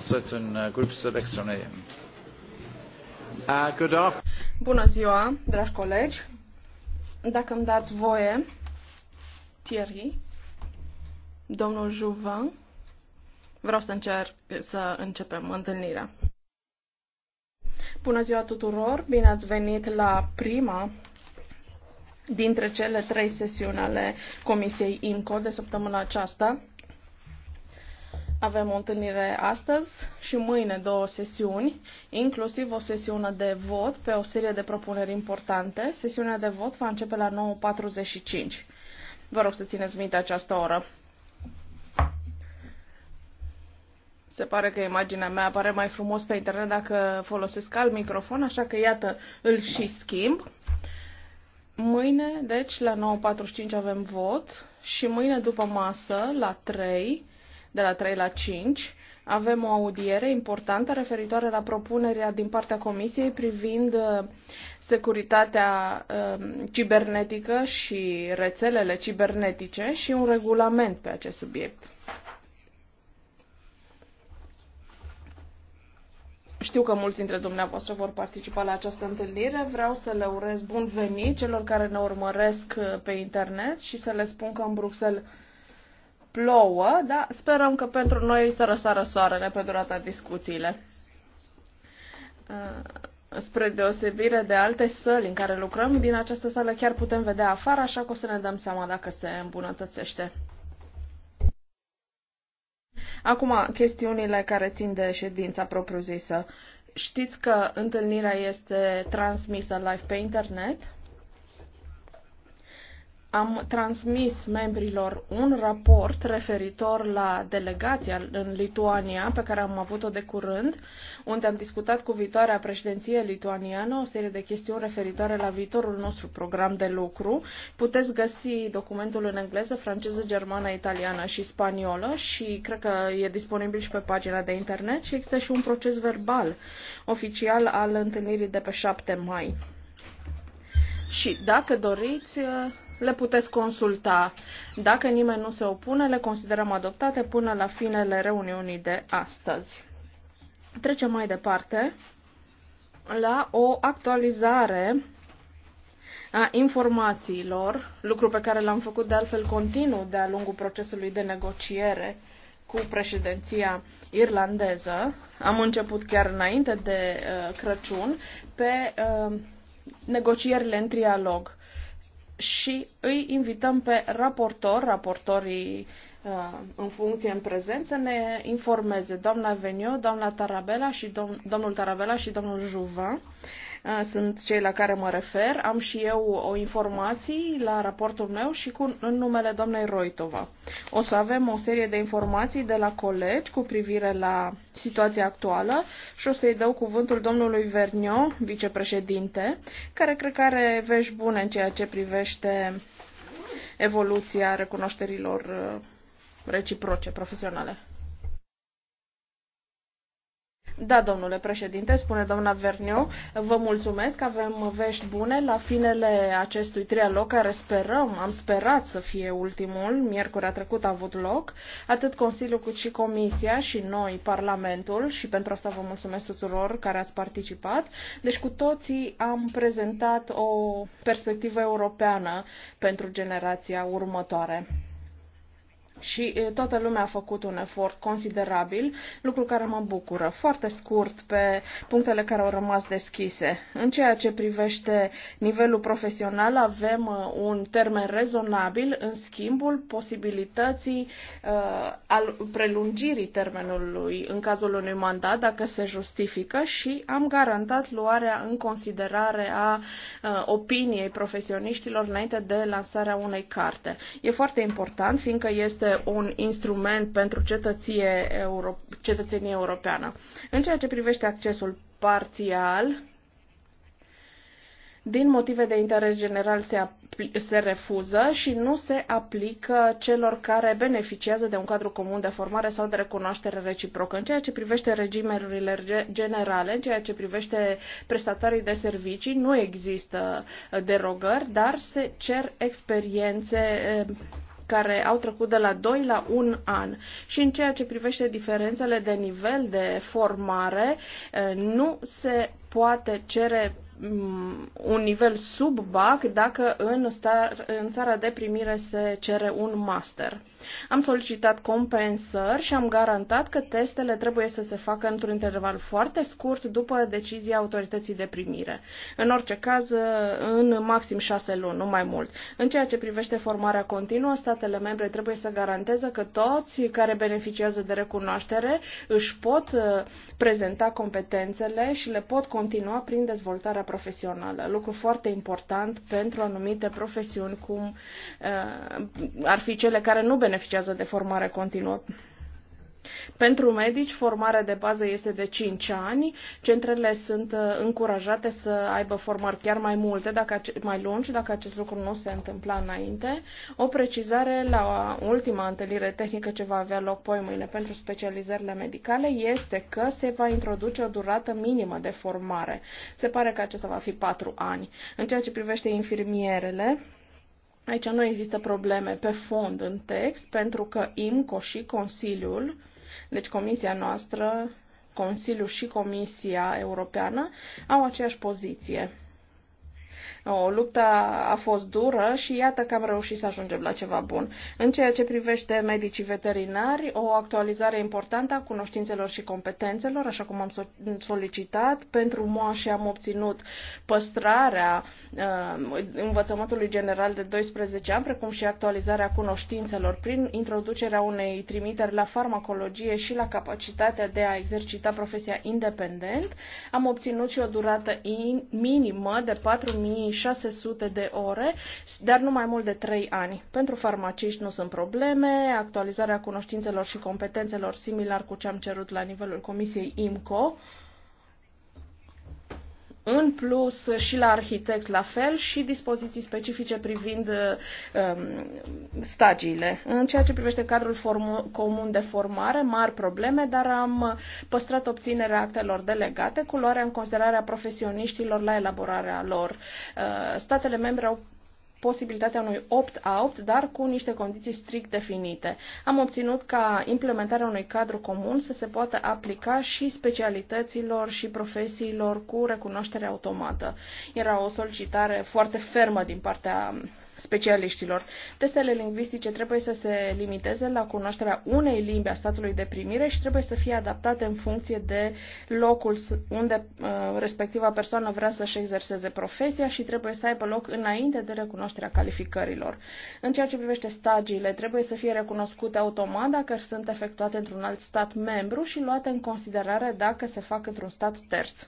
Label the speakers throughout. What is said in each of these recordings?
Speaker 1: certain uh, groups uh, good
Speaker 2: Bună ziua, dragi colegi. Dacă îmi dați voie, Thierry, domnul Juvan, vreau să încerc să începem întâlnirea. Bună ziua tuturor, bine ați venit la prima dintre cele trei sesiuni ale Comisiei IMCO de săptămâna aceasta. Avem o întâlnire astăzi și mâine două sesiuni, inclusiv o sesiune de vot pe o serie de propuneri importante. Sesiunea de vot va începe la 9.45. Vă rog să țineți minte această oră. Se pare că imaginea mea apare mai frumos pe internet dacă folosesc alt microfon, așa că iată, îl și schimb. Mâine, deci, la 9.45 avem vot și mâine după masă, la 3, de la 3 la 5, avem o audiere importantă referitoare la propunerea din partea Comisiei privind uh, securitatea um, cibernetică și rețelele cibernetice și un regulament pe acest subiect. Știu că mulți dintre dumneavoastră vor participa la această întâlnire. Vreau să le urez bun venit celor care ne urmăresc uh, pe internet și să le spun că în Bruxelles plouă, dar sperăm că pentru noi să răsară soarele pe durata discuțiile. Uh, spre deosebire de alte săli în care lucrăm, din această sală chiar putem vedea afară, așa că o să ne dăm seama dacă se îmbunătățește. Acum, chestiunile care țin de ședința propriu-zisă. Știți că întâlnirea este transmisă live pe internet? am transmis membrilor un raport referitor la delegația în Lituania pe care am avut-o de curând, unde am discutat cu viitoarea președinție lituaniană o serie de chestiuni referitoare la viitorul nostru program de lucru. Puteți găsi documentul în engleză, franceză, germană, italiană și spaniolă și cred că e disponibil și pe pagina de internet și există și un proces verbal oficial al întâlnirii de pe 7 mai. Și dacă doriți, le puteți consulta. Dacă nimeni nu se opune, le considerăm adoptate până la finele reuniunii de
Speaker 3: astăzi.
Speaker 2: Trecem mai departe la o actualizare a informațiilor, lucru pe care l-am făcut de altfel continuu de-a lungul procesului de negociere cu președinția irlandeză. Am început chiar înainte de uh, Crăciun pe uh, negocierile în trialog și îi invităm pe raportor, raportorii uh, în funcție în prezent, să ne informeze doamna Veniu, doamna Tarabela și domn, domnul Tarabela și domnul Juvan sunt cei la care mă refer. Am și eu o informații la raportul meu și cu, în numele doamnei Roitova. O să avem o serie de informații de la colegi cu privire la situația actuală și o să-i dau cuvântul domnului Vernio, vicepreședinte, care cred că are vești bune în ceea ce privește evoluția recunoșterilor uh, reciproce profesionale. Da, domnule președinte, spune doamna Verniu, vă mulțumesc, avem vești bune la finele acestui trialog care sperăm, am sperat să fie ultimul, miercurea trecut a avut loc, atât Consiliul cât și Comisia și noi, Parlamentul, și pentru asta vă mulțumesc tuturor care ați participat. Deci cu toții am prezentat o perspectivă europeană pentru generația următoare și toată lumea a făcut un efort considerabil, lucru care mă bucură. Foarte scurt pe punctele care au rămas deschise. În ceea ce privește nivelul profesional, avem un termen rezonabil în schimbul posibilității uh, al prelungirii termenului în cazul unui mandat, dacă se justifică, și am garantat luarea în considerare a uh, opiniei profesioniștilor înainte de lansarea unei carte. E foarte important, fiindcă este este un instrument pentru cetăție euro, cetățenie europeană. În ceea ce privește accesul parțial, din motive de interes general se, se refuză și nu se aplică celor care beneficiază de un cadru comun de formare sau de recunoaștere reciprocă. În ceea ce privește regimurile generale, în ceea ce privește prestatorii de servicii, nu există derogări, dar se cer experiențe eh, care au trecut de la 2 la 1 an. Și în ceea ce privește diferențele de nivel de formare, eh, nu se poate cere Mm, un nivel sub BAC dacă în, star, în țara de primire se cere un master. Am solicitat compensări și am garantat că testele trebuie să se facă într-un interval foarte scurt după decizia autorității de primire. În orice caz, în maxim șase luni, nu mai mult. În ceea ce privește formarea continuă, statele membre trebuie să garanteze că toți care beneficiază de recunoaștere își pot uh, prezenta competențele și le pot continua prin dezvoltarea profesională, lucru foarte important pentru anumite profesiuni, cum uh, ar fi cele care nu beneficiază de formare continuă pentru medici, formarea de bază este de 5 ani. Centrele sunt uh, încurajate să aibă formări chiar mai multe, dacă, mai lungi, dacă acest lucru nu se întâmpla înainte. O precizare la ultima întâlnire tehnică ce va avea loc poi mâine pentru specializările medicale este că se va introduce o durată minimă de formare. Se pare că acesta va fi 4 ani. În ceea ce privește infirmierele, Aici nu există probleme pe fond în text, pentru că IMCO și Consiliul deci comisia noastră, Consiliul și Comisia Europeană au aceeași poziție. O luptă a fost dură și iată că am reușit să ajungem la ceva bun. În ceea ce privește medicii veterinari, o actualizare importantă a cunoștințelor și competențelor, așa cum am solicitat. Pentru moașii am obținut păstrarea uh, învățământului general de 12 ani, precum și actualizarea cunoștințelor prin introducerea unei trimiteri la farmacologie și la capacitatea de a exercita profesia independent. Am obținut și o durată in, minimă de 4.000 600 de ore, dar nu mai mult de 3 ani. Pentru farmaciști nu sunt probleme, actualizarea cunoștințelor și competențelor similar cu ce am cerut la nivelul Comisiei IMCO, în plus, și la arhitecți la fel și dispoziții specifice privind um, stagiile. În ceea ce privește cadrul formu- comun de formare, mari probleme, dar am păstrat obținerea actelor delegate cu luarea în considerare a profesioniștilor la elaborarea lor. Uh, statele membre au posibilitatea unui opt-out, dar cu niște condiții strict definite. Am obținut ca implementarea unui cadru comun să se poată aplica și specialităților și profesiilor cu recunoaștere automată. Era o solicitare foarte fermă din partea specialiștilor. Testele lingvistice trebuie să se limiteze la cunoașterea unei limbi a statului de primire și trebuie să fie adaptate în funcție de locul unde uh, respectiva persoană vrea să-și exerseze profesia și trebuie să aibă loc înainte de recunoașterea calificărilor. În ceea ce privește stagiile, trebuie să fie recunoscute automat dacă sunt efectuate într-un alt stat membru și luate în considerare dacă se fac într-un stat terț.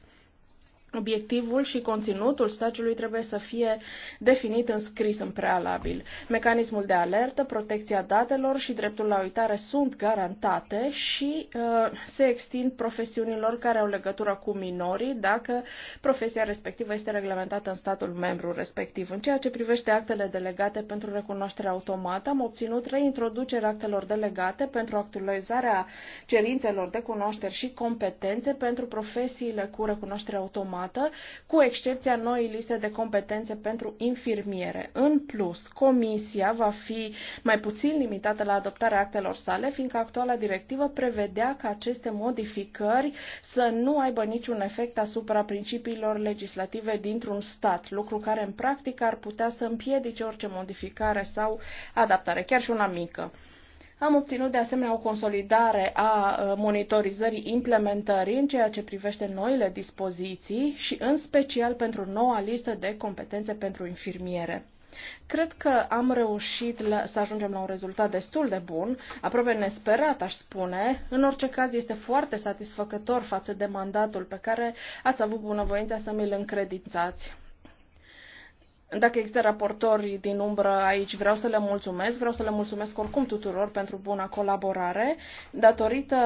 Speaker 2: Obiectivul și conținutul stagiului trebuie să fie definit în scris în prealabil. Mecanismul de alertă, protecția datelor și dreptul la uitare sunt garantate și uh, se extind profesiunilor care au legătură cu minorii dacă profesia respectivă este reglementată în statul membru respectiv. În ceea ce privește actele delegate pentru recunoaștere automată, am obținut reintroducerea actelor delegate pentru actualizarea cerințelor de cunoaștere și competențe pentru profesiile cu recunoaștere automată menționată, cu excepția noii liste de competențe pentru infirmiere. În plus, Comisia va fi mai puțin limitată la adoptarea actelor sale, fiindcă actuala directivă prevedea ca aceste modificări să nu aibă niciun efect asupra principiilor legislative dintr-un stat, lucru care în practică ar putea să împiedice orice modificare sau adaptare, chiar și una mică. Am obținut de asemenea o consolidare a uh, monitorizării implementării în ceea ce privește noile dispoziții și în special pentru noua listă de competențe pentru infirmiere. Cred că am reușit la, să ajungem la un rezultat destul de bun, aproape nesperat, aș spune. În orice caz, este foarte satisfăcător față de mandatul pe care ați avut bunăvoința să mi-l încredințați. Dacă există raportori din umbră aici, vreau să le mulțumesc. Vreau să le mulțumesc oricum tuturor pentru buna colaborare. Datorită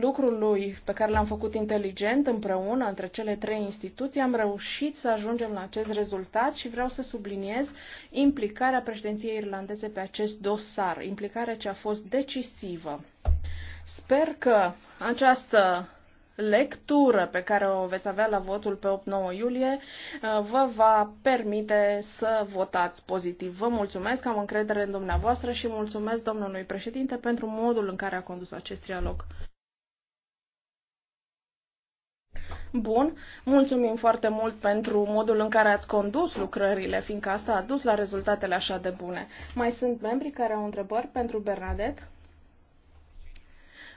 Speaker 2: lucrului pe care l-am făcut inteligent împreună între cele trei instituții, am reușit să ajungem la acest rezultat și vreau să subliniez implicarea președinției irlandeze pe acest dosar, implicarea ce a fost decisivă. Sper că această lectură pe care o veți avea la votul pe 8-9 iulie uh, vă va permite să votați pozitiv. Vă mulțumesc, am încredere în dumneavoastră și mulțumesc domnului președinte pentru modul în care a condus acest trialog. Bun, mulțumim foarte mult pentru modul în care ați condus lucrările, fiindcă asta a dus la rezultatele așa de bune. Mai sunt membri care au întrebări pentru Bernadette?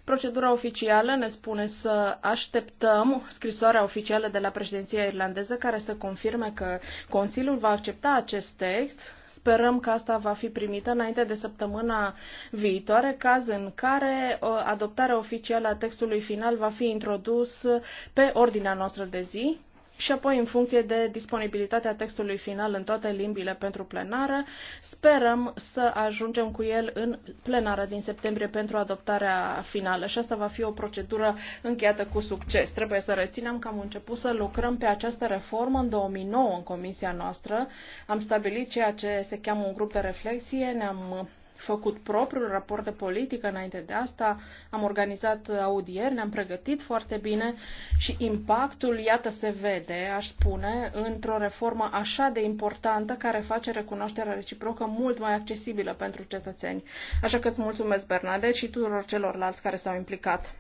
Speaker 2: Procedura oficială ne spune să așteptăm scrisoarea oficială de la președinția irlandeză care să confirme că Consiliul va accepta acest text. Sperăm că asta va fi primită înainte de săptămâna viitoare, caz în care uh, adoptarea oficială a textului final va fi introdus pe ordinea noastră de zi și apoi în funcție de disponibilitatea textului final în toate limbile pentru plenară, sperăm să ajungem cu el în plenară din septembrie pentru adoptarea finală și asta va fi o procedură încheiată cu succes. Trebuie să reținem că am început să lucrăm pe această reformă în 2009 în comisia noastră. Am stabilit ceea ce se cheamă un grup de reflexie, ne-am făcut propriul raport de politică înainte de asta, am organizat audieri, ne-am pregătit foarte bine și impactul, iată, se vede, aș spune, într-o reformă așa de importantă care face recunoașterea reciprocă mult mai accesibilă pentru cetățeni. Așa că îți mulțumesc, Bernadette, și tuturor celorlalți care s-au implicat.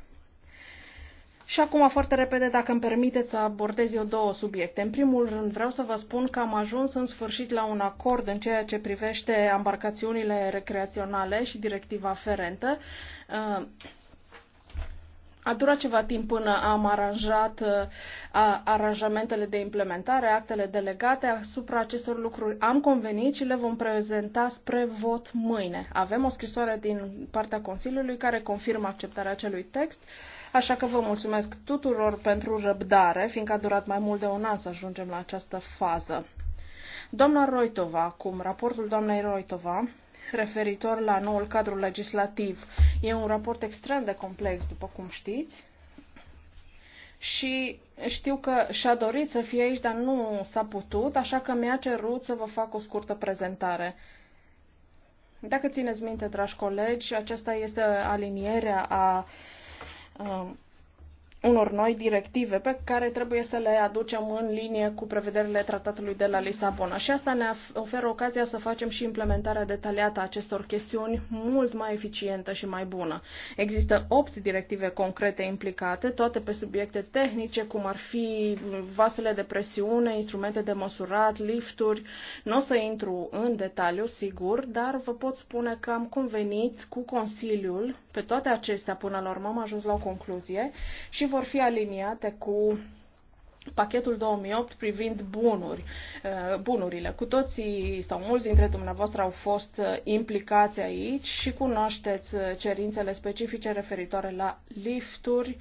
Speaker 2: Și acum, foarte repede, dacă îmi permiteți să abordez eu două subiecte. În primul rând, vreau să vă spun că am ajuns în sfârșit la un acord în ceea ce privește embarcațiunile recreaționale și directiva aferentă. Uh, a durat ceva timp până am aranjat uh, aranjamentele de implementare, actele delegate. Asupra acestor lucruri am convenit și le vom prezenta spre vot mâine. Avem o scrisoare din partea Consiliului care confirmă acceptarea acelui text Așa că vă mulțumesc tuturor pentru răbdare, fiindcă a durat mai mult de un an să ajungem la această fază. Doamna Roitova, acum, raportul doamnei Roitova, referitor la noul cadru legislativ. E un raport extrem de complex, după cum știți. Și știu că și-a dorit să fie aici, dar nu s-a putut, așa că mi-a cerut să vă fac o scurtă prezentare. Dacă țineți minte, dragi colegi, aceasta este alinierea a uh, uh, unor noi directive pe care trebuie să le aducem în linie cu prevederile tratatului de la Lisabona. Și asta ne oferă ocazia să facem și implementarea detaliată a acestor chestiuni mult mai eficientă și mai bună. Există opt directive concrete implicate, toate pe subiecte tehnice, cum ar fi vasele de presiune, instrumente de măsurat, lifturi. Nu o să intru în detaliu, sigur, dar vă pot spune că am convenit cu Consiliul pe toate acestea până la urmă am ajuns la o concluzie și vor fi aliniate cu pachetul 2008 privind bunuri, uh, bunurile. Cu toții sau mulți dintre dumneavoastră au fost uh, implicați aici și cunoașteți uh, cerințele specifice referitoare la lifturi,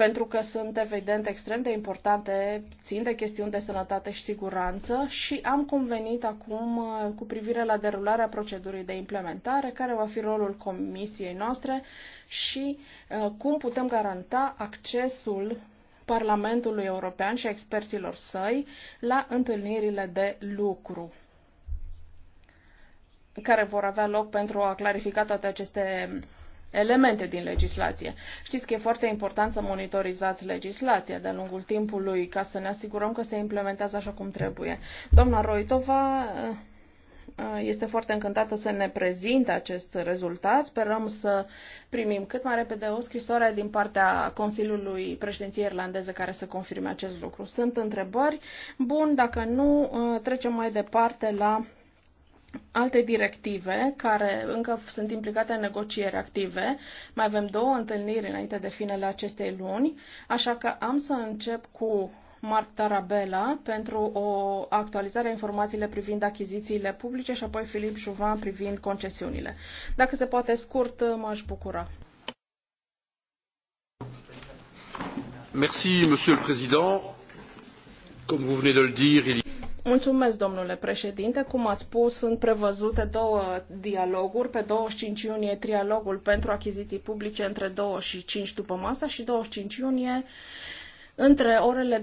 Speaker 2: pentru că sunt evident extrem de importante, țin de chestiuni de sănătate și siguranță și am convenit acum uh, cu privire la derularea procedurii de implementare, care va fi rolul comisiei noastre și uh, cum putem garanta accesul Parlamentului European și experților săi la întâlnirile de lucru care vor avea loc pentru a clarifica toate aceste elemente din legislație. Știți că e foarte important să monitorizați legislația de-a lungul timpului ca să ne asigurăm că se implementează așa cum trebuie. Doamna Roitova eh, este foarte încântată să ne prezinte acest rezultat. Sperăm să primim cât mai repede o scrisoare din partea Consiliului Președinției Irlandeze care să confirme acest lucru. Sunt întrebări? Bun, dacă nu, eh, trecem mai departe la alte directive care încă sunt implicate în negocieri active. Mai avem două întâlniri înainte de finele acestei luni, așa că am să încep cu Mark Tarabella pentru o actualizare a informațiile privind achizițiile publice și apoi Filip Juvan privind concesiunile. Dacă se poate scurt, m-aș bucura.
Speaker 1: Merci, Monsieur le Président. Comme vous venez de le dire, il...
Speaker 2: Mulțumesc, domnule președinte. Cum ați spus, sunt prevăzute două dialoguri. Pe 25 iunie trialogul pentru achiziții publice între 2 și 5 după masa și 25 iunie între orele 20-23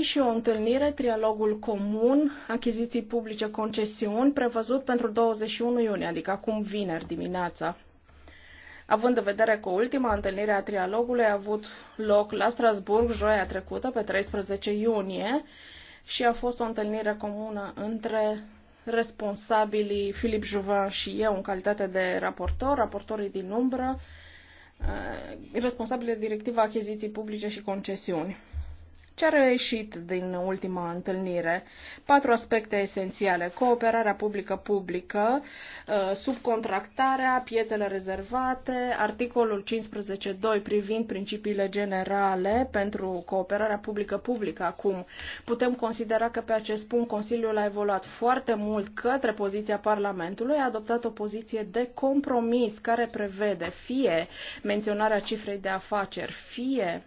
Speaker 2: și o întâlnire, trialogul comun, achiziții publice, concesiuni, prevăzut pentru 21 iunie, adică acum vineri dimineața. Având în vedere că ultima întâlnire a trialogului a avut loc la Strasburg joia trecută, pe 13 iunie, și a fost o întâlnire comună între responsabilii Filip Juvin și eu în calitate de raportor, raportorii din umbră, eh, responsabile directiva achiziții publice și concesiuni. Ce a reieșit din ultima întâlnire? Patru aspecte esențiale. Cooperarea publică-publică, uh, subcontractarea, piețele rezervate, articolul 15.2 privind principiile generale pentru cooperarea publică-publică. Acum putem considera că pe acest punct Consiliul a evoluat foarte mult către poziția Parlamentului, a adoptat o poziție de compromis care prevede fie menționarea cifrei de afaceri, fie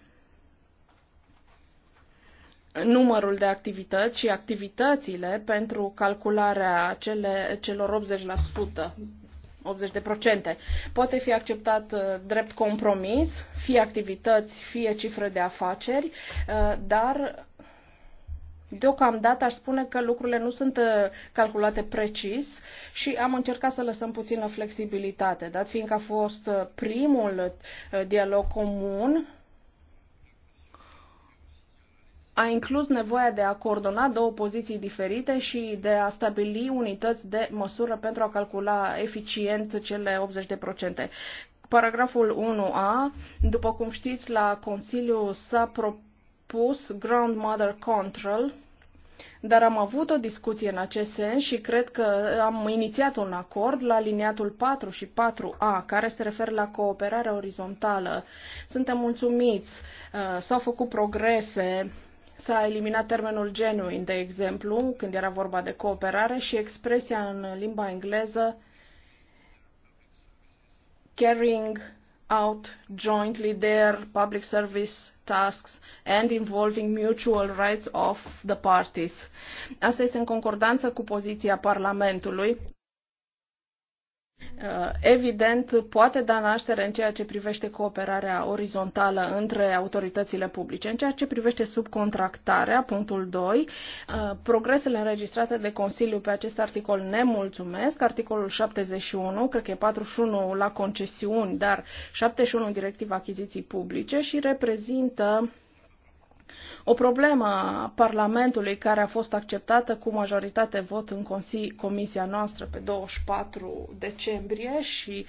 Speaker 2: numărul de activități și activitățile pentru calcularea cele, celor 80%. 80%. Poate fi acceptat uh, drept compromis, fie activități, fie cifre de afaceri, uh, dar Deocamdată aș spune că lucrurile nu sunt uh, calculate precis și am încercat să lăsăm puțină flexibilitate, dat fiindcă a fost primul dialog comun a inclus nevoia de a coordona două poziții diferite și de a stabili unități de măsură pentru a calcula eficient cele 80%. Paragraful 1a, după cum știți, la Consiliu s-a propus Mother Control, dar am avut o discuție în acest sens și cred că am inițiat un acord la liniatul 4 și 4A, care se referă la cooperarea orizontală. Suntem mulțumiți, uh, s-au făcut progrese S-a eliminat termenul genuine, de exemplu, când era vorba de cooperare și expresia în limba engleză carrying out jointly their public service tasks and involving mutual rights of the parties. Asta este în concordanță cu poziția Parlamentului Uh, evident, poate da naștere în ceea ce privește cooperarea orizontală între autoritățile publice. În ceea ce privește subcontractarea, punctul 2, uh, progresele înregistrate de Consiliu pe acest articol ne mulțumesc. Articolul 71, cred că e 41 la concesiuni, dar 71 directiva achiziții publice și reprezintă o problemă a Parlamentului care a fost acceptată cu majoritate vot în comisia noastră pe 24 decembrie și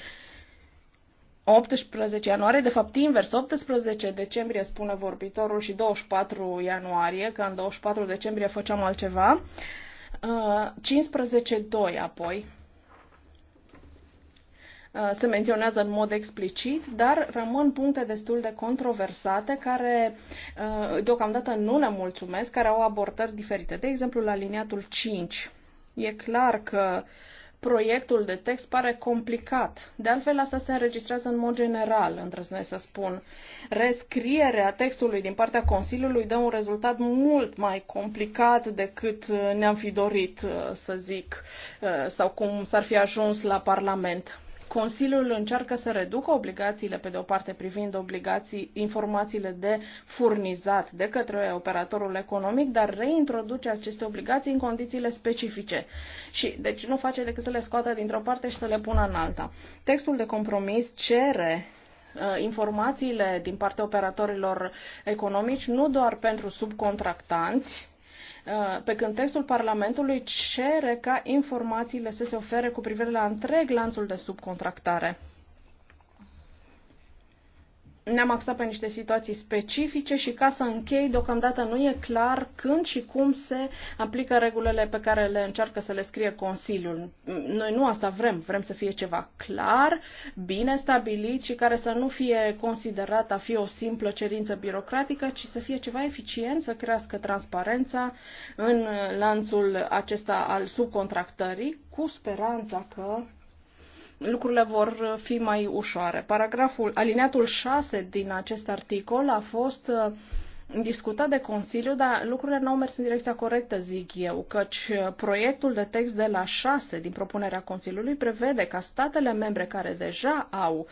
Speaker 2: 18 ianuarie, de fapt invers, 18 decembrie spune vorbitorul și 24 ianuarie, că în 24 decembrie făceam altceva, 15-2 uh, apoi, Uh, se menționează în mod explicit, dar rămân puncte destul de controversate care uh, deocamdată nu ne mulțumesc, care au abordări diferite. De exemplu, la liniatul 5. E clar că proiectul de text pare complicat. De altfel, asta se înregistrează în mod general, îndrăznesc să spun. Rescrierea textului din partea Consiliului dă un rezultat mult mai complicat decât ne-am fi dorit, uh, să zic, sau cum s-ar fi ajuns la Parlament. Consiliul încearcă să reducă obligațiile, pe de o parte, privind obligații, informațiile de furnizat de către operatorul economic, dar reintroduce aceste obligații în condițiile specifice. Și, deci, nu face decât să le scoată dintr-o parte și să le pună în alta. Textul de compromis cere uh, informațiile din partea operatorilor economici, nu doar pentru subcontractanți, Uh, pe când textul Parlamentului cere ca informațiile să se ofere cu privire la întreg lanțul de subcontractare ne-am axat pe niște situații specifice și ca să închei, deocamdată nu e clar când și cum se aplică regulile pe care le încearcă să le scrie Consiliul. Noi nu asta vrem, vrem să fie ceva clar, bine stabilit și care să nu fie considerat a fi o simplă cerință birocratică, ci să fie ceva eficient, să crească transparența în lanțul acesta al subcontractării, cu speranța că lucrurile vor fi mai ușoare. Paragraful, alineatul 6 din acest articol a fost uh, discutat de Consiliu, dar lucrurile nu au mers în direcția corectă, zic eu, căci uh, proiectul de text de la 6 din propunerea Consiliului prevede ca statele membre care deja au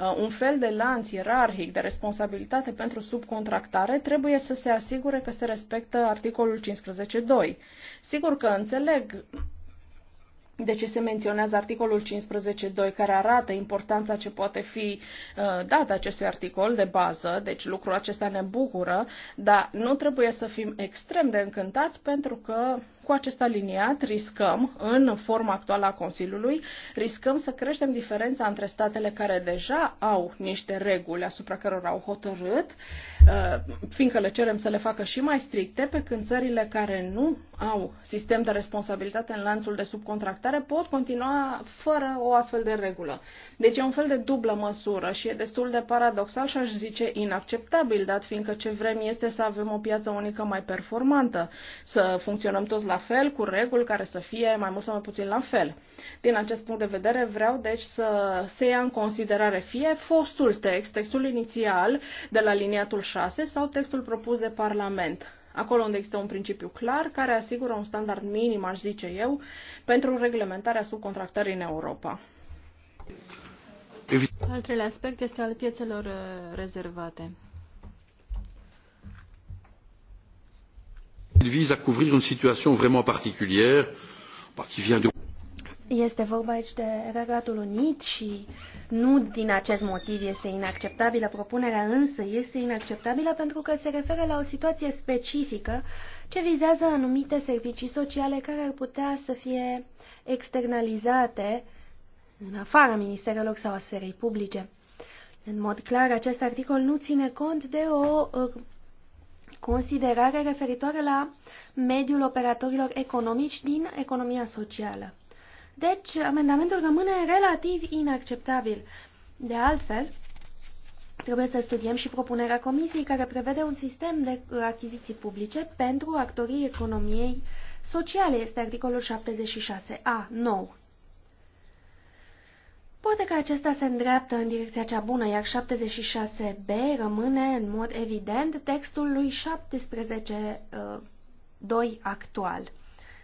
Speaker 2: uh, un fel de lanț ierarhic de responsabilitate pentru subcontractare trebuie să se asigure că se respectă articolul 15.2. Sigur că înțeleg de ce se menționează articolul 15.2, care arată importanța ce poate fi uh, dat acestui articol de bază, deci lucrul acesta ne bucură, dar nu trebuie să fim extrem de încântați pentru că cu acest aliniat riscăm, în forma actuală a Consiliului, riscăm să creștem diferența între statele care deja au niște reguli asupra cărora au hotărât, uh, fiindcă le cerem să le facă și mai stricte, pe când țările care nu au sistem de responsabilitate în lanțul de subcontractare pot continua fără o astfel de regulă. Deci e un fel de dublă măsură și e destul de paradoxal și aș zice inacceptabil, dat fiindcă ce vrem este să avem o piață unică mai performantă, să funcționăm toți la fel, cu reguli care să fie mai mult sau mai puțin la fel. Din acest punct de vedere, vreau deci să se ia în considerare fie fostul text, textul inițial de la liniatul 6 sau textul propus de Parlament acolo unde există un principiu clar care asigură un standard minim, aș zice eu, pentru reglementarea subcontractării în Europa.
Speaker 3: Al treilea aspect este al piețelor uh, rezervate.
Speaker 4: Este vorba aici de Regatul Unit și nu din acest motiv este inacceptabilă propunerea, însă este inacceptabilă pentru că se referă la o situație specifică ce vizează anumite servicii sociale care ar putea să fie externalizate în afara ministerelor sau a serii publice. În mod clar, acest articol nu ține cont de o uh, considerare referitoare la mediul operatorilor economici din economia socială. Deci, amendamentul rămâne relativ inacceptabil. De altfel, trebuie să studiem și propunerea comisiei care prevede un sistem de achiziții publice pentru actorii economiei sociale. Este articolul 76a, nou. Poate că acesta se îndreaptă în direcția cea bună, iar 76b rămâne în mod evident textul lui 17.2 uh, actual.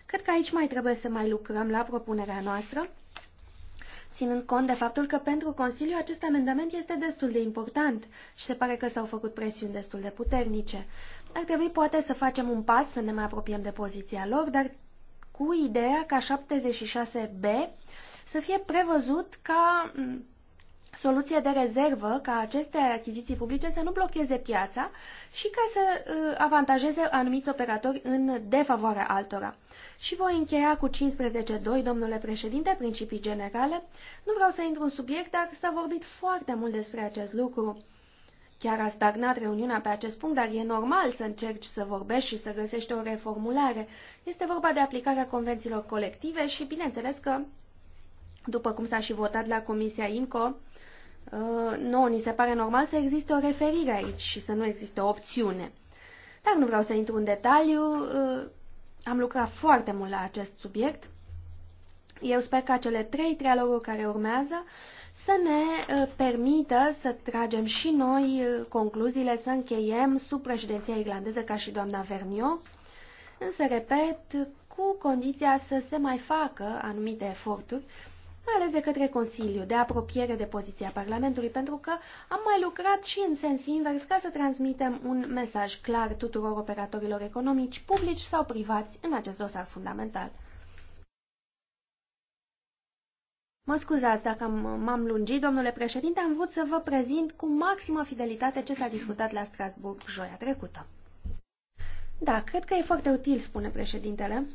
Speaker 4: Cred că aici mai trebuie să mai lucrăm la propunerea noastră, ținând cont de faptul că pentru Consiliu acest amendament este destul de important și se pare că s-au făcut presiuni destul de puternice. Ar trebui poate să facem un pas, să ne mai apropiem de poziția lor, dar cu ideea ca 76b să fie prevăzut ca soluție de rezervă ca aceste achiziții publice să nu blocheze piața și ca să uh, avantajeze anumiți operatori în defavoarea altora. Și voi încheia cu 15.2, domnule președinte, principii generale. Nu vreau să intru în subiect, dar s-a vorbit foarte mult despre acest lucru. Chiar a stagnat reuniunea pe acest punct, dar e normal să încerci să vorbești și să găsești o reformulare. Este vorba de aplicarea convențiilor colective și, bineînțeles, că după cum s-a și votat la Comisia INCO, uh, nu ni se pare normal să existe o referire aici și să nu existe o opțiune. Dar nu vreau să intru în detaliu, uh, am lucrat foarte mult la acest subiect. Eu sper că cele trei trialoguri care urmează să ne uh, permită să tragem și noi concluziile, să încheiem sub președinția irlandeză ca și doamna Vernio, însă, repet, cu condiția să se mai facă anumite eforturi, mai ales de către Consiliu, de apropiere de poziția Parlamentului, pentru că am mai lucrat și în sens invers ca să transmitem un mesaj clar tuturor operatorilor economici, publici sau privați, în acest dosar fundamental. Mă scuzați dacă m-am lungit, domnule președinte, am vrut să vă prezint cu maximă fidelitate ce s-a discutat la Strasburg joia trecută. Da, cred că e foarte util, spune președintele.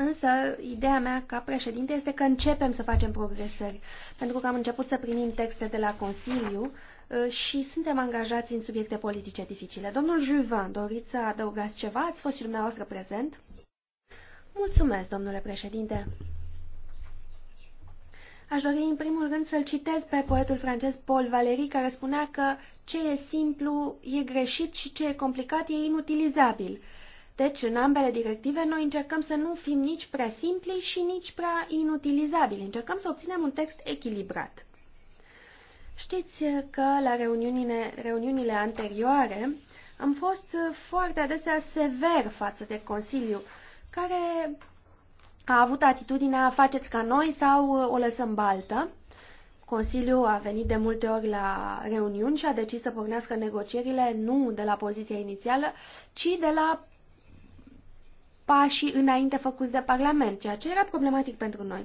Speaker 4: Însă, ideea mea ca președinte este că începem să facem progresări, pentru că am început să primim texte de la Consiliu uh, și suntem angajați în subiecte politice dificile. Domnul Juvan, doriți să adăugați ceva? Ați fost și dumneavoastră prezent? Mulțumesc, domnule președinte. Aș dori în primul rând să-l citez pe poetul francez Paul Valéry, care spunea că ce e simplu e greșit și ce e complicat e inutilizabil. Deci, în ambele directive, noi încercăm să nu fim nici prea simpli și nici prea inutilizabili. Încercăm să obținem un text echilibrat. Știți că la reuniunile, reuniunile anterioare am fost foarte adesea sever față de Consiliu, care a avut atitudinea faceți ca noi sau o lăsăm baltă. Consiliul a venit de multe ori la reuniuni și a decis să pornească negocierile nu de la poziția inițială, ci de la pașii înainte făcuți de Parlament, ceea ce era problematic pentru noi.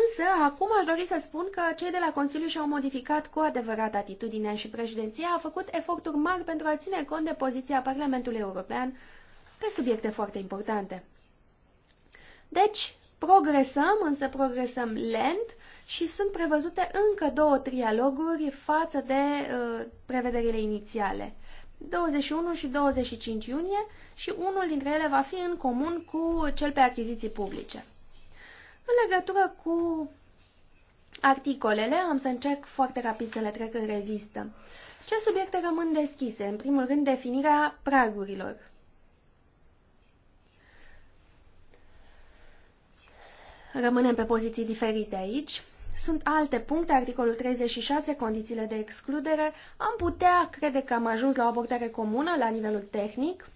Speaker 4: Însă, acum aș dori să spun că cei de la Consiliu și-au modificat cu adevărat atitudinea și președinția a făcut eforturi mari pentru a ține cont de poziția Parlamentului European pe subiecte foarte importante. Deci, progresăm, însă progresăm lent și sunt prevăzute încă două trialoguri față de uh, prevederile inițiale. 21 și 25 iunie și unul dintre ele va fi în comun cu cel pe achiziții publice. În legătură cu articolele, am să încerc foarte rapid să le trec în revistă. Ce subiecte rămân deschise? În primul rând, definirea pragurilor. Rămânem pe poziții diferite aici. Sunt alte puncte, articolul 36, condițiile de excludere. Am putea crede că am ajuns la o abordare comună la nivelul tehnic.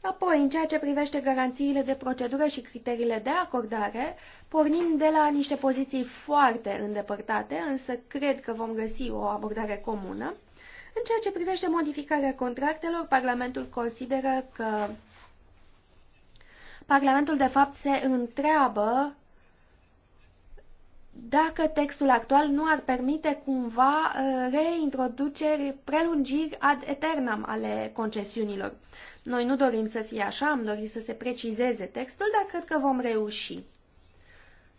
Speaker 4: Apoi, în ceea ce privește garanțiile de procedură și criteriile de acordare, pornim de la niște poziții foarte îndepărtate, însă cred că vom găsi o abordare comună. În ceea ce privește modificarea contractelor, Parlamentul consideră că Parlamentul de fapt se întreabă dacă textul actual nu ar permite cumva uh, reintroduceri, prelungiri ad eternam ale concesiunilor. Noi nu dorim să fie așa, am dorit să se precizeze textul, dar cred că vom reuși.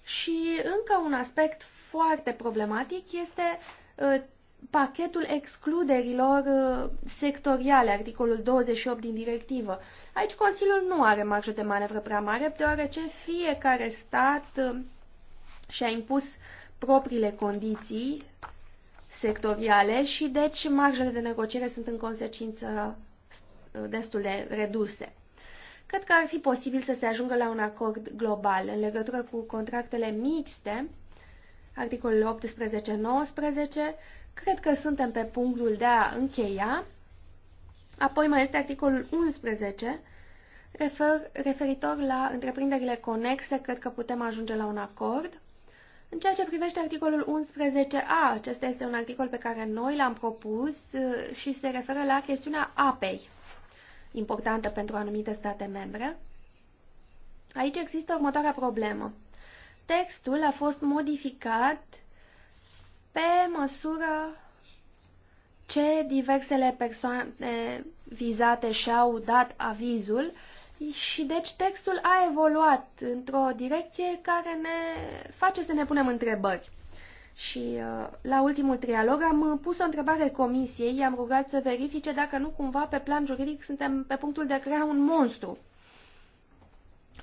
Speaker 4: Și încă un aspect foarte problematic este uh, pachetul excluderilor uh, sectoriale, articolul 28 din directivă. Aici Consiliul nu are marjă de manevră prea mare, deoarece fiecare stat și a impus propriile condiții sectoriale și deci marjele de negociere sunt în consecință uh, destul de reduse. Cred că ar fi posibil să se ajungă la un acord global în legătură cu contractele mixte, articolele 18-19, cred că suntem pe punctul de a încheia. Apoi mai este articolul 11, refer, referitor la întreprinderile conexe, cred că putem ajunge la un acord. În ceea ce privește articolul 11a, acesta este un articol pe care noi l-am propus uh, și se referă la chestiunea apei, importantă pentru anumite state membre. Aici există următoarea problemă. Textul a fost modificat pe măsură ce diversele persoane vizate și-au dat avizul și deci textul a evoluat într-o direcție care ne face să ne punem întrebări. Și uh, la ultimul trialog am uh, pus o întrebare comisiei, i-am rugat să verifice dacă nu cumva pe plan juridic suntem pe punctul de a crea un monstru.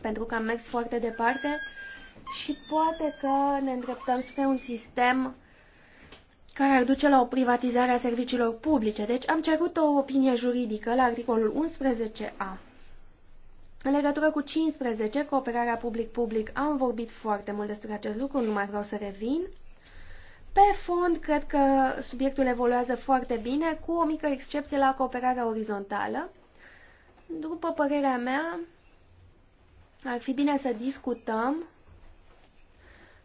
Speaker 4: Pentru că am mers foarte departe și poate că ne îndreptăm spre un sistem care ar duce la o privatizare a serviciilor publice. Deci am cerut o opinie juridică la articolul 11a. În legătură cu 15, cooperarea public-public, am vorbit foarte mult despre acest lucru, nu mai vreau să revin. Pe fond, cred că subiectul evoluează foarte bine, cu o mică excepție la cooperarea orizontală. După părerea mea, ar fi bine să discutăm,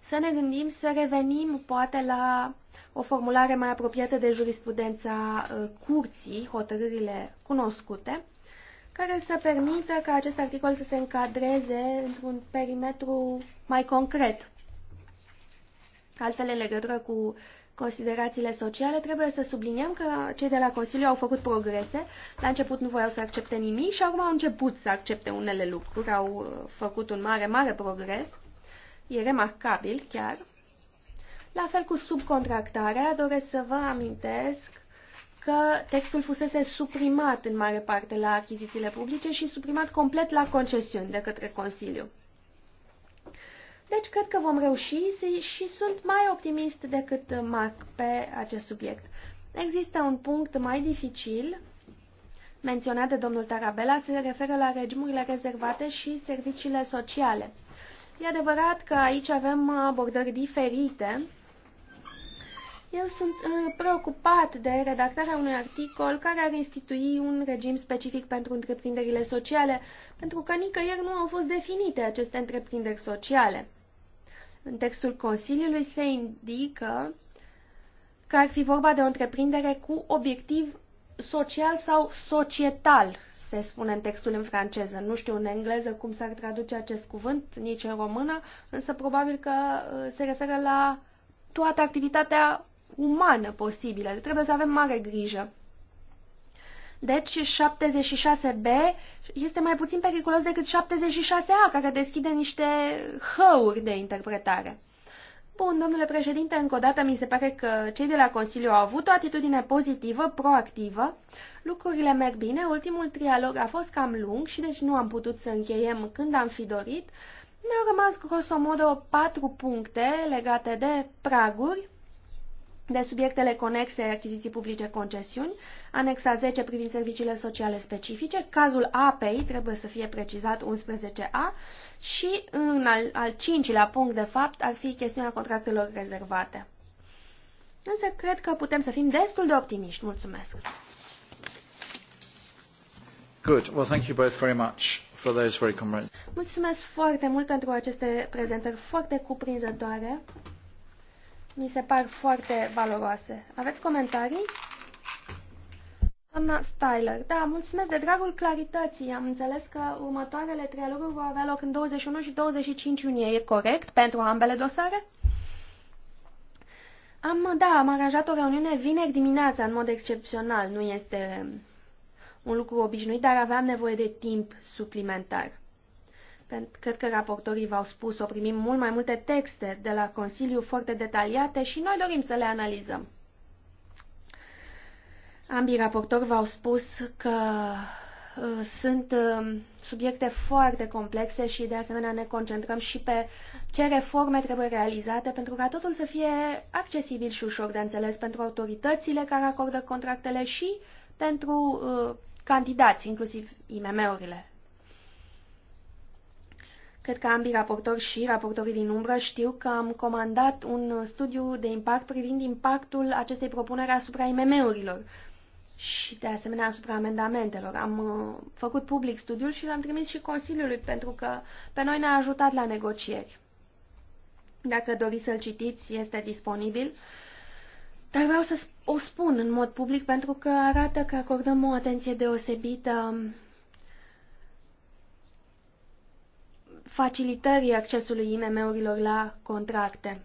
Speaker 4: să ne gândim, să revenim poate la o formulare mai apropiată de jurisprudența uh, curții, hotărârile cunoscute, care să permită ca acest articol să se încadreze într-un perimetru mai concret. Altfel, în legătură cu considerațiile sociale, trebuie să subliniem că cei de la Consiliu au făcut progrese. La început nu voiau să accepte nimic și acum au început să accepte unele lucruri. Au uh, făcut un mare, mare progres. E remarcabil chiar. La fel cu subcontractarea, doresc să vă amintesc că textul fusese suprimat în mare parte la achizițiile publice și suprimat complet la concesiuni de către Consiliu. Deci cred că vom reuși și sunt mai optimist decât Mac pe acest subiect. Există un punct mai dificil menționat de domnul Tarabella se referă la regimurile rezervate și serviciile sociale. E adevărat că aici avem abordări diferite eu sunt uh, preocupat de redactarea unui articol care ar institui un regim specific pentru întreprinderile sociale, pentru că nicăieri nu au fost definite aceste întreprinderi sociale. În textul Consiliului se indică că ar fi vorba de o întreprindere cu obiectiv social sau societal, se spune în textul în franceză. Nu știu în engleză cum s-ar traduce acest cuvânt, nici în română, însă probabil că uh, se referă la toată activitatea umană posibilă. Trebuie să avem mare grijă. Deci 76B este mai puțin periculos decât 76A, care deschide niște hăuri de interpretare. Bun, domnule președinte, încă o dată mi se pare că cei de la Consiliu au avut o atitudine pozitivă, proactivă. Lucrurile merg bine, ultimul trialog a fost cam lung și deci nu am putut să încheiem când am fi dorit. Ne-au rămas grosomodo patru puncte legate de praguri, de subiectele conexe achiziții publice concesiuni, anexa 10 privind serviciile sociale specifice, cazul apei trebuie să fie precizat 11a și în al, al cincilea punct de fapt ar fi chestiunea contractelor rezervate. Însă cred că putem să fim destul de optimiști. Mulțumesc!
Speaker 1: Good. Well, thank you both very much for those very
Speaker 4: Mulțumesc foarte mult pentru aceste prezentări foarte cuprinzătoare mi se par foarte valoroase. Aveți comentarii? Doamna Styler, da, mulțumesc de dragul clarității. Am înțeles că următoarele trialoguri vor avea loc în 21 și 25 iunie. E corect pentru ambele dosare? Am, da, am aranjat o reuniune vineri dimineața, în mod excepțional. Nu este un lucru obișnuit, dar aveam nevoie de timp suplimentar cred că raportorii v-au spus-o, primim mult mai multe texte de la Consiliu foarte detaliate și noi dorim să le analizăm. Ambii raportori v-au spus că uh, sunt uh, subiecte foarte complexe și de asemenea ne concentrăm și pe ce reforme trebuie realizate pentru ca totul să fie accesibil și ușor de înțeles pentru autoritățile care acordă contractele și pentru uh, candidați, inclusiv IMM-urile Cred că ambii raportori și raportorii din umbră știu că am comandat un studiu de impact privind impactul acestei propuneri asupra IMM-urilor și de asemenea asupra amendamentelor. Am uh, făcut public studiul și l-am trimis și Consiliului pentru că pe noi ne-a ajutat la negocieri. Dacă doriți să-l citiți, este disponibil. Dar vreau să o spun în mod public pentru că arată că acordăm o atenție deosebită facilitării accesului IMM-urilor la contracte.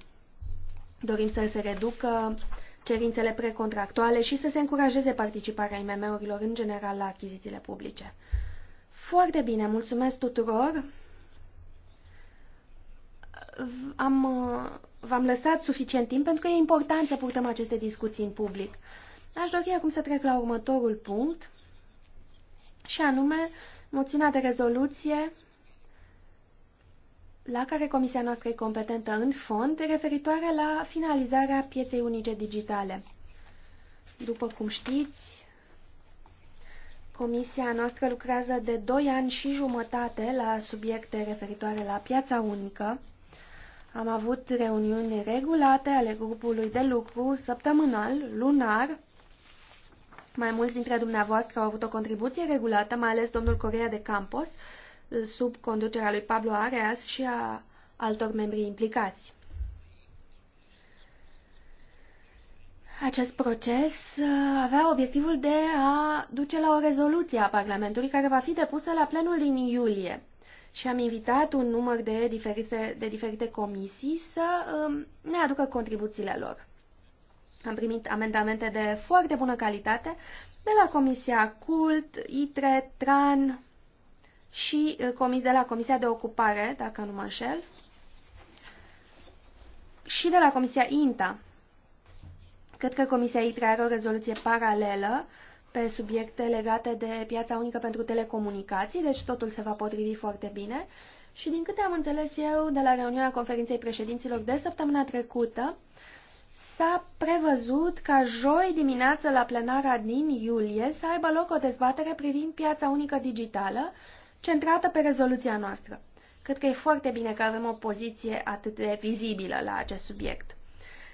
Speaker 4: Dorim să se reducă cerințele precontractuale și să se încurajeze participarea IMM-urilor în general la achizițiile publice. Foarte bine, mulțumesc tuturor! Am, v-am lăsat suficient timp pentru că e important să purtăm aceste discuții în public. Aș dori acum să trec la următorul punct și anume moțiunea de rezoluție la care Comisia noastră e competentă în fond, referitoare la finalizarea pieței unice digitale. După cum știți, Comisia noastră lucrează de 2 ani și jumătate la subiecte referitoare la piața unică. Am avut reuniuni regulate ale grupului de lucru săptămânal, lunar. Mai mulți dintre dumneavoastră au avut o contribuție regulată, mai ales domnul Corea de Campos, sub conducerea lui Pablo Areas și a altor membri implicați. Acest proces uh, avea obiectivul de a duce la o rezoluție a Parlamentului care va fi depusă la plenul din iulie. Și am invitat un număr de diferite, de diferite comisii să um, ne aducă contribuțiile lor. Am primit amendamente de foarte bună calitate de la Comisia Cult, ITRE, TRAN, și uh, de la Comisia de Ocupare, dacă nu mă înșel, și de la Comisia INTA. Cred că Comisia Inta are o rezoluție paralelă pe subiecte legate de piața unică pentru telecomunicații, deci totul se va potrivi foarte bine. Și din câte am înțeles eu de la reuniunea conferinței președinților de săptămâna trecută, s-a prevăzut ca joi dimineață la plenara din iulie să aibă loc o dezbatere privind piața unică digitală centrată pe rezoluția noastră. Cred că e foarte bine că avem o poziție atât de vizibilă la acest subiect.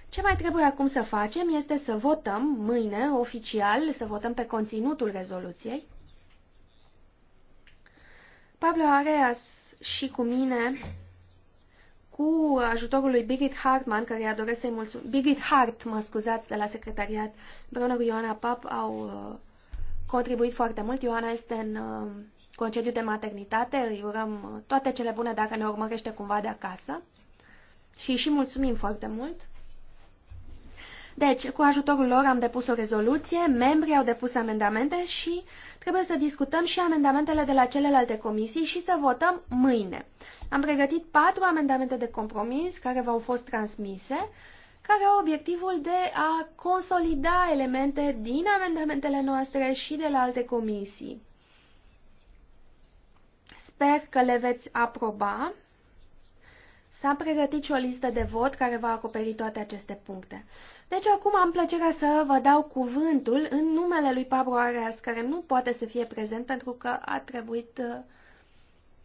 Speaker 4: Ce mai trebuie acum să facem este să votăm mâine, oficial, să votăm pe conținutul rezoluției. Pablo Areas și cu mine, cu ajutorul lui Birgit Hartman, care i-a doresc să-i mulțumesc, Birgit Hart, mă scuzați, de la secretariat, împreună cu Ioana Pap, au uh, contribuit foarte mult. Ioana este în uh, concediu de maternitate. Îi urăm toate cele bune dacă ne urmărește cumva de acasă. Și și mulțumim foarte mult. Deci, cu ajutorul lor am depus o rezoluție, membrii au depus amendamente și trebuie să discutăm și amendamentele de la celelalte comisii și să votăm mâine. Am pregătit patru amendamente de compromis care v-au fost transmise, care au obiectivul de a consolida elemente din amendamentele noastre și de la alte comisii. Sper că le veți aproba. S-a pregătit și o listă de vot care va acoperi toate aceste puncte. Deci acum am plăcerea să vă dau cuvântul în numele lui Pablo Areas, care nu poate să fie prezent pentru că a trebuit uh,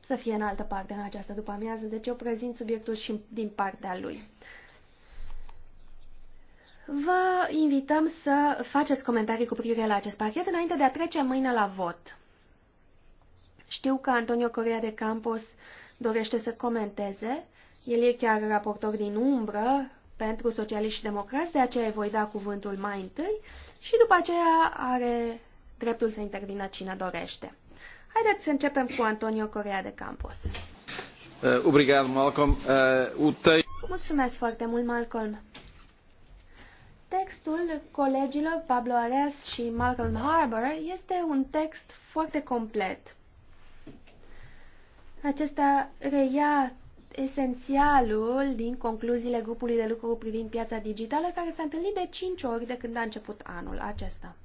Speaker 4: să fie în altă parte în această după-amiază, deci eu prezint subiectul și din partea lui. Vă invităm să faceți comentarii cu privire la acest pachet înainte de a trece mâine la vot. Știu că Antonio Correa de Campos dorește să comenteze. El e chiar raportor din umbră pentru socialiști și democrați, de aceea voi da cuvântul mai întâi și după aceea are dreptul să intervină cine dorește. Haideți să începem cu Antonio Correa de Campos.
Speaker 1: Uh, obrigado, Malcolm. Uh, te...
Speaker 4: Mulțumesc foarte mult, Malcolm. Textul colegilor Pablo Ares și Malcolm Harbour este un text foarte complet acesta reia esențialul din concluziile grupului de lucru privind piața digitală, care s-a întâlnit de 5 ori de când a început anul acesta.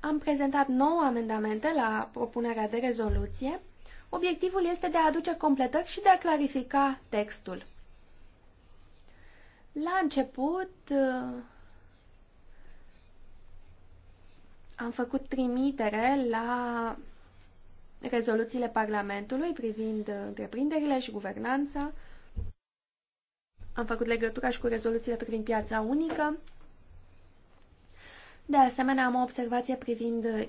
Speaker 4: Am prezentat 9 amendamente la propunerea de rezoluție. Obiectivul este de a aduce completări și de a clarifica textul. La început am făcut trimitere la rezoluțiile Parlamentului privind uh, întreprinderile și guvernanța. Am făcut legătura și cu rezoluțiile privind piața unică. De asemenea, am o observație privind uh,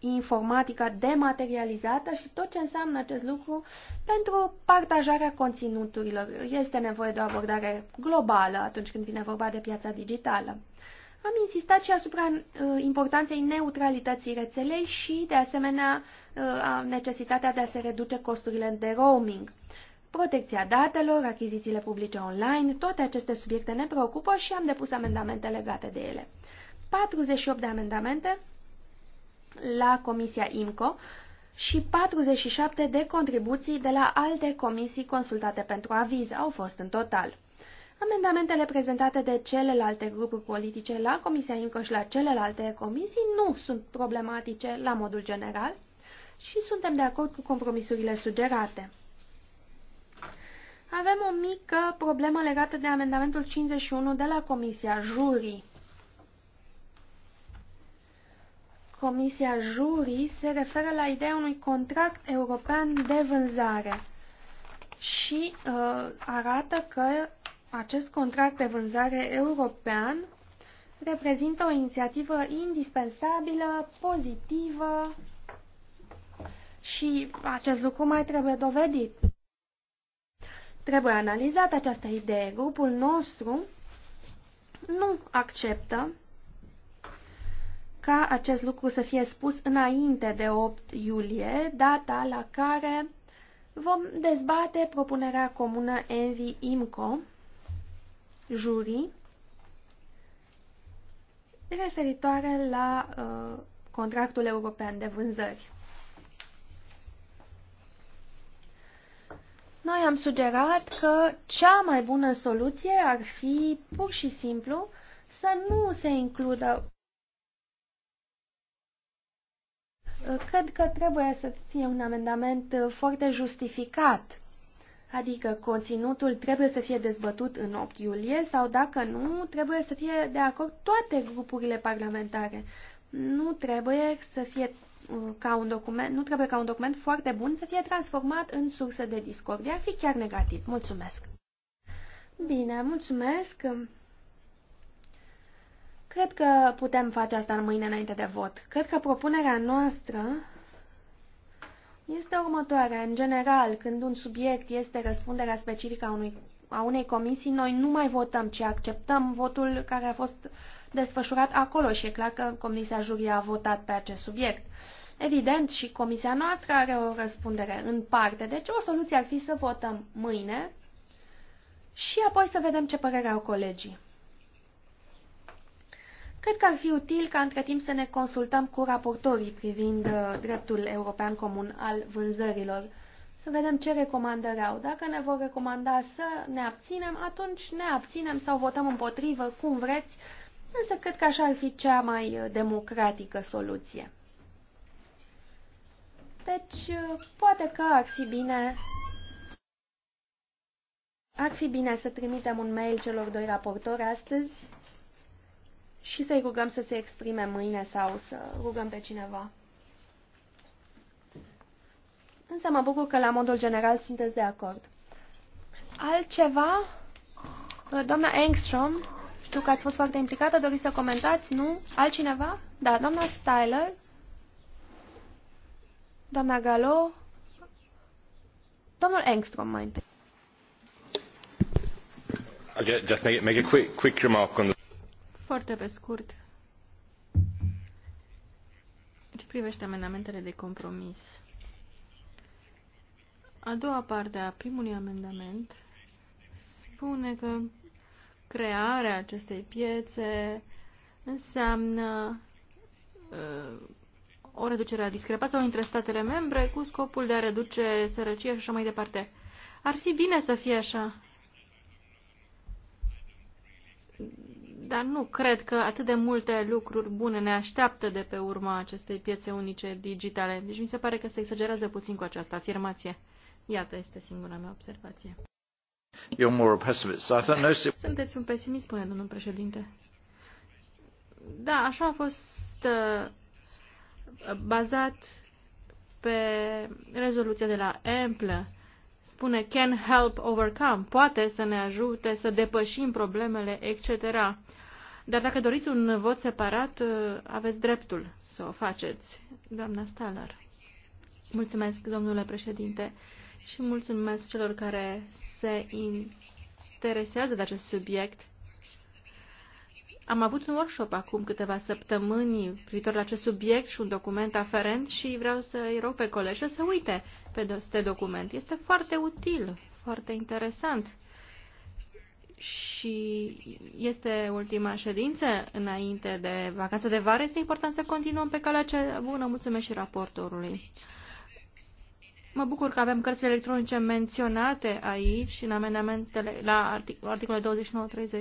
Speaker 4: informatica dematerializată și tot ce înseamnă acest lucru pentru partajarea conținuturilor. Este nevoie de o abordare globală atunci când vine vorba de piața digitală. Am insistat și asupra uh, importanței neutralității rețelei și, de asemenea, uh, a necesitatea de a se reduce costurile de roaming. Protecția datelor, achizițiile publice online, toate aceste subiecte ne preocupă și am depus amendamente legate de ele. 48 de amendamente la Comisia IMCO și 47 de contribuții de la alte comisii consultate pentru aviz au fost în total. Amendamentele prezentate de celelalte grupuri politice la Comisia INCO și la celelalte comisii nu sunt problematice la modul general și suntem de acord cu compromisurile sugerate. Avem o mică problemă legată de amendamentul 51 de la Comisia Jurii. Comisia Jurii se referă la ideea unui contract european de vânzare și uh, arată că acest contract de vânzare european reprezintă o inițiativă indispensabilă, pozitivă și acest lucru mai trebuie dovedit. Trebuie analizat această idee. Grupul nostru nu acceptă ca acest lucru să fie spus înainte de 8 iulie, data la care vom dezbate propunerea comună Envi-IMCO jurii referitoare la uh, contractul european de vânzări. Noi am sugerat că cea mai bună soluție ar fi pur și simplu să nu se includă. Uh, cred că trebuie să fie un amendament uh, foarte justificat Adică conținutul trebuie să fie dezbătut în 8 iulie sau dacă nu, trebuie să fie de acord toate grupurile parlamentare. Nu trebuie să fie uh, ca un document, nu trebuie ca un document foarte bun să fie transformat în sursă de discordie, ar fi chiar negativ. Mulțumesc! Bine, mulțumesc! Cred că putem face asta în mâine înainte de vot. Cred că propunerea noastră este următoarea. În general, când un subiect este răspunderea specifică a, unui, a unei comisii, noi nu mai votăm, ci acceptăm votul care a fost desfășurat acolo și e clar că Comisia Jurie a votat pe acest subiect. Evident, și comisia noastră are o răspundere în parte, deci o soluție ar fi să votăm mâine și apoi să vedem ce părere au colegii. Cred că ar fi util ca între timp să ne consultăm cu raportorii privind uh, dreptul european comun al vânzărilor, să vedem ce recomandări au. Dacă ne vor recomanda să ne abținem, atunci ne abținem sau votăm împotrivă, cum vreți, însă cred că așa ar fi cea mai uh, democratică soluție. Deci, uh, poate că ar fi bine ar fi bine să trimitem un mail celor doi raportori astăzi și să-i rugăm să se exprime mâine sau să rugăm pe cineva. Însă mă bucur că la modul general sunteți de acord. Altceva? Uh, doamna Engstrom, știu că ați fost foarte implicată, doriți să comentați, nu? Altcineva? Da, doamna Styler, doamna Galo, domnul Engstrom mai întâi.
Speaker 1: Uh, just make, make a quick, quick remark on
Speaker 4: foarte pe scurt.
Speaker 3: Ce privește amendamentele de compromis? A doua parte a primului amendament spune că crearea acestei piețe înseamnă uh, o reducere a discrepanțelor între statele membre cu scopul de a reduce sărăcia și așa mai departe. Ar fi bine să fie așa dar nu cred că atât de multe lucruri bune ne așteaptă de pe urma acestei piețe unice digitale. Deci mi se pare că se exagerează puțin cu această afirmație. Iată, este singura mea observație.
Speaker 1: You're more a pessimist. I thought no...
Speaker 3: Sunteți un pesimist, spune domnul președinte. Da, așa a fost uh, bazat pe rezoluția de la Ample. Spune can help overcome, poate să ne ajute să depășim problemele, etc. Dar dacă doriți un vot separat, uh, aveți dreptul să o faceți, doamna Staller. Mulțumesc, domnule președinte, și mulțumesc celor care se interesează de acest subiect. Am avut un workshop acum câteva săptămâni privitor la acest subiect și un document aferent și vreau să-i rog pe colegi să se uite pe acest document. Este foarte util, foarte interesant și este ultima ședință înainte de vacanța de vară, este important să continuăm pe calea cea bună. Mulțumesc și raportorului. Mă bucur că avem cărțile electronice menționate aici în amendamentele la articolul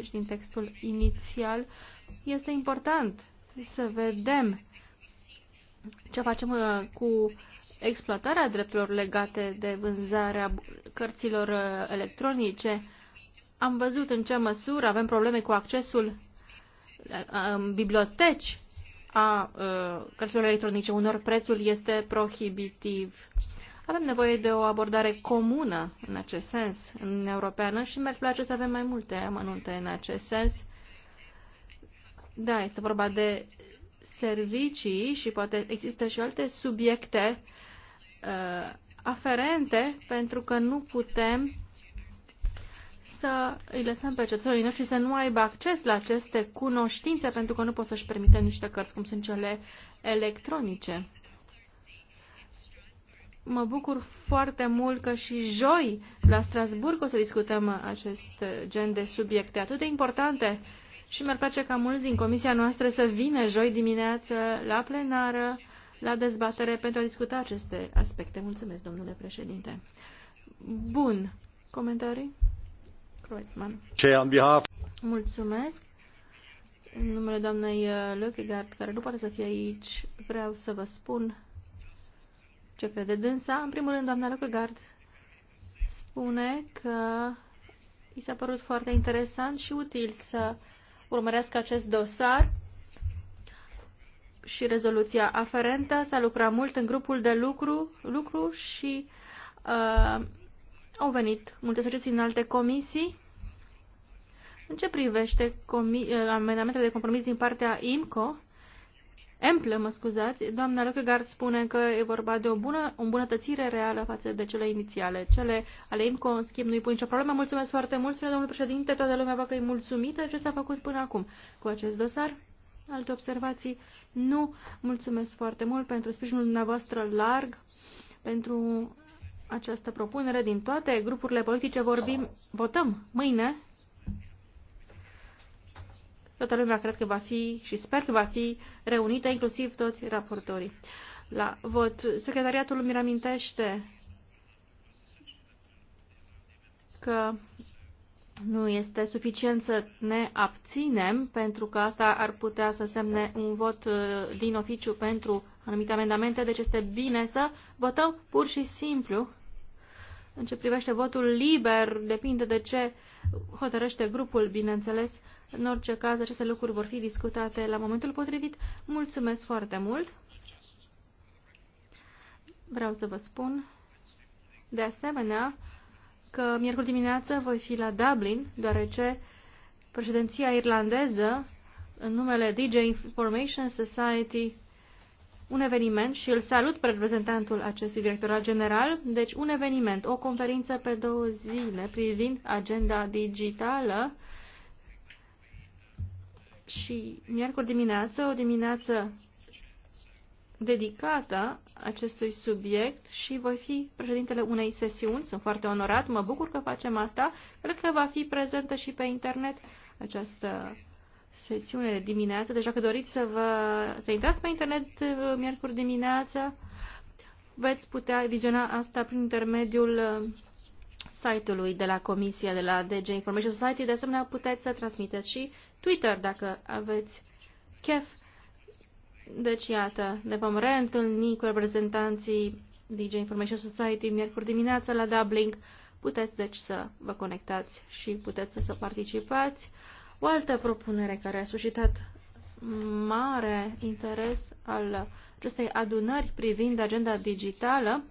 Speaker 3: 29-30 din textul inițial. Este important să vedem ce facem uh, cu exploatarea drepturilor legate de vânzarea cărților uh, electronice am văzut în ce măsură avem probleme cu accesul în uh, um, biblioteci a uh, cărților electronice. Unor prețul este prohibitiv. Avem nevoie de o abordare comună în acest sens în Uniunea Europeană și mi-ar place să avem mai multe amănunte în acest sens. Da, este vorba de servicii și poate există și alte subiecte uh, aferente pentru că nu putem să îi lăsăm pe cetățenii noștri să nu aibă acces la aceste cunoștințe pentru că nu pot să-și permită niște cărți cum sunt cele electronice. Mă bucur foarte mult că și joi la Strasburg o să discutăm acest gen de subiecte atât de importante și mi-ar place ca mulți din comisia noastră să vină joi dimineață la plenară, la dezbatere pentru a discuta aceste aspecte. Mulțumesc, domnule președinte. Bun. Comentarii? Kreuzmann. Mulțumesc. În numele doamnei uh, Lökegaard, care nu poate să fie aici, vreau să vă spun ce crede dânsa. În primul rând, doamna Lökegaard spune că i s-a părut foarte interesant și util să urmărească acest dosar și rezoluția aferentă. S-a lucrat mult în grupul de lucru, lucru și uh, au venit multe societăți în alte comisii. În ce privește eh, amendamentele de compromis din partea IMCO, Emplă, mă scuzați, doamna Lockegaard spune că e vorba de o bună o îmbunătățire reală față de cele inițiale. Cele ale IMCO, în schimb, nu-i pun nicio problemă. Mulțumesc foarte mult, spune domnul președinte, toată lumea va că e mulțumită ce s-a făcut până acum cu acest dosar. Alte observații? Nu. Mulțumesc foarte mult pentru sprijinul dumneavoastră larg, pentru această propunere din toate grupurile politice. Vorbim, votăm mâine. Toată lumea cred că va fi și sper că va fi reunită, inclusiv toți raportorii. La vot, secretariatul mi amintește că nu este suficient să ne abținem, pentru că asta ar putea să semne un vot uh, din oficiu pentru anumite amendamente, deci este bine să votăm pur și simplu în ce privește votul liber, depinde de ce hotărăște grupul, bineînțeles. În orice caz, aceste lucruri vor fi discutate la momentul potrivit. Mulțumesc foarte mult! Vreau să vă spun, de asemenea, că miercuri dimineață voi fi la Dublin, deoarece președinția irlandeză, în numele DJ Information Society, un eveniment și îl salut pe reprezentantul acestui directorat general, deci un eveniment, o conferință pe două zile privind agenda digitală și miercuri dimineață, o dimineață dedicată acestui subiect și voi fi președintele unei sesiuni. Sunt foarte onorat, mă bucur că facem asta. Cred că va fi prezentă și pe internet această sesiune de dimineață. Deci dacă doriți să, vă, să intrați pe internet uh, miercuri dimineață, veți putea viziona asta prin intermediul uh, site-ului de la Comisia de la DG Information Society. De asemenea, puteți să transmiteți și Twitter dacă aveți chef. Deci, iată, ne vom reîntâlni cu reprezentanții DJ Information Society miercuri dimineața la Dublin. Puteți, deci, să vă conectați și puteți să, să participați. O altă propunere care a suscitat mare interes al acestei adunări privind agenda digitală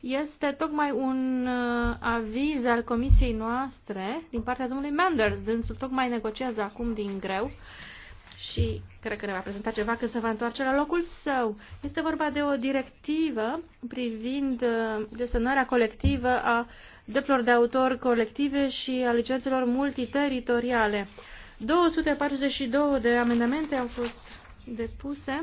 Speaker 3: este tocmai un uh, aviz al comisiei noastre din partea domnului Manders. Dânsul tocmai negociază acum din greu și cred că ne va prezenta ceva când se va întoarce la locul său. Este vorba de o directivă privind uh, gestionarea colectivă a deplor de autor colective și a licențelor multiteritoriale. 242 de amendamente au fost depuse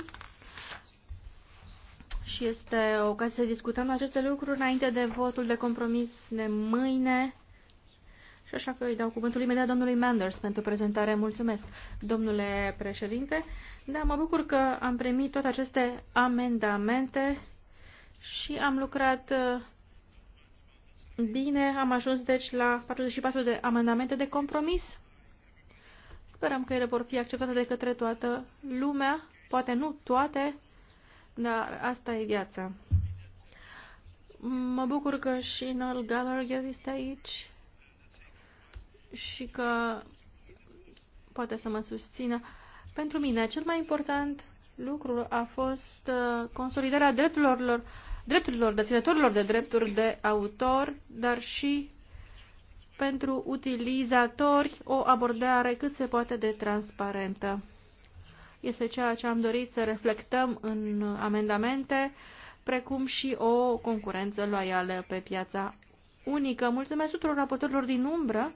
Speaker 3: și este ocazie să discutăm aceste lucruri înainte de votul de compromis de mâine și așa că îi dau cuvântul imediat domnului Manders pentru prezentare. Mulțumesc, domnule președinte. Da, mă bucur că am primit toate aceste amendamente și am lucrat uh, bine. Am ajuns, deci, la 44 de amendamente de compromis. Sperăm că ele vor fi acceptate de către toată lumea. Poate nu toate, dar asta e viața. Mă bucur că și Noel Gallagher este aici și că poate să mă susțină. Pentru mine, cel mai important lucru a fost uh, consolidarea drepturilor, drepturilor deținătorilor de drepturi de autor, dar și pentru utilizatori o abordare cât se poate de transparentă. Este ceea ce am dorit să reflectăm în amendamente, precum și o concurență loială pe piața unică. Mulțumesc tuturor raportorilor din umbră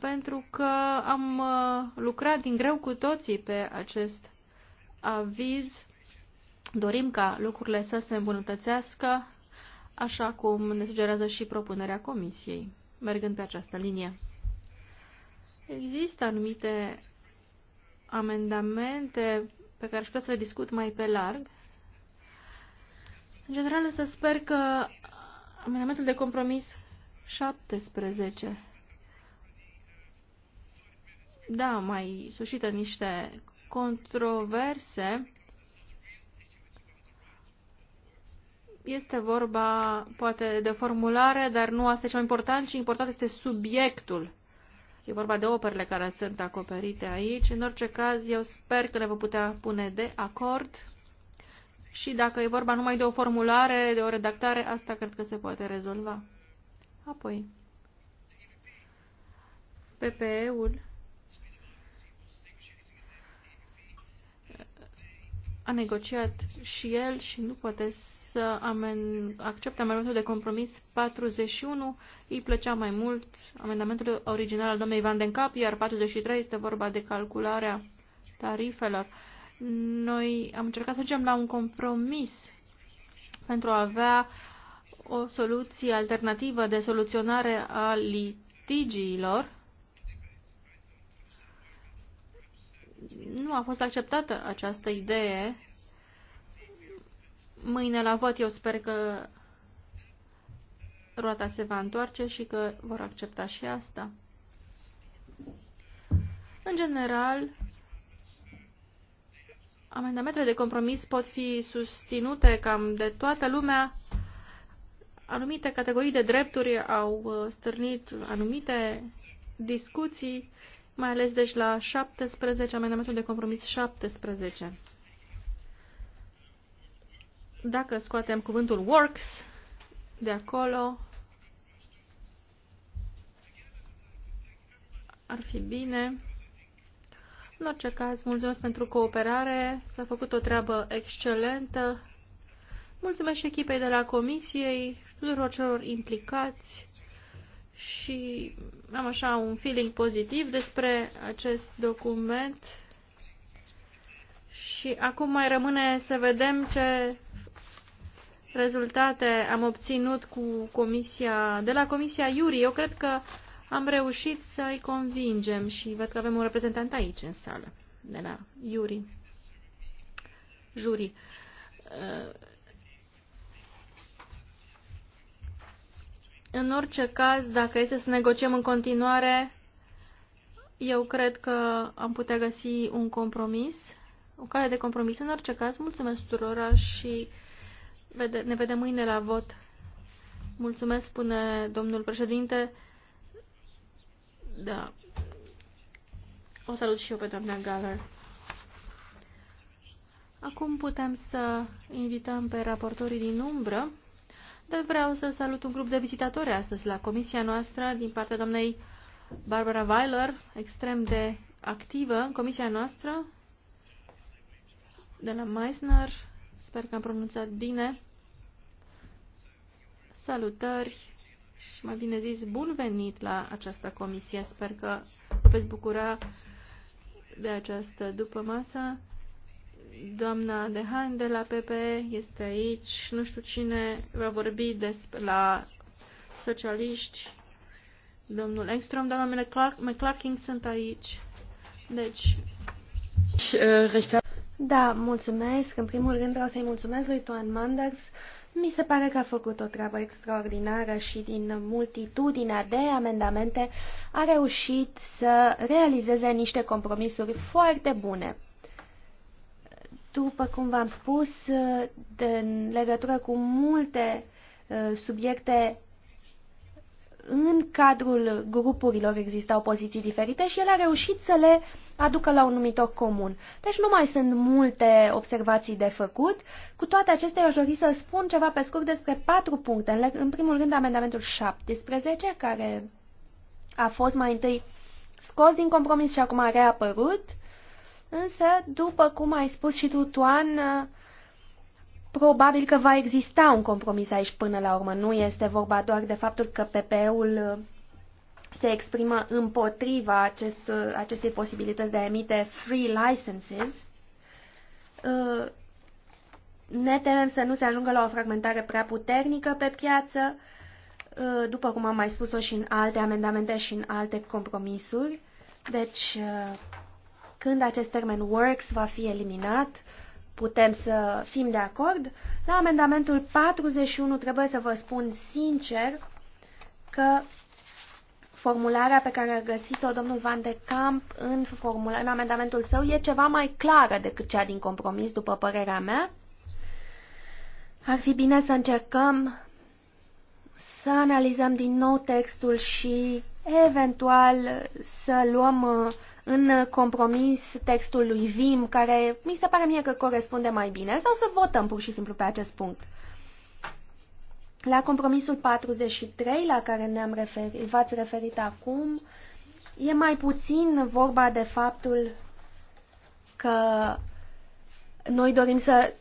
Speaker 3: pentru că am uh, lucrat din greu cu toții pe acest aviz. Dorim ca lucrurile să se îmbunătățească, așa cum ne sugerează și propunerea Comisiei, mergând pe această linie. Există anumite amendamente pe care aș putea să le discut mai pe larg. În general, să sper că amendamentul de compromis 17 da, mai suscită niște controverse. Este vorba, poate, de formulare, dar nu asta e cel mai important, ci important este subiectul. E vorba de operele care sunt acoperite aici. În orice caz, eu sper că le vă putea pune de acord. Și dacă e vorba numai de o formulare, de o redactare, asta cred că se poate rezolva. Apoi, PPE-ul a negociat și el și nu poate să amen, accepte amendamentul de compromis 41. Îi plăcea mai mult amendamentul original al domnului Van den Cap, iar 43 este vorba de calcularea tarifelor. Noi am încercat să ajungem la un compromis pentru a avea o soluție alternativă de soluționare a litigiilor nu a fost acceptată această idee. Mâine la vot eu sper că roata se va întoarce și că vor accepta și asta. În general, amendamentele de compromis pot fi susținute cam de toată lumea. Anumite categorii de drepturi au uh, stârnit anumite discuții mai ales deci la 17, amendamentul de compromis 17. Dacă scoatem cuvântul works de acolo, ar fi bine. În orice caz, mulțumesc pentru cooperare, s-a făcut o treabă excelentă. Mulțumesc și echipei de la comisiei, tuturor celor implicați și am așa un feeling pozitiv despre acest document și acum mai rămâne să vedem ce rezultate am obținut cu comisia, de la Comisia Iuri. Eu cred că am reușit să-i convingem și văd că avem un reprezentant aici în sală, de la Iuri. Juri. În orice caz, dacă este să negociem în continuare, eu cred că am putea găsi un compromis, o cale de compromis. În orice caz, mulțumesc tuturora și ne vedem mâine la vot. Mulțumesc, spune domnul președinte. Da. O salut și eu pe doamna Galler. Acum putem să invităm pe raportorii din umbră. Dar vreau să salut un grup de vizitatori astăzi la comisia noastră din partea doamnei Barbara Weiler, extrem de activă în comisia noastră de la Meissner. Sper că am pronunțat bine. Salutări și mai bine zis, bun venit la această comisie. Sper că vă veți bucura de această după masă. Doamna Dehan de la PPE este aici. Nu știu cine va vorbi despre la socialiști. Domnul Engstrom, doamna McClarkin sunt aici. Deci...
Speaker 4: Da, mulțumesc. În primul rând vreau să-i mulțumesc lui Toan Manders. Mi se pare că a făcut o treabă extraordinară și din multitudinea de amendamente a reușit să realizeze niște compromisuri foarte bune. După cum v-am spus, în legătură cu multe uh, subiecte în cadrul grupurilor existau poziții diferite și el a reușit să le aducă la un numitor comun. Deci nu mai sunt multe observații de făcut. Cu toate acestea, eu aș dori să spun ceva pe scurt despre patru puncte. În primul rând, amendamentul 17, care a fost mai întâi scos din compromis și acum a reapărut. Însă, după cum ai spus și tu, Toan, probabil că va exista un compromis aici până la urmă. Nu este vorba doar de faptul că PPE-ul uh, se exprimă împotriva acest, uh, acestei posibilități de a emite free licenses. Uh, ne temem să nu se ajungă la o fragmentare prea puternică pe piață, după cum am mai spus-o și în alte amendamente și în alte compromisuri. Deci, când acest termen works va fi eliminat, putem să fim de acord. La amendamentul 41 trebuie să vă spun sincer că formularea pe care a găsit-o domnul Van de Camp în, formula, în amendamentul său e ceva mai clară decât cea din compromis, după părerea mea. Ar fi bine să încercăm să analizăm din nou textul și eventual să luăm uh, în compromis textul lui Vim, care mi se pare mie că corespunde mai bine, sau să votăm pur și simplu pe acest punct. La compromisul 43, la care ne-am referi, v-ați referit acum, e mai puțin vorba de faptul că noi dorim să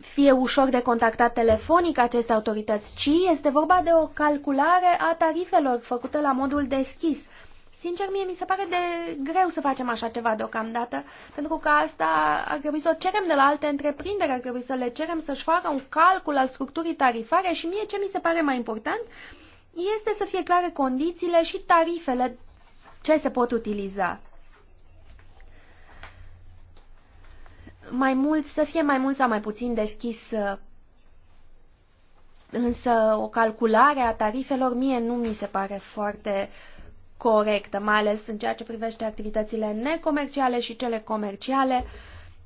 Speaker 4: fie ușor de contactat telefonic aceste autorități, ci este vorba de o calculare a tarifelor făcută la modul deschis. Sincer, mie mi se pare de greu să facem așa ceva deocamdată, pentru că asta ar trebui să o cerem de la alte întreprinderi, ar trebui să le cerem să-și facă un calcul al structurii tarifare și mie ce mi se pare mai important este să fie clare condițiile și tarifele ce se pot utiliza. Mai mult, să fie mai mult sau mai puțin deschis însă o calculare a tarifelor mie nu mi se pare foarte uh, corectă, mai ales în ceea ce privește activitățile necomerciale și cele comerciale,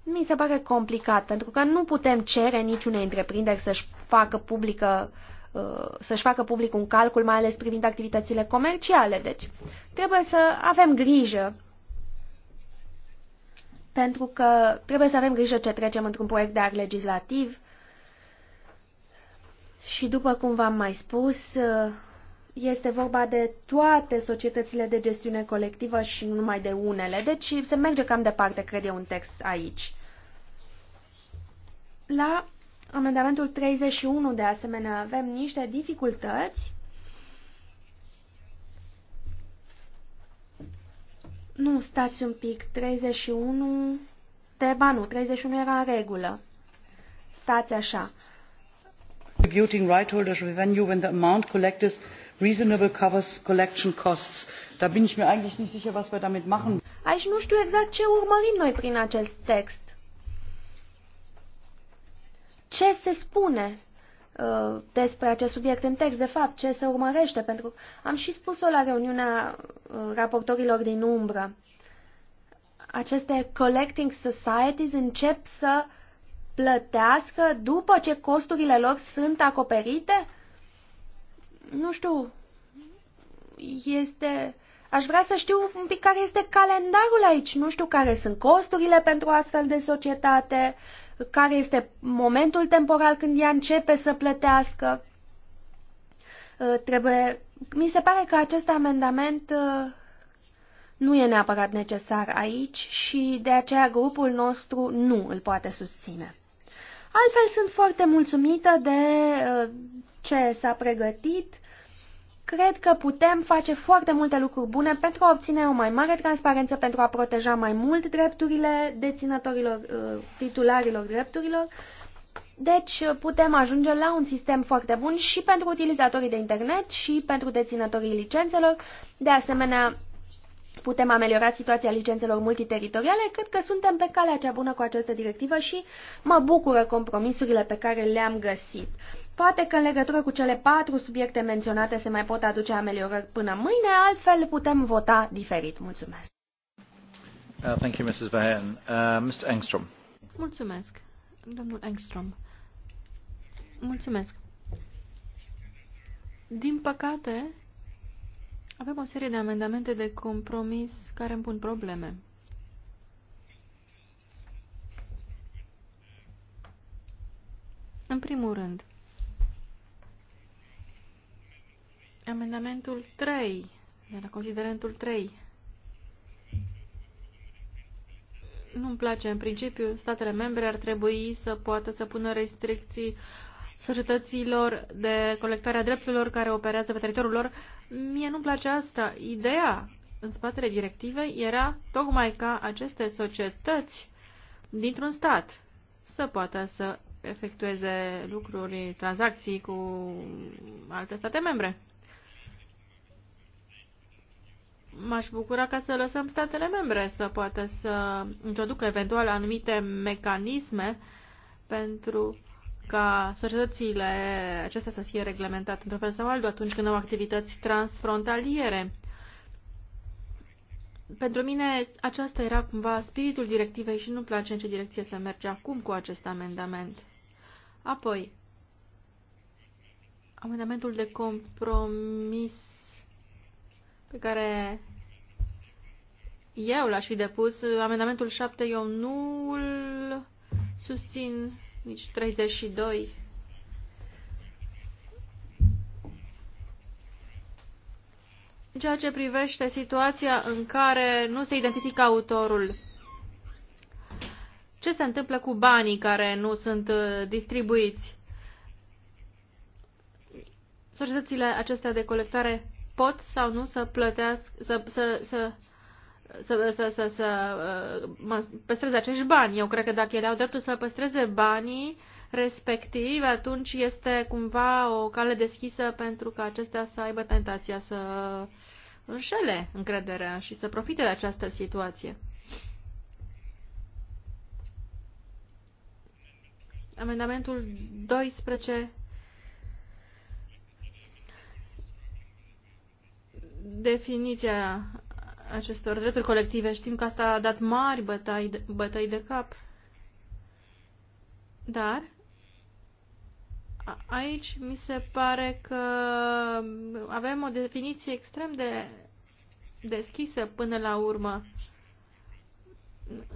Speaker 4: mi se pare complicat, pentru că nu putem cere niciunei întreprinderi să-și facă publică uh, să-și facă public un calcul, mai ales privind activitățile comerciale. Deci, trebuie să avem grijă pentru că trebuie să avem grijă ce trecem într-un proiect de act legislativ și după cum v-am mai spus, uh, este vorba de toate societățile de gestiune colectivă și nu numai de unele. Deci se merge cam departe, cred eu, un text aici. La amendamentul 31, de asemenea, avem niște dificultăți. Nu, stați un pic, 31... De, ba nu, 31 era în regulă. Stați așa.
Speaker 2: Right holders revenue
Speaker 4: when the amount collected reasonable covers collection costs. Da bin ich mir eigentlich nicht sicher, was wir damit machen. Aici nu știu exact ce urmărim noi prin acest text. Ce se spune uh, despre acest subiect în text, de fapt, ce se urmărește, pentru că am și spus-o la reuniunea uh, raportorilor din umbră. Aceste collecting societies încep să plătească după ce costurile lor sunt acoperite? Uh, nu știu, este... Aș vrea să știu un pic care este calendarul aici. Nu știu care sunt costurile pentru astfel de societate, care este momentul temporal când ea începe să plătească. Uh, trebuie... Mi se pare că acest amendament uh, nu e neapărat necesar aici și de aceea grupul nostru nu îl poate susține. Altfel, sunt foarte mulțumită de uh, ce s-a pregătit. Cred că putem face foarte multe lucruri bune pentru a obține o mai mare transparență, pentru a proteja mai mult drepturile deținătorilor, uh, titularilor drepturilor. Deci uh, putem ajunge la un sistem foarte bun și pentru utilizatorii de internet și pentru deținătorii licențelor. De asemenea, putem ameliora situația licențelor multiteritoriale, cred că suntem pe calea cea bună cu această directivă și mă bucură compromisurile pe care le-am găsit. Poate că în legătură cu cele patru subiecte menționate se mai pot aduce ameliorări până mâine, altfel putem vota diferit. Mulțumesc.
Speaker 1: Uh, thank you, Mrs. Uh, Mr. Engstrom.
Speaker 3: Mulțumesc, domnul Engstrom. Mulțumesc. Din păcate, avem o serie de amendamente de compromis care îmi pun probleme. În primul rând, amendamentul 3, de la considerentul 3. Nu-mi place în principiu, statele membre ar trebui să poată să pună restricții societăților de colectare a drepturilor care operează pe teritoriul lor. Mie nu-mi place asta. Ideea în spatele directivei era tocmai ca aceste societăți dintr-un stat să poată să efectueze lucruri, tranzacții cu alte state membre. M-aș bucura ca să lăsăm statele membre să poată să introducă eventual anumite mecanisme pentru ca societățile acestea să fie reglementate într-un fel sau altul atunci când au activități transfrontaliere. Pentru mine aceasta era cumva spiritul directivei și nu-mi place în ce direcție să merge acum cu acest amendament. Apoi, amendamentul de compromis pe care eu l-aș fi depus, amendamentul 7 eu nu îl susțin nici 32. În ceea ce privește situația în care nu se identifică autorul, ce se întâmplă cu banii care nu sunt uh, distribuiți? Societățile acestea de colectare pot sau nu să plătească, să, să, să să, să, să, să uh, păstreze acești bani. Eu cred că dacă ele au dreptul să păstreze banii respectivi, atunci este cumva o cale deschisă pentru că acestea să aibă tentația să înșele încrederea și să profite de această situație. Amendamentul 12 definiția acestor drepturi colective. Știm că asta a dat mari bătăi de, bătăi de cap. Dar aici mi se pare că avem o definiție extrem de deschisă până la urmă.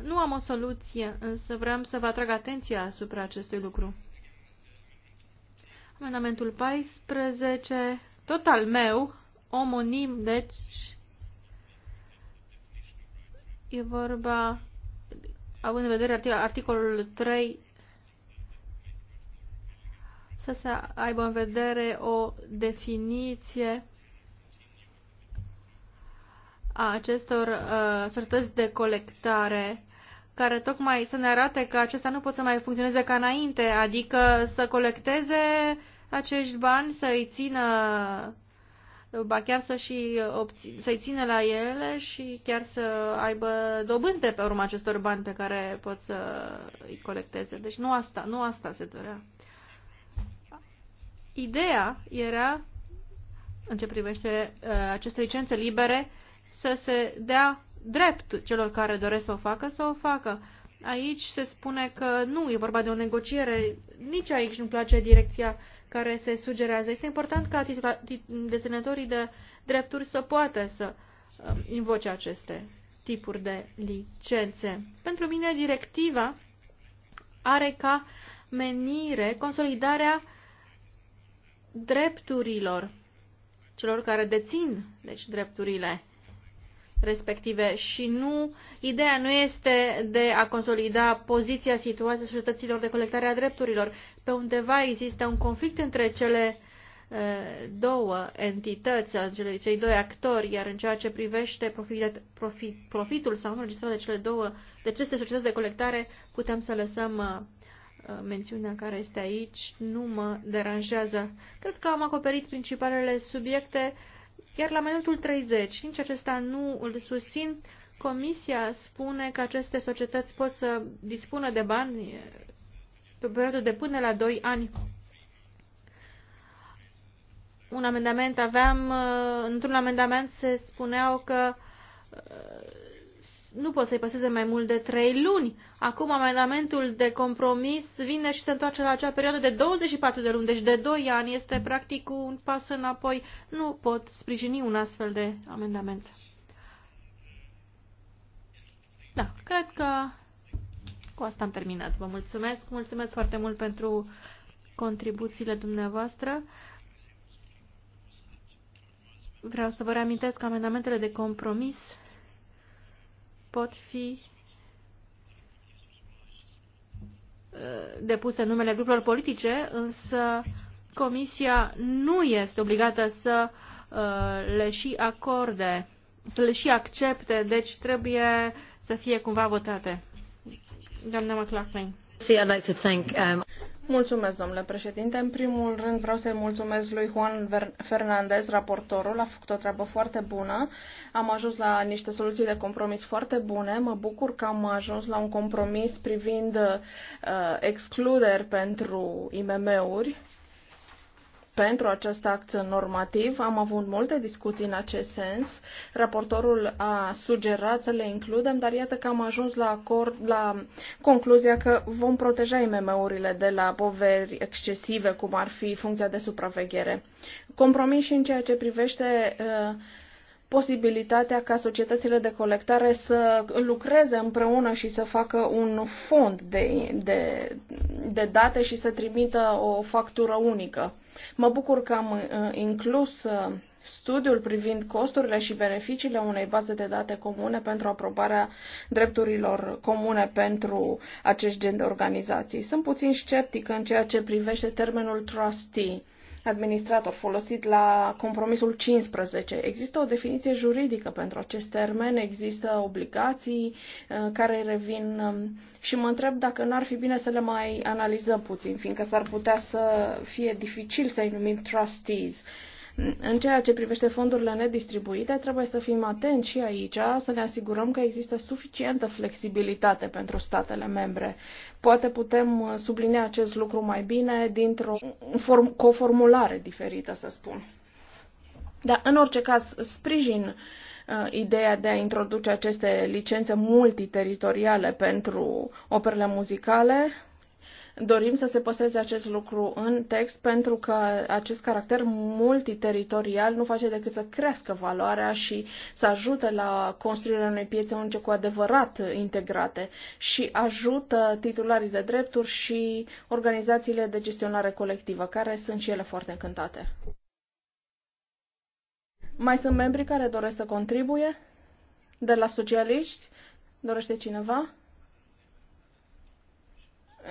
Speaker 3: Nu am o soluție, însă vreau să vă atrag atenția asupra acestui lucru. Amendamentul 14, total meu, omonim, deci E vorba, având în vedere articolul 3, să se aibă în vedere o definiție a acestor uh, sortăți de colectare care tocmai să ne arate că acestea nu pot să mai funcționeze ca înainte, adică să colecteze acești bani, să îi țină ba chiar să și uh, să-i ține la ele și chiar să aibă dobânde pe urma acestor bani pe care pot să îi colecteze. Deci nu asta, nu asta se dorea. Ideea era, în ce privește uh, aceste licențe libere, să se dea drept celor care doresc să o facă, să o facă. Aici se spune că nu, e vorba de o negociere. Nici aici nu place direcția uh, care se sugerează. Este important ca deținătorii de drepturi să poată să um, invoce aceste tipuri de licențe. Pentru mine, directiva are ca menire consolidarea drepturilor celor care dețin deci drepturile respective și nu, ideea nu este de a consolida poziția situației societăților de colectare a drepturilor. Pe undeva există un conflict între cele două entități, cei doi actori, iar în ceea ce privește profit, profit, profitul sau nu registrat de cele două, de aceste societăți de colectare, putem să lăsăm mențiunea care este aici, nu mă deranjează. Cred că am acoperit principalele subiecte iar la minutul 30, nici acesta nu îl susțin. Comisia spune că aceste societăți pot să dispună de bani pe perioadă de până la 2 ani. Un amendament aveam, într-un amendament se spuneau că nu pot să-i păseze mai mult de trei luni. Acum amendamentul de compromis vine și se întoarce la acea perioadă de 24 de luni, deci de 2 ani este practic un pas înapoi. Nu pot sprijini un astfel de amendament. Da, cred că cu asta am terminat. Vă mulțumesc, mulțumesc foarte mult pentru contribuțiile dumneavoastră. Vreau să vă reamintesc că amendamentele de compromis pot fi uh, depuse în numele grupurilor politice, însă Comisia nu este obligată să uh, le și acorde, să le și accepte, deci trebuie să fie cumva votate. Doamna McLaughlin.
Speaker 1: Um,
Speaker 2: Mulțumesc, domnule președinte. În primul rând vreau să-i mulțumesc lui Juan Fernandez, raportorul. A făcut o treabă foarte bună. Am ajuns la niște soluții de compromis foarte bune. Mă bucur că am ajuns la un compromis privind uh, excluderi pentru IMM-uri pentru acest act normativ. Am avut multe discuții în acest sens. Raportorul a sugerat să le includem, dar iată că am ajuns la, acord, la concluzia că vom proteja IMM-urile de la poveri excesive, cum ar fi funcția de supraveghere. Compromis și în ceea ce privește uh, posibilitatea ca societățile de colectare să lucreze împreună și să facă un fond de, de, de date și să trimită o factură unică. Mă bucur că am uh, inclus uh, studiul privind costurile și beneficiile unei baze de date comune pentru aprobarea drepturilor comune pentru acești gen de organizații. Sunt puțin sceptică în ceea ce privește termenul trustee administrat, folosit la compromisul 15. Există o definiție juridică pentru acest termen, există obligații uh, care revin um, și mă întreb dacă n-ar fi bine să le mai analizăm puțin, fiindcă s-ar putea să fie dificil să-i numim trustees. În ceea ce privește fondurile nedistribuite, trebuie să fim atenți și aici, să ne asigurăm că există suficientă flexibilitate pentru statele membre. Poate putem uh, sublinia acest lucru mai bine dintr-o, form, cu o formulare diferită, să spun. Dar, în orice caz, sprijin uh, ideea de a introduce aceste licențe multiteritoriale pentru operele muzicale, Dorim să se păstreze acest lucru în text pentru că acest caracter multiteritorial nu face decât să crească valoarea și să ajute la construirea unei piețe unice cu adevărat integrate și ajută titularii de drepturi și organizațiile de gestionare colectivă, care sunt și ele foarte încântate. Mai sunt membri care doresc să contribuie? De la socialiști? Dorește cineva?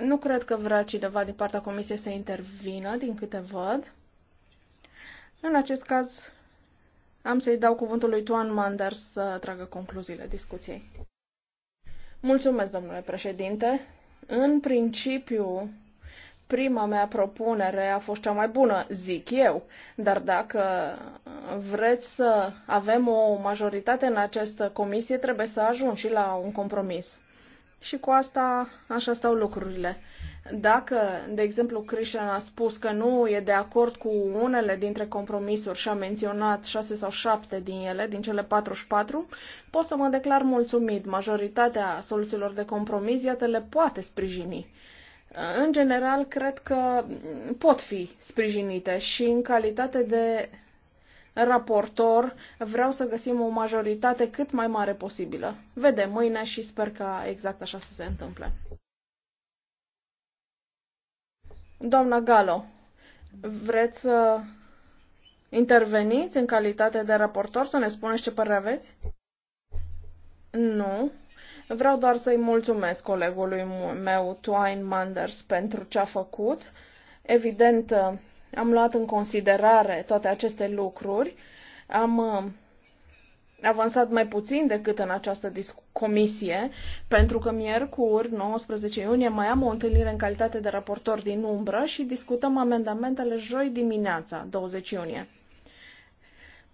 Speaker 2: Nu cred că vrea cineva din partea comisiei să intervină, din câte văd. În acest caz, am să-i dau cuvântul lui Toan Mander să tragă concluziile discuției. Mulțumesc, domnule președinte. În principiu, prima mea propunere a fost cea mai bună, zic eu, dar dacă vreți să avem o majoritate în această comisie, trebuie să ajung și la un compromis și cu asta așa stau lucrurile. Dacă, de exemplu, Christian a spus că nu e de acord cu unele dintre compromisuri și a menționat șase sau șapte din ele, din cele 44, pot să mă declar mulțumit. Majoritatea soluțiilor de compromis, iată, le poate sprijini. În general, cred că pot fi sprijinite și în calitate de raportor, vreau să găsim o majoritate cât mai mare posibilă. Vedem mâine și sper că exact așa să se întâmple. Doamna Galo, vreți să interveniți în calitate de raportor, să ne spuneți ce părere aveți? Nu. Vreau doar să-i mulțumesc colegului meu, Twine Manders, pentru ce a făcut. Evident, am luat în considerare toate aceste lucruri. Am uh, avansat mai puțin decât în această comisie, pentru că miercuri, 19 iunie, mai am o întâlnire în calitate de raportor din umbră și discutăm amendamentele joi dimineața, 20 iunie.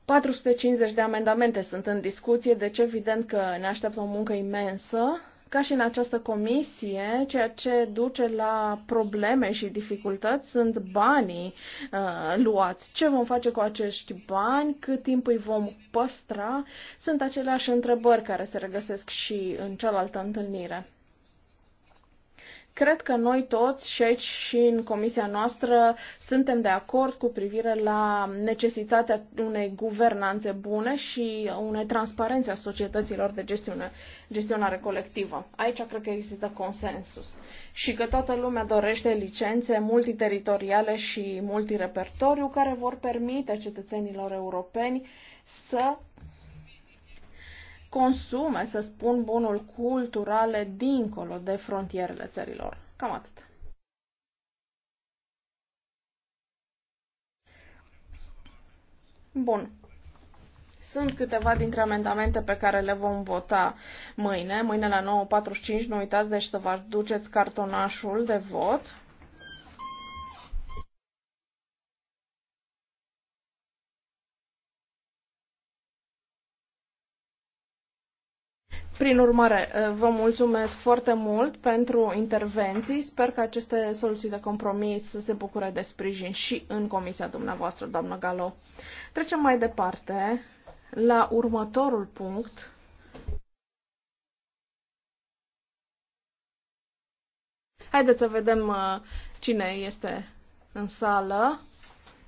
Speaker 2: 450 de amendamente sunt în discuție, deci evident că ne așteaptă o muncă imensă ca și în această comisie, ceea ce duce la probleme și dificultăți sunt banii uh, luați. Ce vom face cu acești bani, cât timp îi vom păstra, sunt aceleași întrebări care se regăsesc și în cealaltă întâlnire. Cred că noi toți și aici și în comisia noastră suntem de acord cu privire la necesitatea unei guvernanțe bune și unei transparențe a societăților de gestiune, gestionare colectivă. Aici cred că există consensus și că toată lumea dorește licențe multiteritoriale și multirepertoriu care vor permite cetățenilor europeni să consume, să spun, bunul culturale dincolo de frontierele țărilor. Cam atât. Bun. Sunt câteva dintre amendamente pe care le vom vota mâine. Mâine la 9.45, nu uitați, deci să vă duceți cartonașul de vot. Prin urmare, eh, vă mulțumesc foarte mult pentru intervenții. Sper că aceste soluții de compromis să se bucure de sprijin și în comisia dumneavoastră, doamnă Galo. Trecem mai departe la următorul punct. Haideți să vedem eh, cine este în sală.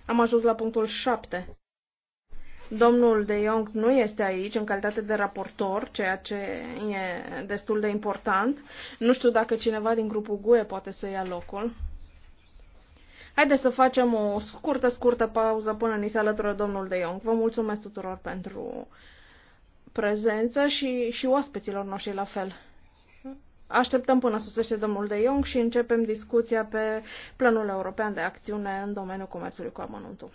Speaker 2: Am ajuns la punctul 7. Domnul De Jong nu este aici în calitate de raportor, ceea ce e destul de important. Nu știu dacă cineva din grupul GUE poate să ia locul. Haideți să facem o scurtă, scurtă pauză până ni se alătură domnul De Jong. Vă mulțumesc tuturor pentru prezență și, și oaspeților noștri la fel. Așteptăm până sosește domnul De Jong și începem discuția pe planul european de acțiune în domeniul comerțului cu amănuntul.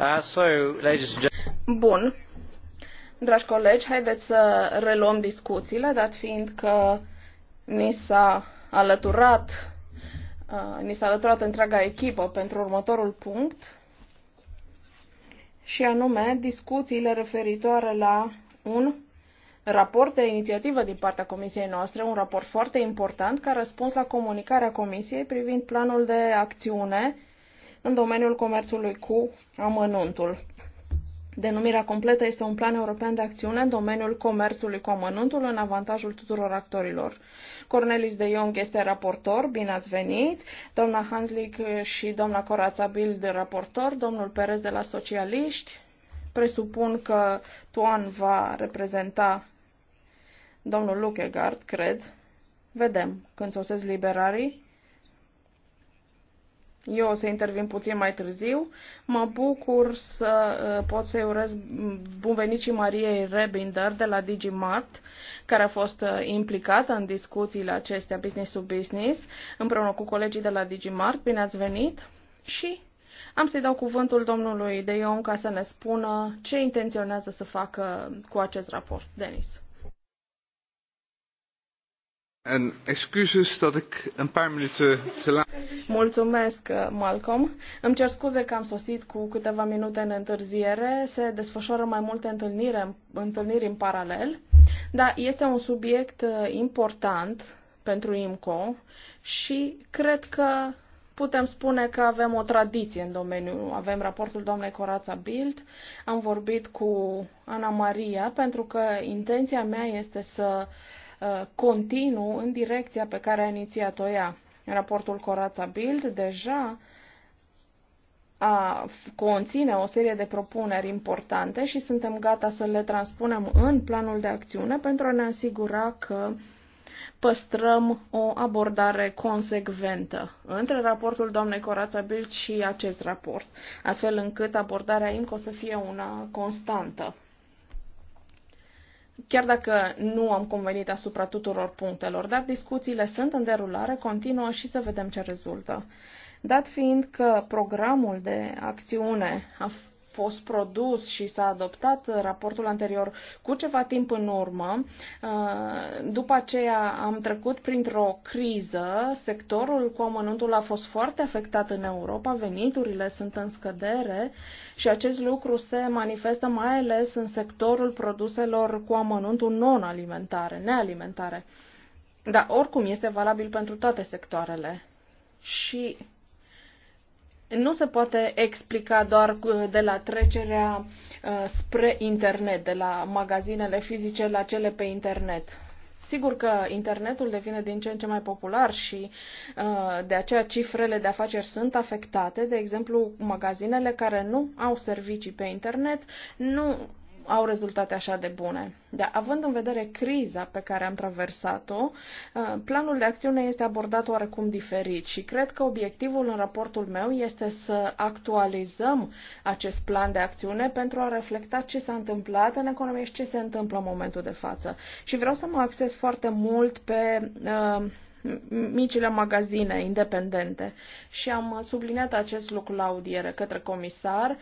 Speaker 1: Uh,
Speaker 2: Bun. Dragi colegi, haideți să reluăm discuțiile, dat fiind că ni s-a alăturat, uh, ni s-a alăturat întreaga echipă pentru următorul punct, și anume discuțiile referitoare la un raport de inițiativă din partea comisiei noastre, un raport foarte important ca răspuns la comunicarea comisiei privind planul de acțiune în domeniul comerțului cu amănuntul. Denumirea completă este un plan european de acțiune în domeniul comerțului cu amănuntul în avantajul tuturor actorilor. Cornelis de Jong este raportor, bine ați venit, doamna Hanslick și doamna Corața Bild raportor, domnul Perez de la Socialiști, presupun că Tuan va reprezenta domnul Luchegard, cred. Vedem când sosesc liberarii. Eu o să intervin puțin mai târziu. Mă bucur să uh, pot să-i urez bun venit și Mariei Rebinder de la Digimart, care a fost uh, implicată în discuțiile acestea business to business, împreună cu colegii de la Digimart. Bine ați venit! Și am să-i dau cuvântul domnului De Jong ca să ne spună ce intenționează să facă cu acest raport. Denis. Mulțumesc, uh, Malcolm. Îmi cer scuze că am sosit cu câteva minute în întârziere. Se desfășoară mai multe întâlniri, întâlniri în paralel, dar este un subiect uh, important pentru IMCO și cred că putem spune că avem o tradiție în domeniu. Avem raportul doamnei Corața Bild, am vorbit cu Ana Maria, pentru că intenția mea este să uh, Uh, continuu în direcția pe care a inițiat-o ea. Raportul Corața Bild deja a, conține o serie de propuneri importante și suntem gata să le transpunem în planul de acțiune pentru a ne asigura că păstrăm o abordare consecventă între raportul doamnei Corața Bild și acest raport, astfel încât abordarea IMCO să fie una constantă chiar dacă nu am convenit asupra tuturor punctelor, dar discuțiile sunt în derulare, continuă și să vedem ce rezultă. Dat fiind că programul de acțiune a fost produs și s-a adoptat raportul anterior cu ceva timp în urmă. Uh, după aceea am trecut printr-o criză, sectorul cu amănuntul a fost foarte afectat în Europa, veniturile sunt în scădere și acest lucru se manifestă mai ales în sectorul produselor cu amănuntul non-alimentare, nealimentare. Dar oricum este valabil pentru toate sectoarele. Și nu se poate explica doar de la trecerea uh, spre internet, de la magazinele fizice la cele pe internet. Sigur că internetul devine din ce în ce mai popular și uh, de aceea cifrele de afaceri sunt afectate. De exemplu, magazinele care nu au servicii pe internet nu au rezultate așa de bune. Dar având în vedere criza pe care am traversat-o, uh, planul de acțiune este abordat oarecum diferit și cred că obiectivul în raportul meu este să actualizăm acest plan de acțiune pentru a reflecta ce s-a întâmplat în economie și ce se întâmplă în momentul de față. Și vreau să mă acces foarte mult pe uh, micile magazine independente. Și am subliniat acest lucru la audiere către comisar. Uh,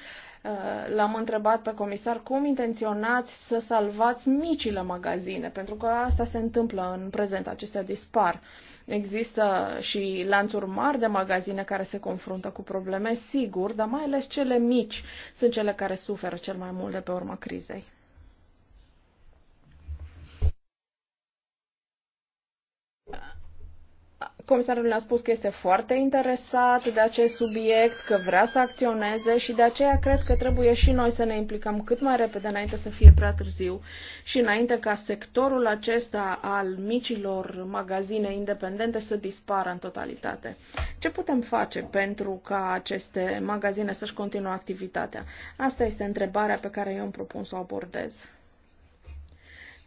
Speaker 2: Uh, l-am întrebat pe comisar cum intenționați să salvați micile magazine, pentru că asta se întâmplă în prezent, acestea dispar. Există și lanțuri mari de magazine care se confruntă cu probleme, sigur, dar mai ales cele mici sunt cele care suferă cel mai mult de pe urma crizei. Comisarul ne-a spus că este foarte interesat de acest subiect, că vrea să acționeze și de aceea cred că trebuie și noi să ne implicăm cât mai repede înainte să fie prea târziu și înainte ca sectorul acesta al micilor magazine independente să dispară în totalitate. Ce putem face pentru ca aceste magazine să-și continue activitatea? Asta este întrebarea pe care eu îmi propun să o abordez.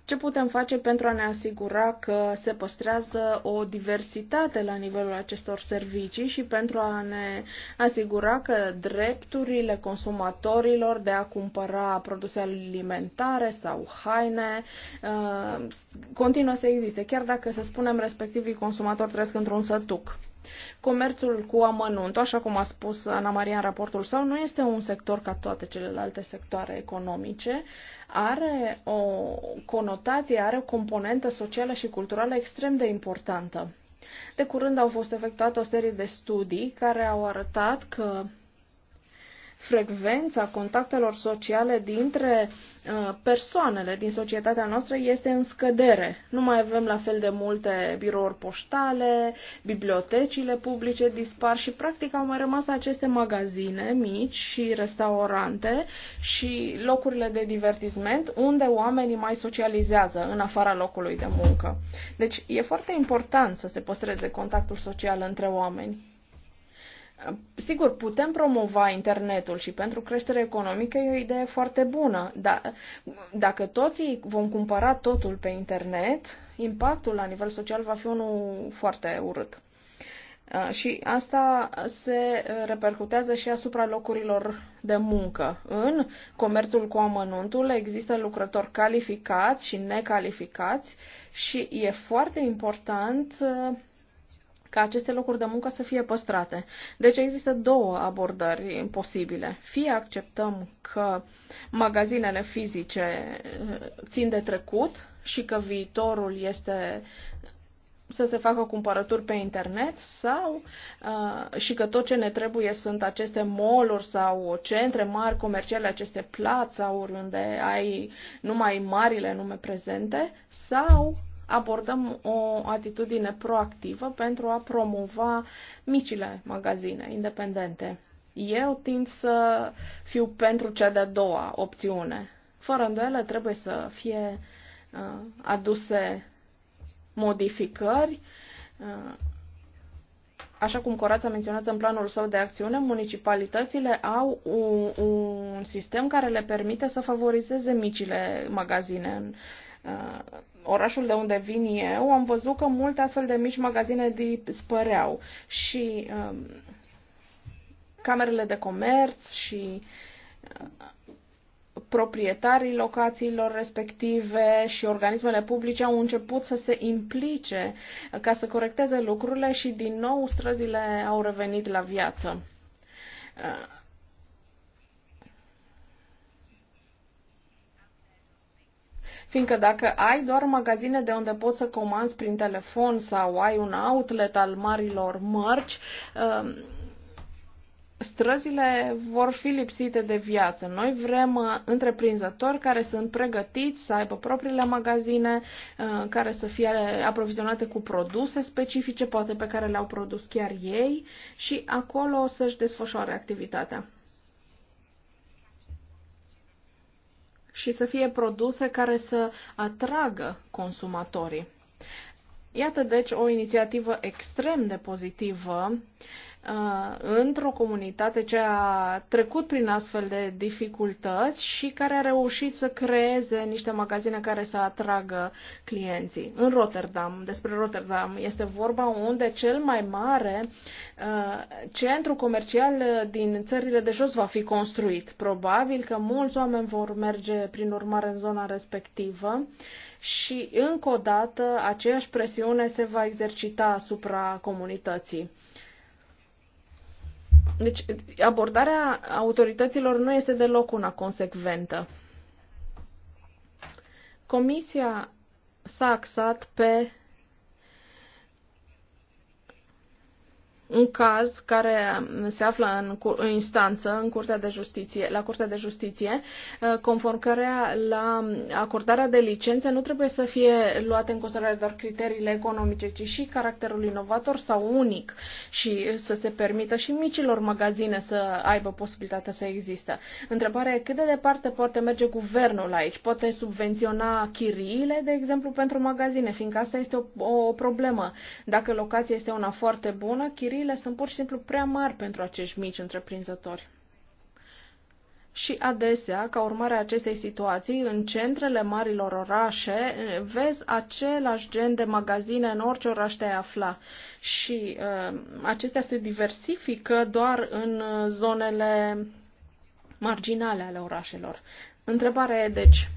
Speaker 2: Ce putem face pentru a ne asigura că se păstrează o diversitate la nivelul acestor servicii și pentru a ne asigura că drepturile consumatorilor de a cumpăra produse alimentare sau haine uh, continuă să existe, chiar dacă, să spunem, respectivii consumatori trăiesc într-un sătuc. Comerțul cu amănunt, așa cum a spus Ana Maria în raportul său, nu este un sector ca toate celelalte sectoare economice. Uh, are o conotație, are o componentă socială și culturală extrem de importantă. De curând au fost efectuate o serie de studii care au arătat că frecvența contactelor sociale dintre uh, persoanele din societatea noastră este în scădere. Nu mai avem la fel de multe birouri poștale, bibliotecile publice dispar și practic au mai rămas aceste magazine mici și restaurante și locurile de divertisment unde oamenii mai socializează în afara locului de muncă. Deci e foarte important să se păstreze contactul social între oameni. Sigur, putem promova internetul și pentru creștere economică e o idee foarte bună, dar dacă toții vom cumpăra totul pe internet, impactul la nivel social va fi unul foarte urât. Și asta se repercutează și asupra locurilor de muncă. În comerțul cu amănuntul există lucrători calificați și necalificați și e foarte important ca aceste locuri de muncă să fie păstrate. Deci există două abordări posibile. Fie acceptăm că magazinele fizice eh, țin de trecut și că viitorul este să se facă cumpărături pe internet sau uh, și că tot ce ne trebuie sunt aceste mall sau centre mari comerciale, aceste plațauri unde ai numai marile nume prezente sau abordăm o atitudine proactivă pentru a promova micile magazine independente. Eu tind să fiu pentru cea de-a doua opțiune. Fără îndoială trebuie să fie uh, aduse modificări. Uh, Așa cum Corața menționează în planul său de acțiune, municipalitățile au un, un sistem care le permite să favorizeze micile magazine în uh, orașul de unde vin eu, am văzut că multe astfel de mici magazine dispăreau și um, camerele de comerț și uh, proprietarii locațiilor respective și organismele publice au început să se implice ca să corecteze lucrurile și din nou străzile au revenit la viață. Uh, Fiindcă dacă ai doar magazine de unde poți să comanzi prin telefon sau ai un outlet al marilor mărci, um, străzile vor fi lipsite de viață. Noi vrem uh, întreprinzători care sunt pregătiți să aibă propriile magazine, uh, care să fie aprovizionate cu produse specifice, poate pe care le-au produs chiar ei, și acolo să-și desfășoare activitatea. și să fie produse care să atragă consumatorii. Iată deci o inițiativă extrem de pozitivă Uh, într-o comunitate ce a trecut prin astfel de dificultăți și care a reușit să creeze niște magazine care să atragă clienții. În Rotterdam, despre Rotterdam este vorba unde cel mai mare uh, centru comercial din țările de jos va fi construit. Probabil că mulți oameni vor merge prin urmare în zona respectivă și încă o dată aceeași presiune se va exercita asupra comunității deci abordarea autorităților nu este deloc una consecventă. Comisia s-a axat pe un caz care se află în, în instanță, în curtea de justiție, la Curtea de Justiție, uh, conform cărea la acordarea de licențe nu trebuie să fie luate în considerare doar criteriile economice, ci și caracterul inovator sau unic și să se permită și micilor magazine să aibă posibilitatea să există. Întrebarea e cât de departe poate merge guvernul aici? Poate subvenționa chiriile, de exemplu, pentru magazine, fiindcă asta este o, o problemă. Dacă locația este una foarte bună, chiri- datoriile sunt pur și simplu prea mari pentru acești mici întreprinzători. Și adesea, ca urmare a acestei situații, în centrele marilor orașe vezi același gen de magazine în orice oraș te-ai afla. Și uh, acestea se diversifică doar în uh, zonele marginale ale orașelor. Întrebarea e, deci,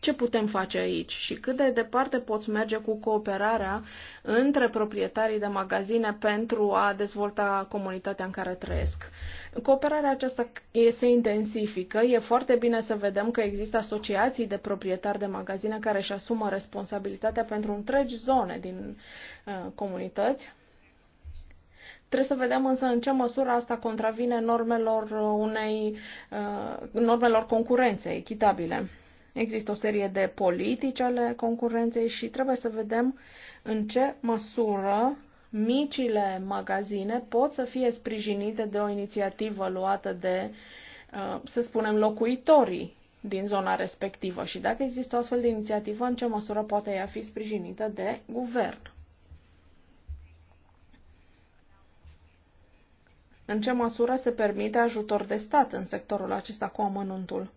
Speaker 2: ce putem face aici și cât de departe poți merge cu cooperarea între proprietarii de magazine pentru a dezvolta comunitatea în care trăiesc. Cooperarea aceasta se intensifică, e foarte bine să vedem că există asociații de proprietari de magazine care își asumă responsabilitatea pentru întregi zone din uh, comunități. Trebuie să vedem însă în ce măsură asta contravine normelor unei uh, normelor concurențe echitabile. Există o serie de politici ale concurenței și trebuie să vedem în ce măsură micile magazine pot să fie sprijinite de o inițiativă luată de, uh, să spunem, locuitorii din zona respectivă și dacă există o astfel de inițiativă, în ce măsură poate ea fi sprijinită de guvern. În ce măsură se permite ajutor de stat în sectorul acesta cu amănuntul?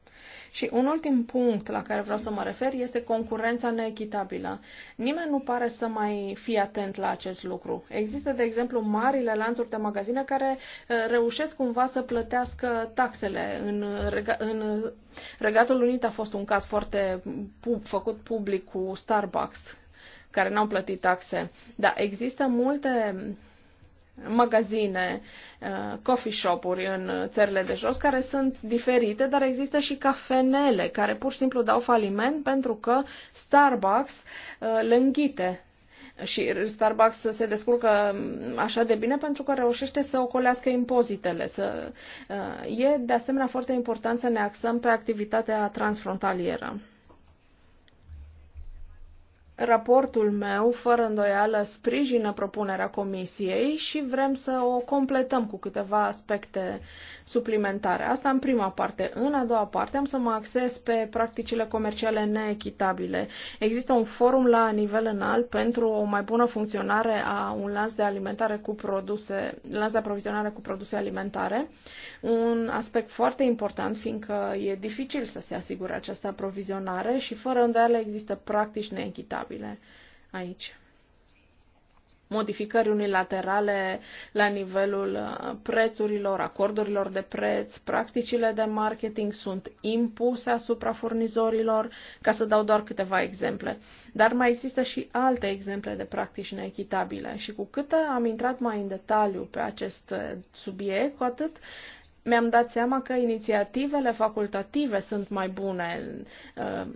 Speaker 2: Și un ultim punct la care vreau să mă refer este concurența neechitabilă. Nimeni nu pare să mai fie atent la acest lucru. Există, de exemplu, marile lanțuri de magazine care uh, reușesc cumva să plătească taxele. În, rega- în Regatul Unit a fost un caz foarte pub, făcut public cu Starbucks care n-au plătit taxe. Da, există multe magazine, uh, coffee shop-uri în țările de jos care sunt diferite, dar există și cafenele care pur și simplu dau faliment pentru că Starbucks uh, le înghite. Și Starbucks se descurcă mm, așa de bine pentru că reușește să ocolească impozitele. Să... Uh, e de asemenea foarte important să ne axăm pe activitatea transfrontalieră. Raportul meu, fără îndoială, sprijină propunerea Comisiei și vrem să o completăm cu câteva aspecte suplimentare. Asta în prima parte. În a doua parte am să mă axez pe practicile comerciale neechitabile. Există un forum la nivel înalt pentru o mai bună funcționare a un lanț de alimentare cu produse, lanț de aprovizionare cu produse alimentare. Un aspect foarte important, fiindcă e dificil să se asigure această aprovizionare și fără îndoială există practici neechitabile aici modificări unilaterale la nivelul uh, prețurilor, acordurilor de preț, practicile de marketing sunt impuse asupra furnizorilor, ca să dau doar câteva exemple. Dar mai există și alte exemple de practici neechitabile și cu cât am intrat mai în detaliu pe acest uh, subiect, cu atât mi-am dat seama că inițiativele facultative sunt mai bune uh,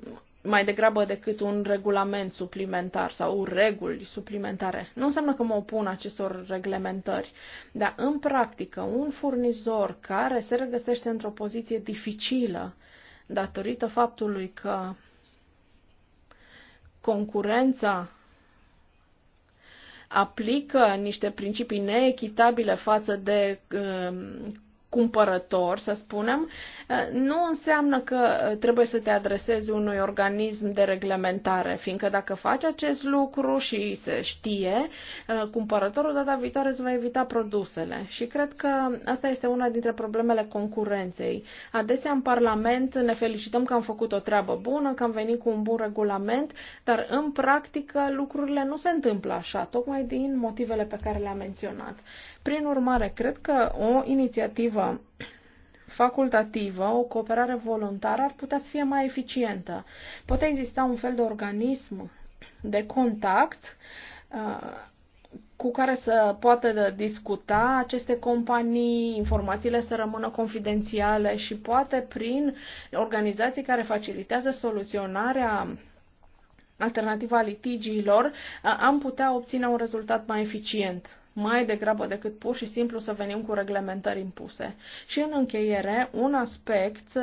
Speaker 2: mai degrabă decât un regulament suplimentar sau reguli suplimentare. Nu înseamnă că mă opun acestor reglementări, dar în practică un furnizor care se regăsește într-o poziție dificilă datorită faptului că concurența aplică niște principii neechitabile față de uh, cumpărător, să spunem, eh, nu înseamnă că eh, trebuie să te adresezi unui organism de reglementare, fiindcă dacă faci acest lucru și se știe, eh, cumpărătorul data viitoare îți va evita produsele. Și cred că asta este una dintre problemele concurenței. Adesea în Parlament ne felicităm că am făcut o treabă bună, că am venit cu un bun regulament, dar în practică lucrurile nu se întâmplă așa, tocmai din motivele pe care le-am menționat. Prin urmare, cred că o inițiativă facultativă, o cooperare voluntară ar putea să fie mai eficientă. Poate exista un fel de organism de contact uh, cu care să poată discuta aceste companii, informațiile să rămână confidențiale și poate prin organizații care facilitează soluționarea alternativa litigiilor, am putea obține un rezultat mai eficient mai degrabă decât pur și simplu să venim cu reglementări impuse. Și în încheiere, un aspect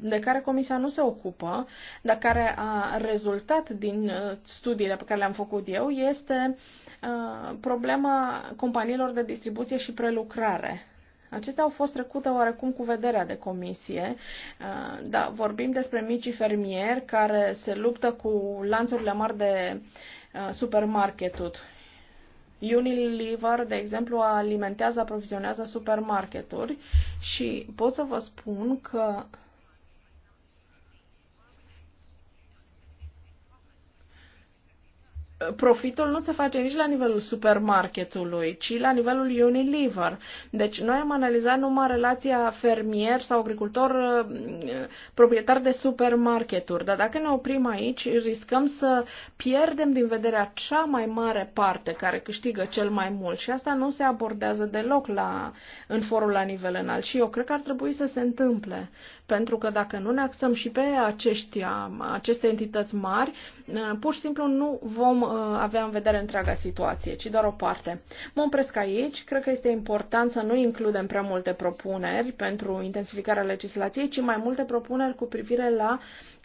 Speaker 2: de care Comisia nu se ocupă, dar care a rezultat din studiile pe care le-am făcut eu, este problema companiilor de distribuție și prelucrare. Acestea au fost trecute oarecum cu vederea de comisie, uh, dar vorbim despre micii fermieri care se luptă cu lanțurile mari de uh, supermarketuri. Unilever, de exemplu, alimentează, aprovizionează supermarketuri și pot să vă spun că profitul nu se face nici la nivelul supermarketului, ci la nivelul Unilever. Deci noi am analizat numai relația fermier sau agricultor uh, proprietar de supermarketuri, dar dacă ne oprim aici, riscăm să pierdem din vederea cea mai mare parte care câștigă cel mai mult și asta nu se abordează deloc la, în forul la nivel înalt și eu cred că ar trebui să se întâmple, pentru că dacă nu ne axăm și pe aceștia, aceste entități mari, uh, pur și simplu nu vom Uh, avea în vedere întreaga situație, ci doar o parte. Mă opresc aici. Cred că este important să nu includem prea multe propuneri pentru intensificarea legislației, ci mai multe propuneri cu privire la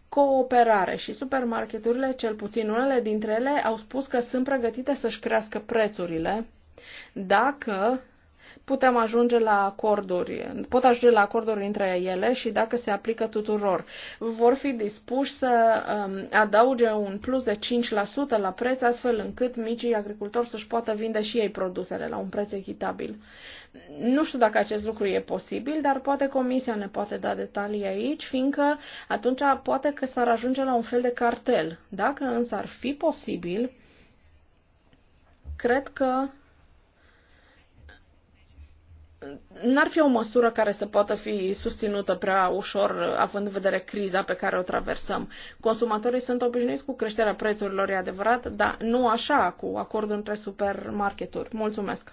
Speaker 2: cooperare și supermarketurile, cel puțin unele dintre ele, au spus că sunt pregătite să-și crească prețurile dacă putem ajunge la acorduri, pot ajunge la acorduri între ele și dacă se aplică tuturor. Vor fi dispuși să um, adauge un plus de 5% la preț, astfel încât micii agricultori să-și poată vinde și ei produsele la un preț echitabil. Nu știu dacă acest lucru e posibil, dar poate Comisia ne poate da detalii aici, fiindcă atunci poate că s-ar ajunge la un fel de cartel. Dacă însă ar fi posibil, cred că n-ar fi o măsură care să poată fi susținută prea ușor, având în vedere criza pe care o traversăm. Consumatorii sunt obișnuiți cu creșterea prețurilor, e adevărat, dar nu așa cu acordul între supermarketuri. Mulțumesc!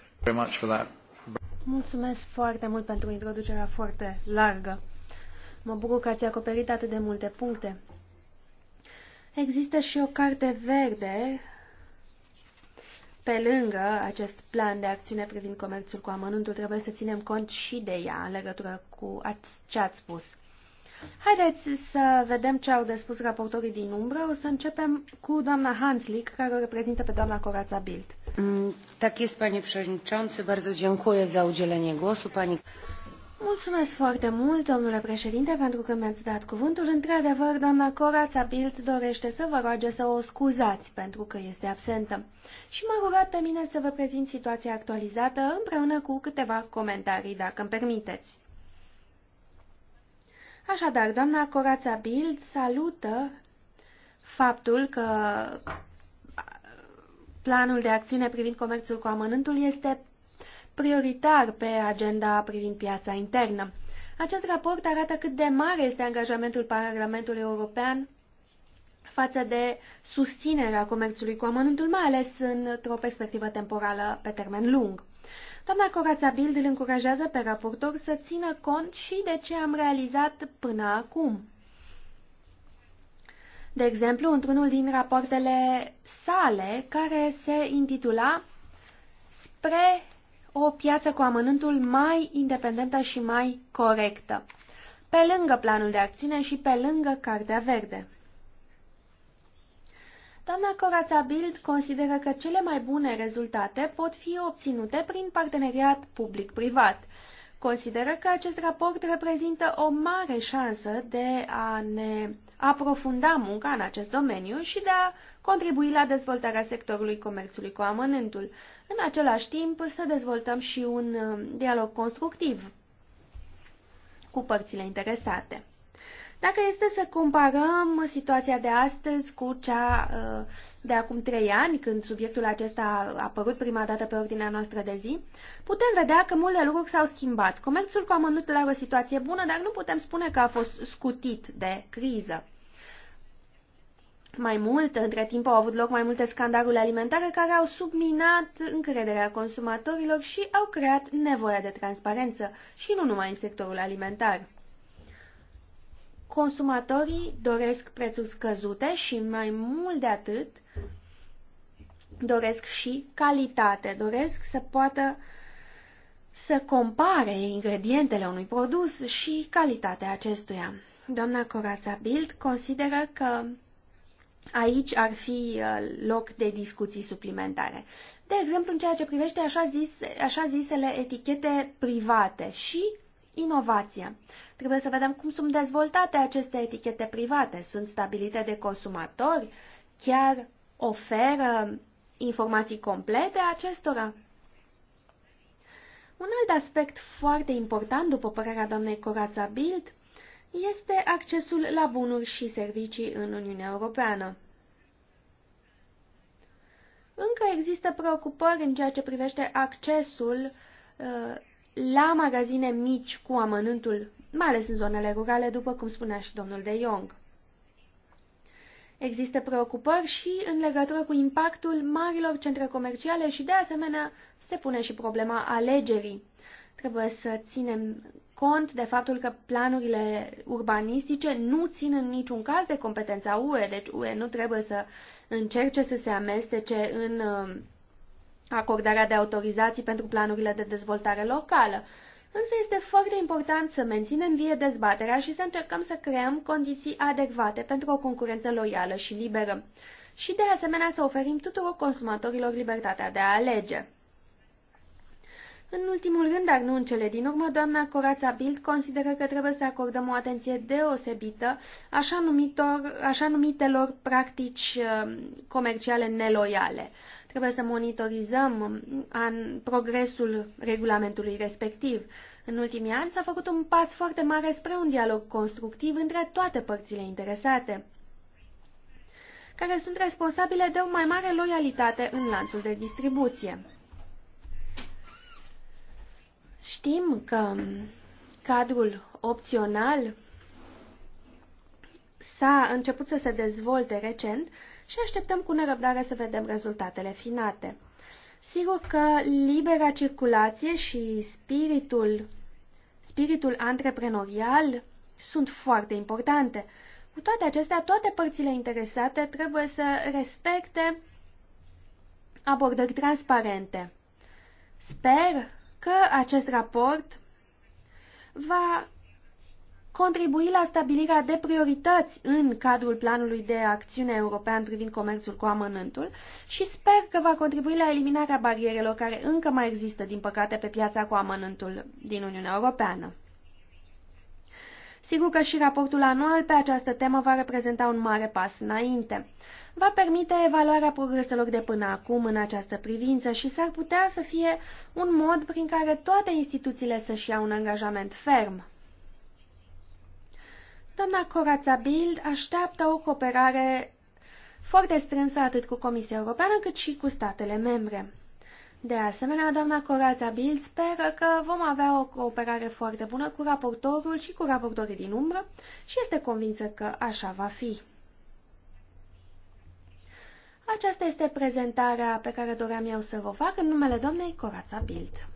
Speaker 4: Mulțumesc foarte mult pentru introducerea foarte largă. Mă bucur că ați acoperit atât de multe puncte. Există și o carte verde pe lângă acest plan de acțiune privind comerțul cu amănuntul, trebuie să ținem cont și de ea în legătură cu ce ați spus. Haideți să vedem ce au de spus raportorii din umbră. O să începem cu doamna Hanslik, care o reprezintă pe doamna Corața Bild. Mm, tak jest, panie przewodniczący. Bardzo dziękuję za udzielenie głosu. Pani... Mulțumesc foarte mult, domnule președinte, pentru că mi-ați dat cuvântul. Într-adevăr, doamna Corața Bilt dorește să vă roage să o scuzați pentru că este absentă. Și m-a rugat pe mine să vă prezint situația actualizată împreună cu câteva comentarii, dacă îmi permiteți. Așadar, doamna Corața Bild salută faptul că planul de acțiune privind comerțul cu amănântul este prioritar pe agenda privind piața internă. Acest raport arată cât de mare este angajamentul Parlamentului European față de susținerea comerțului cu amănuntul, mai ales într-o perspectivă temporală pe termen lung. Doamna Corața Bild îl încurajează pe raportor să țină cont și de ce am realizat până acum. De exemplu, într-unul din rapoartele sale, care se intitula Spre o piață cu amănântul mai independentă și mai corectă, pe lângă planul de acțiune și pe lângă Cartea Verde. Doamna Corața Bild consideră că cele mai bune rezultate pot fi obținute prin parteneriat public-privat, consideră că acest raport reprezintă o mare șansă de a ne aprofunda munca în acest domeniu și de a contribui la dezvoltarea sectorului comerțului cu amănântul. În același timp, să dezvoltăm și un um, dialog constructiv cu părțile interesate. Dacă este să comparăm situația de astăzi cu cea uh, de acum trei ani, când subiectul acesta a apărut prima dată pe ordinea noastră de zi, putem vedea că multe lucruri s-au schimbat. Comerțul cu amănuntul are o situație bună, dar nu putem spune că a fost scutit de criză. Mai mult, între timp au avut loc mai multe scandaluri alimentare care au subminat încrederea consumatorilor și au creat nevoia de transparență, și nu numai în sectorul alimentar. Consumatorii doresc prețuri scăzute și mai mult de atât doresc și calitate, doresc să poată să compare ingredientele unui produs și calitatea acestuia. Doamna Corața Bild consideră că aici ar fi uh, loc de discuții suplimentare. De exemplu, în ceea ce privește așa, zis, așa zisele etichete private și inovația. Trebuie să vedem cum sunt dezvoltate aceste etichete private. Sunt stabilite de consumatori? Chiar oferă informații complete acestora? Un alt aspect foarte important, după părerea doamnei Corața Bild, este accesul la bunuri și servicii în Uniunea Europeană. Încă există preocupări în ceea ce privește accesul uh, la magazine mici cu amănântul mai ales în zonele rurale, după cum spunea și domnul de Jong. Există preocupări și în legătură cu impactul marilor centre comerciale și, de asemenea, se pune și problema alegerii. Trebuie să ținem cont de faptul că planurile urbanistice nu țin în niciun caz de competența UE, deci UE nu trebuie să încerce să se amestece în uh, acordarea de autorizații pentru planurile de dezvoltare locală. Însă este foarte important să menținem vie dezbaterea și să încercăm să creăm condiții adecvate pentru o concurență loială și liberă și de asemenea să oferim tuturor consumatorilor libertatea de a alege. În ultimul rând, dar nu în cele din urmă, doamna Corața Bild consideră că trebuie să acordăm o atenție deosebită așa, numitor, așa numitelor practici uh, comerciale neloiale. Trebuie să monitorizăm um, an, progresul regulamentului respectiv. În ultimii ani s-a făcut un pas foarte mare spre un dialog constructiv între toate părțile interesate, care sunt responsabile de o mai mare loialitate în lanțul de distribuție. Știm că um, cadrul opțional s-a început să se dezvolte recent și așteptăm cu nerăbdare să vedem rezultatele finate. Sigur că libera circulație și spiritul, spiritul antreprenorial sunt foarte importante. Cu toate acestea, toate părțile interesate trebuie să respecte abordări transparente. Sper că acest raport va contribui la stabilirea de priorități în cadrul planului de acțiune european privind comerțul cu amănântul și sper că va contribui la eliminarea barierelor care încă mai există, din păcate, pe piața cu amănântul din Uniunea Europeană. Sigur că și raportul anual pe această temă va reprezenta un mare pas înainte. Va permite evaluarea progreselor de până acum în această privință și s-ar putea să fie un mod prin care toate instituțiile să-și iau un angajament ferm. Doamna Corața Bild așteaptă o cooperare foarte strânsă atât cu Comisia Europeană cât și cu statele membre. De asemenea, doamna Corața Bild speră că vom avea o cooperare foarte bună cu raportorul și cu raportorii din umbră și este convinsă că așa va fi. Aceasta este prezentarea pe care doream eu să vă fac în numele doamnei Corața Bild.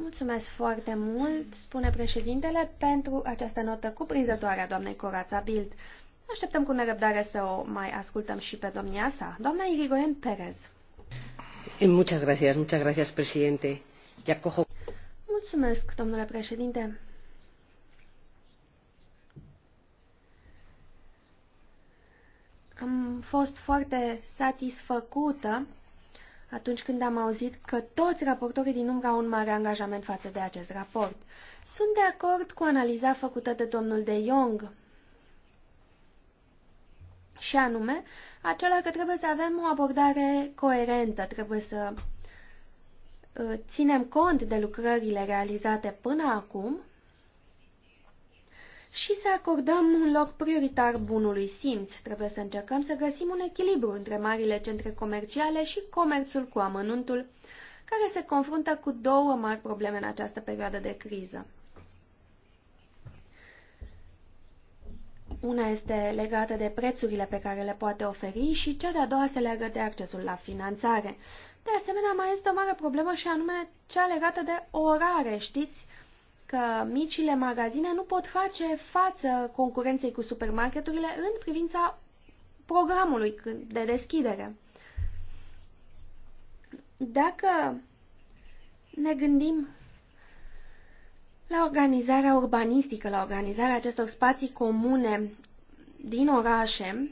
Speaker 4: Mulțumesc foarte mult, spune președintele, pentru această notă cuprinzătoare a doamnei Corața Bild. Așteptăm cu nerăbdare să o mai ascultăm și pe domnia sa, doamna Irigoyen Perez.
Speaker 1: Muchas gracias, muchas gracias, presidente.
Speaker 4: Mulțumesc, domnule președinte. Am fost foarte satisfăcută atunci când am auzit că toți raportorii din umbra au un mare angajament față de acest raport. Sunt de acord cu analiza făcută de domnul de Jong, și anume, acela că trebuie să avem o abordare coerentă, trebuie să uh, ținem cont de lucrările realizate până acum și să acordăm un loc prioritar bunului simț. Trebuie să încercăm să găsim un echilibru între marile centre comerciale și comerțul cu amănuntul, care se confruntă cu două mari probleme în această perioadă de criză. Una este legată de prețurile pe care le poate oferi și cea de-a doua se leagă de accesul la finanțare. De asemenea, mai este o mare problemă și anume cea legată de orare. Știți că micile magazine nu pot face față concurenței cu supermarketurile în privința programului de deschidere. Dacă ne gândim la organizarea urbanistică, la organizarea acestor spații comune din orașe,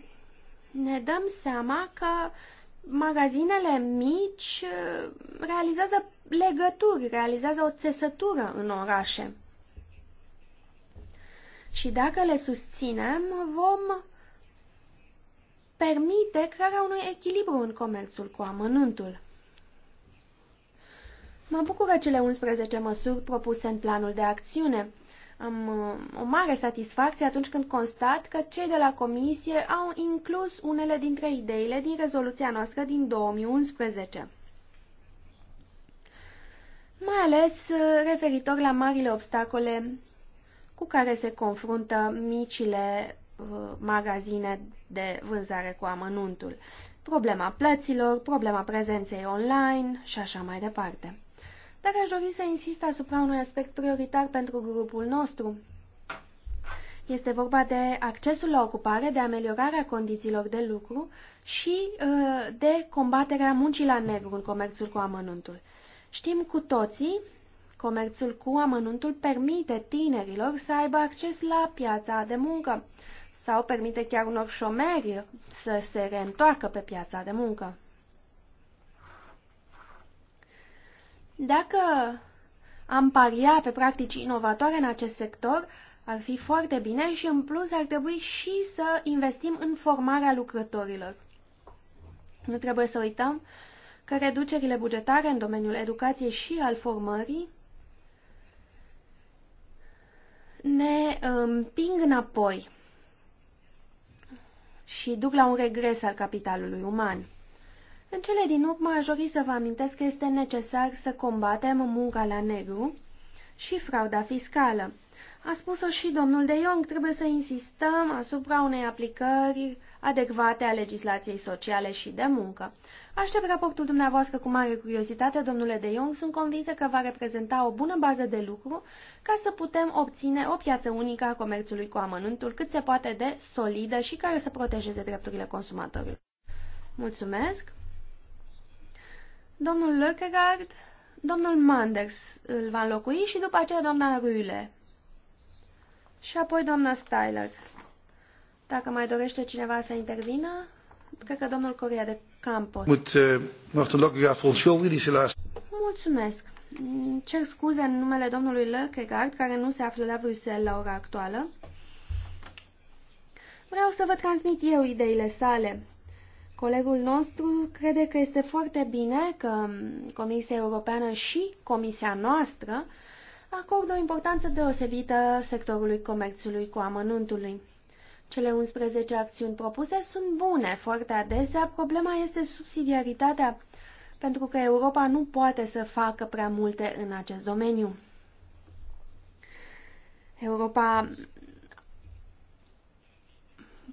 Speaker 4: ne dăm seama că magazinele mici eh, realizează legături, realizează o țesătură în orașe. Și dacă le susținem, vom permite crearea unui echilibru în comerțul cu amănântul. Mă bucură cele 11 măsuri propuse în planul de acțiune. Am uh, o mare satisfacție atunci când constat că cei de la comisie au inclus unele dintre ideile din rezoluția noastră din 2011 mai ales uh, referitor la marile obstacole cu care se confruntă micile uh, magazine de vânzare cu amănuntul, problema plăților, problema prezenței online și așa mai departe. Dar aș dori să insist asupra unui aspect prioritar pentru grupul nostru. Este vorba de accesul la ocupare, de ameliorarea condițiilor de lucru și uh, de combaterea muncii la negru în comerțul cu amănuntul. Știm cu toții, comerțul cu amănuntul permite tinerilor să aibă acces la piața de muncă sau permite chiar unor șomeri să se reîntoarcă pe piața de muncă. Dacă am paria pe practici inovatoare în acest sector, ar fi foarte bine și în plus ar trebui și să investim în formarea lucrătorilor. Nu trebuie să uităm că reducerile bugetare în domeniul educației și al formării ne împing um, înapoi și duc la un regres al capitalului uman. În cele din urmă, aș dori să vă amintesc că este necesar să combatem munca la negru și frauda fiscală. A spus-o și domnul De Jong, trebuie să insistăm asupra unei aplicări adecvate a legislației sociale și de muncă. Aștept raportul dumneavoastră cu mare curiozitate, domnule de Jong. Sunt convinsă că va reprezenta o bună bază de lucru ca să putem obține o piață unică a comerțului cu amănuntul cât se poate de solidă și care să protejeze drepturile consumatorilor. Mulțumesc! Domnul Lökegaard, domnul Manders îl va înlocui și după aceea doamna Rüle Și apoi doamna Styler. Dacă mai dorește cineva să intervină, cred că domnul Coria de Campos. Eh, Mulțumesc. Cer scuze în numele domnului Lăchegard, care nu se află la Bruxelles la ora actuală. Vreau să vă transmit eu ideile sale. Colegul nostru crede că este foarte bine că Comisia Europeană și Comisia noastră acordă o importanță deosebită sectorului comerțului cu amănuntului. Cele 11 acțiuni propuse sunt bune. Foarte adesea problema este subsidiaritatea, pentru că Europa nu poate să facă prea multe în acest domeniu. Europa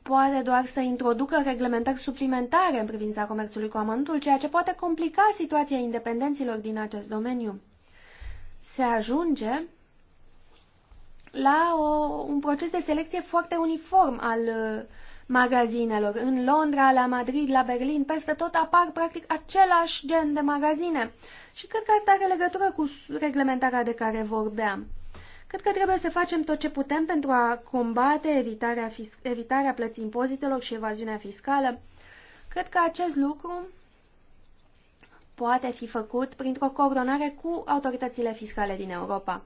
Speaker 4: poate doar să introducă reglementări suplimentare în privința comerțului cu amănuntul, ceea ce poate complica situația independenților din acest domeniu. Se ajunge la o, un proces de selecție foarte uniform al uh, magazinelor. În Londra, la Madrid, la Berlin, peste tot apar practic același gen de magazine. Și cred că asta are legătură cu reglementarea de care vorbeam. Cred că trebuie să facem tot ce putem pentru a combate evitarea, evitarea plății impozitelor și evaziunea fiscală. Cred că acest lucru poate fi făcut printr-o coordonare cu autoritățile fiscale din Europa.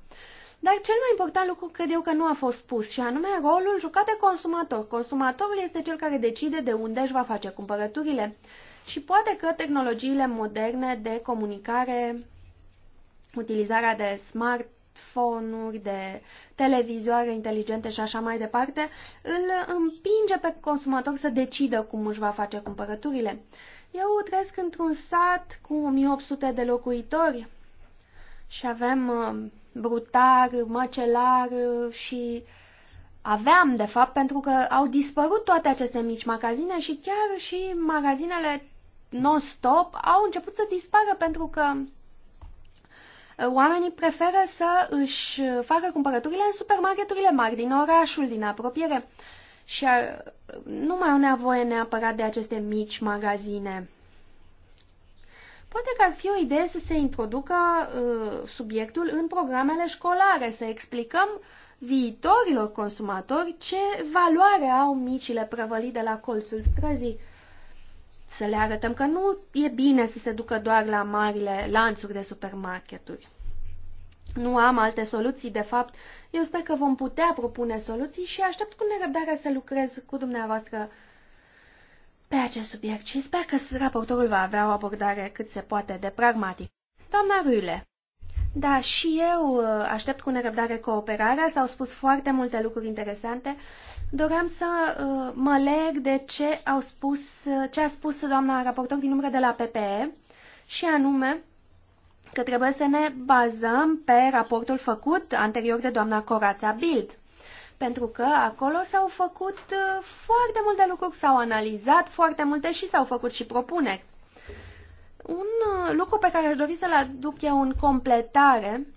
Speaker 4: Dar cel mai important lucru cred eu că nu a fost spus și anume rolul jucat de consumator. Consumatorul este cel care decide de unde își va face cumpărăturile și poate că tehnologiile moderne de comunicare, utilizarea de smart smartphone-uri, de televizoare inteligente și așa mai departe, îl împinge pe consumator să decidă cum își va face cumpărăturile. Eu trăiesc într-un sat cu 1800 de locuitori și avem uh, brutar, măcelar uh, și aveam, de fapt, pentru că au dispărut toate aceste mici magazine și chiar și magazinele non-stop au început să dispară pentru că uh, oamenii preferă să își facă cumpărăturile în supermarketurile mari din orașul, din apropiere și nu mai au nevoie neapărat de aceste mici magazine. Poate că ar fi o idee să se introducă uh, subiectul în programele școlare, să explicăm viitorilor consumatori ce valoare au micile prăvălii de la colțul străzii. Să le arătăm că nu e bine să se ducă doar la marile lanțuri de supermarketuri. Nu am alte soluții, de fapt. Eu sper că vom putea propune soluții și aștept cu nerăbdare să lucrez cu dumneavoastră pe acest subiect și sper că raportorul va avea o abordare cât se poate de pragmatic. Doamna Ruile, da, și eu uh, aștept cu nerăbdare cooperarea, s-au spus foarte multe lucruri interesante. Doream să uh, mă leg de ce, au spus, uh, ce a spus doamna raportor din numără de la PPE și anume că trebuie să ne bazăm pe raportul făcut anterior de doamna Corața Bild pentru că acolo s-au făcut uh, foarte multe lucruri, s-au analizat foarte multe și s-au făcut și propuneri. Un uh, lucru pe care aș dori să-l aduc eu în completare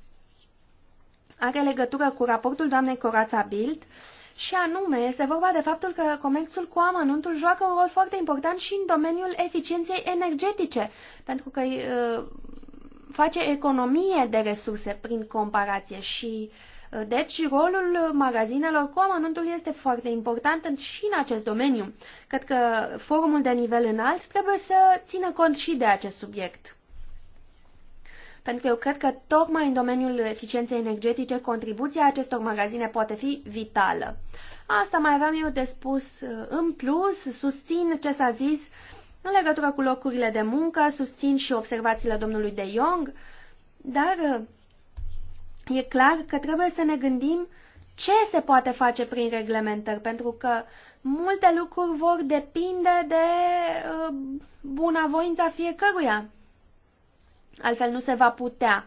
Speaker 4: are legătură cu raportul doamnei Corața Bild și anume este vorba de faptul că comerțul cu amănuntul joacă un rol foarte important și în domeniul eficienței energetice, pentru că uh, face economie de resurse prin comparație și uh, deci, rolul magazinelor cu amănuntul este foarte important și în acest domeniu. Cred că forumul de nivel înalt trebuie să țină cont și de acest subiect. Pentru că eu cred că tocmai în domeniul eficienței energetice contribuția acestor magazine poate fi vitală. Asta mai aveam eu de spus uh, în plus, susțin ce s-a zis în legătură cu locurile de muncă, susțin și observațiile domnului De Jong, dar uh, E clar că trebuie să ne gândim ce se poate face prin reglementări, pentru că multe lucruri vor depinde de uh, bunavoința fiecăruia. Altfel nu se va putea.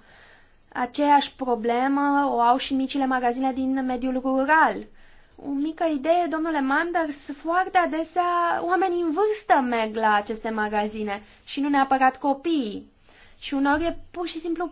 Speaker 4: Aceeași problemă o au și micile magazine din mediul rural. O mică idee, domnule Manders, foarte adesea oamenii în vârstă merg la aceste magazine și nu neapărat copiii. Și uneori e pur și simplu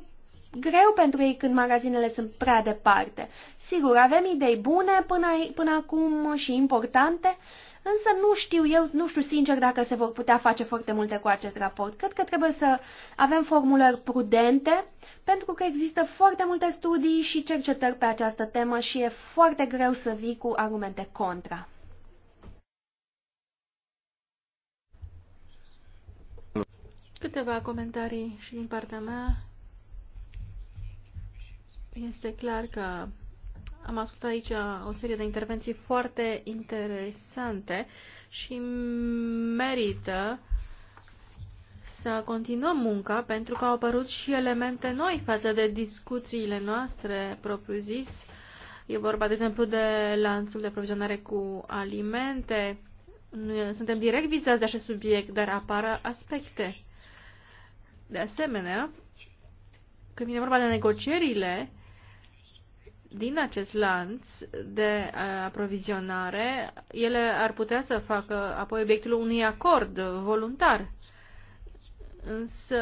Speaker 4: greu pentru ei când magazinele sunt prea departe. Sigur, avem idei bune până, până acum și importante, însă nu știu eu, nu știu sincer dacă se vor putea face foarte multe cu acest raport. Cred că trebuie să avem formulări prudente, pentru că există foarte multe studii și cercetări pe această temă și e foarte greu să vii cu argumente contra.
Speaker 3: Câteva comentarii și din partea mea este clar că am ascultat aici o serie de intervenții foarte interesante și merită să continuăm munca pentru că au apărut și elemente noi față de discuțiile noastre propriu-zis. E vorba, de exemplu, de lanțul de provizionare cu alimente. Nu suntem direct vizați de acest subiect, dar apar aspecte. De asemenea, când vine vorba de negocierile din acest lanț de uh, aprovizionare, ele ar putea să facă apoi obiectul unui acord voluntar. Însă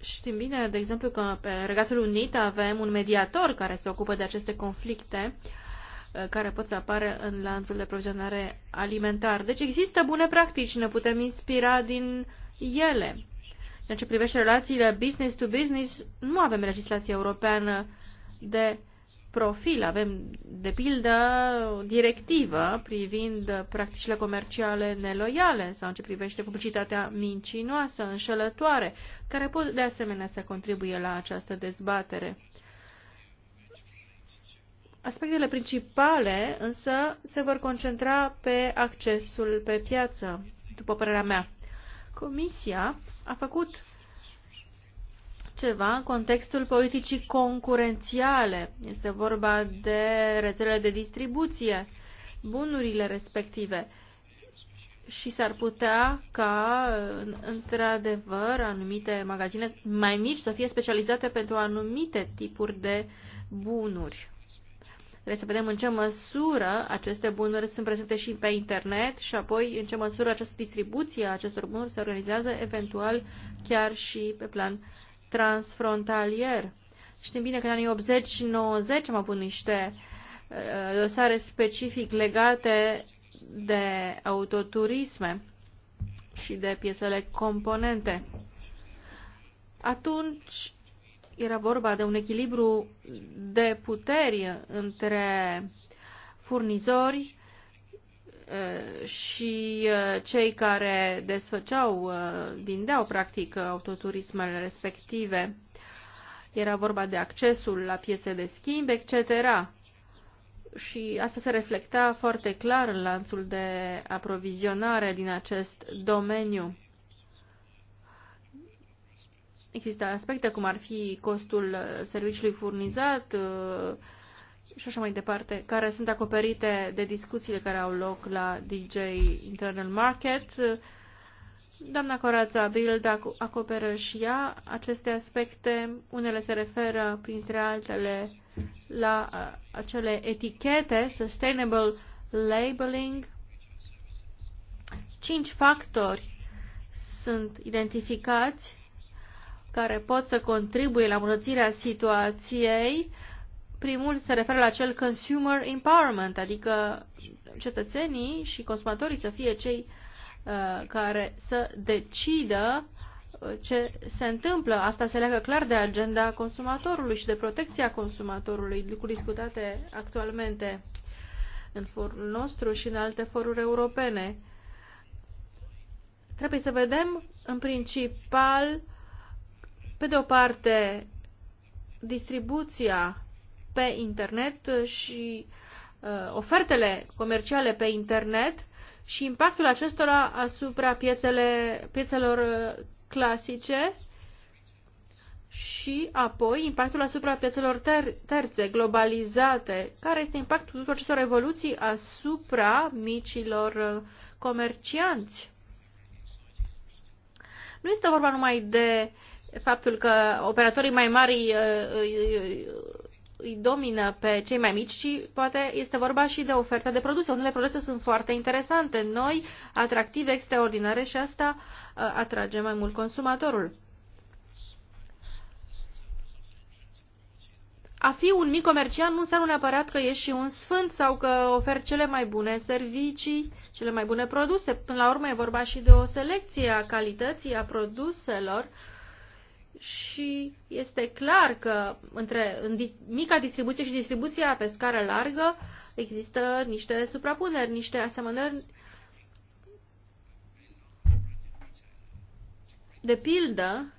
Speaker 3: știm bine, de exemplu, că pe Regatul Unit avem un mediator care se ocupă de aceste conflicte uh, care pot să apară în lanțul de provizionare alimentar. Deci există bune practici, ne putem inspira din ele. În ce privește relațiile business to business, nu avem legislație europeană de profil. Avem, de pildă, o directivă privind practicile comerciale neloiale sau în ce privește publicitatea mincinoasă, înșelătoare, care pot de asemenea să contribuie la această dezbatere. Aspectele principale însă se vor concentra pe accesul pe piață, după părerea mea. Comisia a făcut ceva în contextul politicii concurențiale. Este vorba de rețelele de distribuție, bunurile respective. Și s-ar putea ca, într-adevăr, anumite magazine mai mici să fie specializate pentru anumite tipuri de bunuri. Trebuie să vedem în ce măsură aceste bunuri sunt prezente și pe internet și apoi în ce măsură această distribuție a acestor bunuri se organizează eventual chiar și pe plan transfrontalier. Știm bine că în anii 80-90 am avut niște uh, dosare specific legate de autoturisme și de piesele componente. Atunci era vorba de un echilibru de puteri între furnizori, Uh, și uh, cei care desfăceau, uh, vindeau practic autoturismele respective. Era vorba de accesul la piețe de schimb, etc. Și asta se reflecta foarte clar în lanțul de aprovizionare din acest domeniu. Există aspecte cum ar fi costul serviciului furnizat, uh, și așa mai departe, care sunt acoperite de discuțiile care au loc la DJ Internal Market. Doamna Corața Bild acoperă și ea aceste aspecte. Unele se referă, printre altele, la acele etichete, sustainable labeling. Cinci factori sunt identificați care pot să contribuie la îmbunătățirea situației uh, Primul se referă la cel consumer empowerment, adică cetățenii și consumatorii să fie cei uh, care să decidă uh, ce se întâmplă. Asta se leagă clar de agenda consumatorului și de protecția consumatorului, lucruri discutate actualmente în forul nostru și în alte foruri europene. Trebuie să vedem, în principal, pe de o parte, distribuția pe internet și uh, ofertele comerciale pe internet și impactul acestora asupra piețele, piețelor uh, clasice și apoi impactul asupra piețelor ter- terțe, globalizate, care este impactul tuturor acestor evoluții asupra micilor uh, comercianți. Nu este vorba numai de faptul că operatorii mai mari uh, îi domină pe cei mai mici și poate este vorba și de oferta de produse. Unele produse sunt foarte interesante, noi, atractive, extraordinare și asta uh, atrage mai mult consumatorul. A fi un mic comerciant nu înseamnă neapărat că ești și un sfânt sau că oferi cele mai bune servicii, cele mai bune produse. Până la urmă e vorba și de o selecție a calității a produselor și este clar că între în di, mica distribuție și distribuția pe scară largă există niște suprapuneri, niște asemănări. De pildă,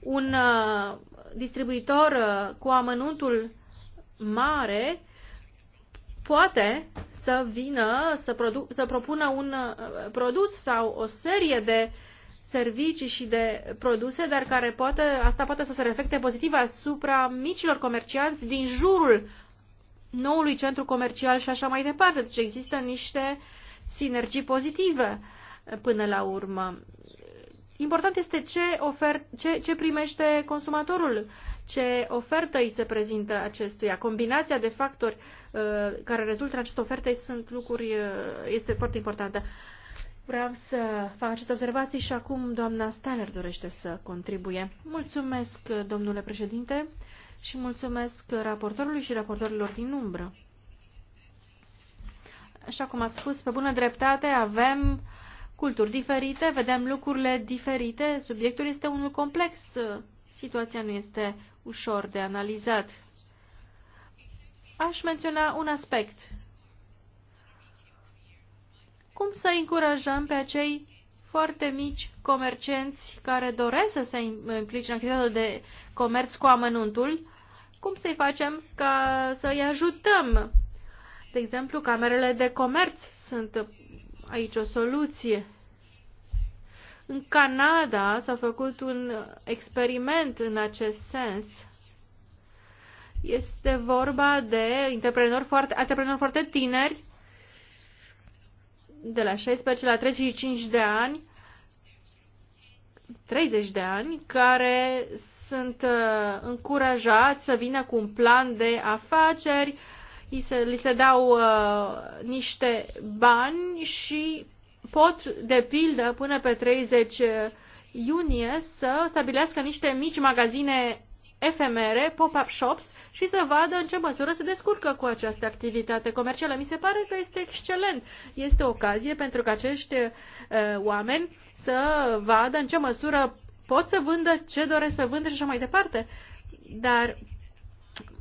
Speaker 3: un uh, distribuitor uh, cu amănuntul mare poate să vină să, produ- să propună un uh, produs sau o serie de uh, servicii și de produse, dar care poate, asta poate să se reflecte pozitiv asupra micilor comercianți din jurul noului centru comercial și așa mai departe. Deci există niște sinergii pozitive până la urmă. Important este ce, ofer, ce, ce primește consumatorul, ce ofertă îi se prezintă acestuia. Combinația de factori uh, care rezultă în această ofertă sunt lucruri, uh, este foarte importantă. Uh, Vreau să fac aceste observații și acum doamna Steiner dorește să contribuie. Mulțumesc, domnule președinte, și mulțumesc raportorului și raportorilor din umbră. Așa cum ați spus, pe bună dreptate avem culturi diferite, vedem lucrurile diferite, subiectul este unul complex, situația nu este ușor de analizat. Aș menționa un aspect cum să încurajăm pe acei foarte mici comercianți care doresc să se implice în activitatea de comerț cu amănuntul, cum să-i facem ca să-i ajutăm. De exemplu, camerele de comerț sunt aici o soluție. În Canada s-a făcut un experiment în acest sens. Este vorba de antreprenori foarte, foarte tineri de la 16 la 35 de ani, 30 de ani, care sunt uh, încurajați să vină cu un plan de afaceri, li se, li se dau uh, niște bani și pot, de pildă, până pe 30 iunie să stabilească niște mici magazine efemere, pop-up shops și să vadă în ce măsură se descurcă cu această activitate comercială. Mi se pare că este excelent. Este o ocazie pentru că acești uh, oameni să vadă în ce măsură pot să vândă, ce doresc să vândă și așa mai departe. Dar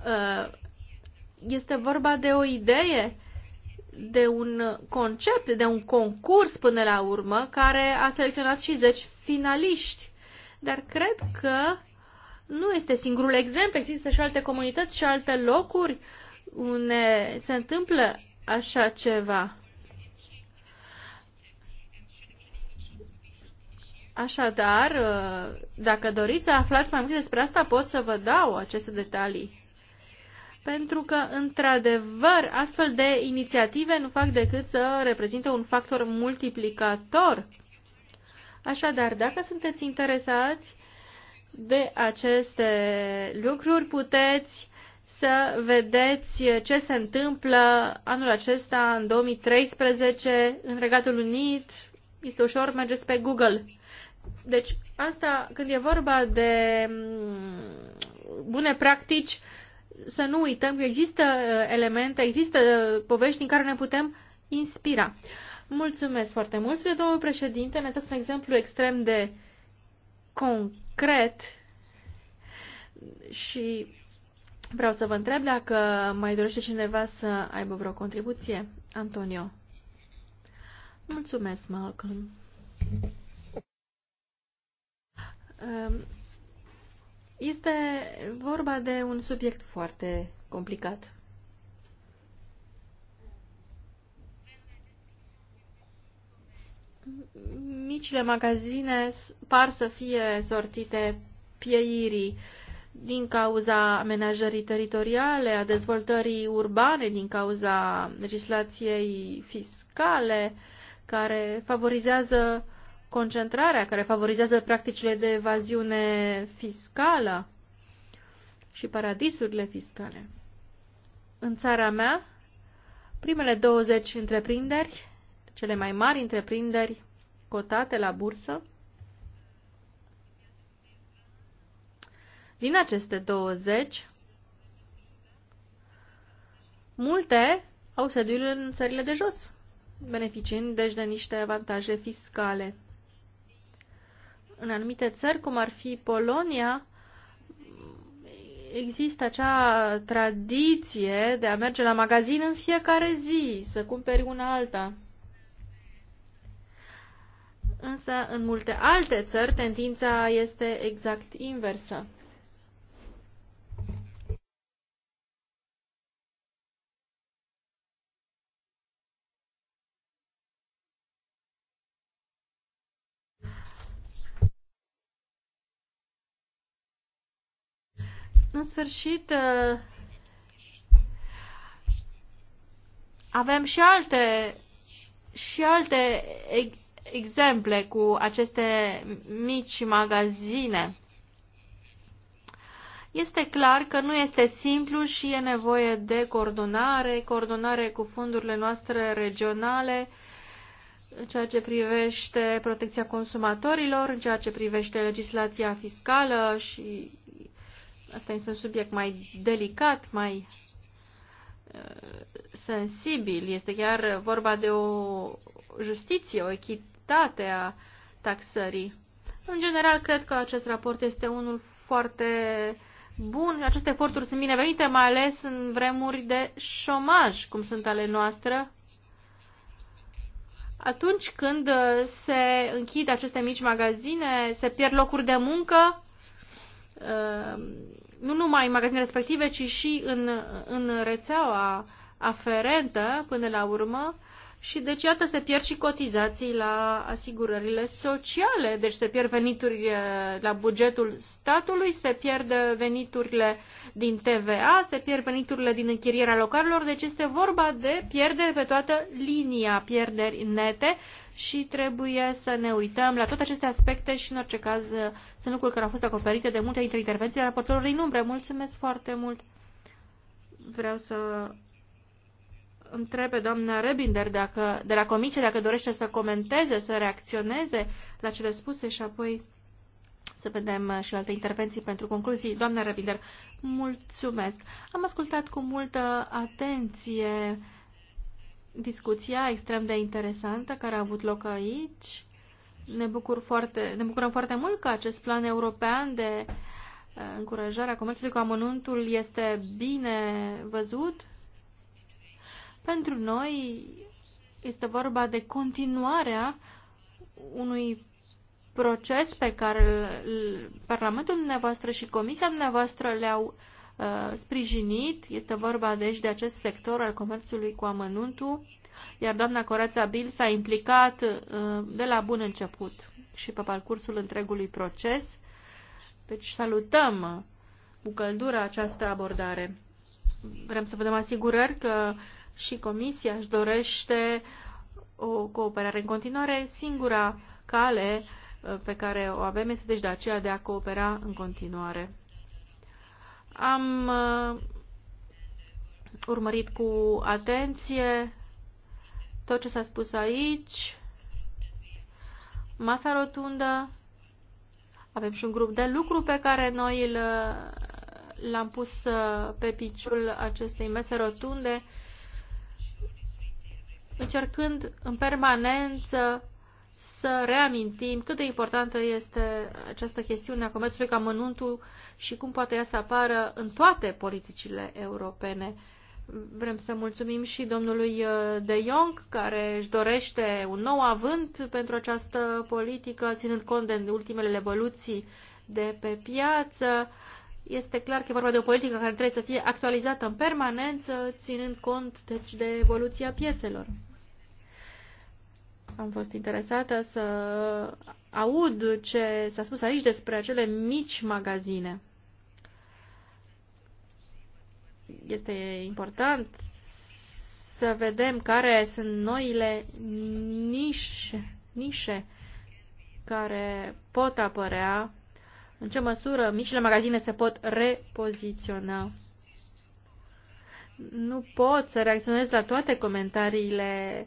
Speaker 3: uh, este vorba de o idee de un concept, de un concurs până la urmă, care a selecționat și 10 finaliști. Dar cred că nu este singurul exemplu, există și alte comunități și alte locuri unde se întâmplă așa ceva. Așadar, dacă doriți să aflați mai multe despre asta, pot să vă dau aceste detalii. Pentru că, într-adevăr, astfel de inițiative nu fac decât să reprezintă un factor multiplicator. Așadar, dacă sunteți interesați, de aceste lucruri puteți să vedeți ce se întâmplă anul acesta, în 2013, în Regatul Unit. Este ușor, mergeți pe Google. Deci, asta, când e vorba de mm, bune practici, să nu uităm că există uh, elemente, există uh, povești din care ne putem inspira. Mulțumesc foarte mult, spune domnul președinte, ne dați un exemplu extrem de concret și vreau să vă întreb dacă mai dorește cineva să aibă vreo contribuție. Antonio. Mulțumesc, Malcolm. Este vorba de un subiect foarte complicat. micile magazine par să fie sortite pieirii din cauza amenajării teritoriale, a dezvoltării urbane, din cauza legislației fiscale, care favorizează concentrarea, care favorizează practicile de evaziune fiscală și paradisurile fiscale. În țara mea, primele 20 întreprinderi cele mai mari întreprinderi cotate la bursă. Din aceste 20, multe au sediul în țările de jos, beneficiind deci de niște avantaje fiscale. În anumite țări, cum ar fi Polonia, există acea tradiție de a merge la magazin în fiecare zi, să cumperi una alta. Însă, în multe alte țări, tendința este exact inversă. În sfârșit, avem și alte și alte exemple cu aceste mici magazine. Este clar că nu este simplu și e nevoie de coordonare, coordonare cu fondurile noastre regionale, în ceea ce privește protecția consumatorilor, în ceea ce privește legislația fiscală și asta este un subiect mai delicat, mai sensibil. Este chiar vorba de o justiție, o echitate a taxării. În general, cred că acest raport este unul foarte bun. Aceste eforturi sunt binevenite, mai ales în vremuri de șomaj, cum sunt ale noastre. Atunci când se închid aceste mici magazine, se pierd locuri de muncă, nu numai în magazinele respective, ci și în, în rețeaua aferentă, până la urmă, și deci iată se pierd și cotizații la asigurările sociale, deci se pierd venituri eh, la bugetul statului, se pierd veniturile din TVA, se pierd veniturile din închirierea localelor, deci este vorba de pierderi pe toată linia, pierderi nete și trebuie să ne uităm la toate aceste aspecte și în orice caz eh, sunt lucruri care au fost acoperite de multe dintre intervențiile raportorilor din umbre. Mulțumesc foarte mult! Vreau să întreb pe doamna Rebinder dacă, de la comisie dacă dorește să comenteze, să reacționeze la cele spuse și apoi să vedem uh, și alte intervenții pentru concluzii. Doamna Rebinder, mulțumesc. Am ascultat cu multă atenție discuția extrem de interesantă care a avut loc aici. Ne, bucur foarte, ne bucurăm foarte mult că acest plan european de uh, încurajare a comerțului cu amănuntul este bine văzut pentru noi este vorba de continuarea unui proces pe care Parlamentul dumneavoastră și Comisia dumneavoastră le-au uh, sprijinit. Este vorba deci de acest sector al comerțului cu amănuntul, iar doamna Corața Bil s-a implicat uh, de la bun început și pe parcursul întregului proces. Deci salutăm cu căldură această abordare. Vrem să vă dăm asigurări că uh, și Comisia își dorește o cooperare în continuare. Singura cale uh, pe care o avem este deci de aceea de a coopera în continuare. Am uh, urmărit cu atenție tot ce s-a spus aici. Masa rotundă. Avem și un grup de lucru pe care noi uh, l-am pus pe piciul acestei mese rotunde încercând în permanență să reamintim cât de importantă este această chestiune a comerțului ca mănuntul și cum poate ea să apară în toate politicile europene. Vrem să mulțumim și domnului uh, De Jong, care își dorește un nou avânt pentru această politică, ținând cont de ultimele evoluții de pe piață. Este clar că e vorba de o politică care trebuie să fie actualizată în permanență, ținând cont deci, de evoluția piețelor. Am fost interesată să aud ce s-a spus aici despre acele mici magazine. Este important să vedem care sunt noile nișe, nișe care pot apărea, în ce măsură micile magazine se pot repoziționa. Nu pot să reacționez la toate comentariile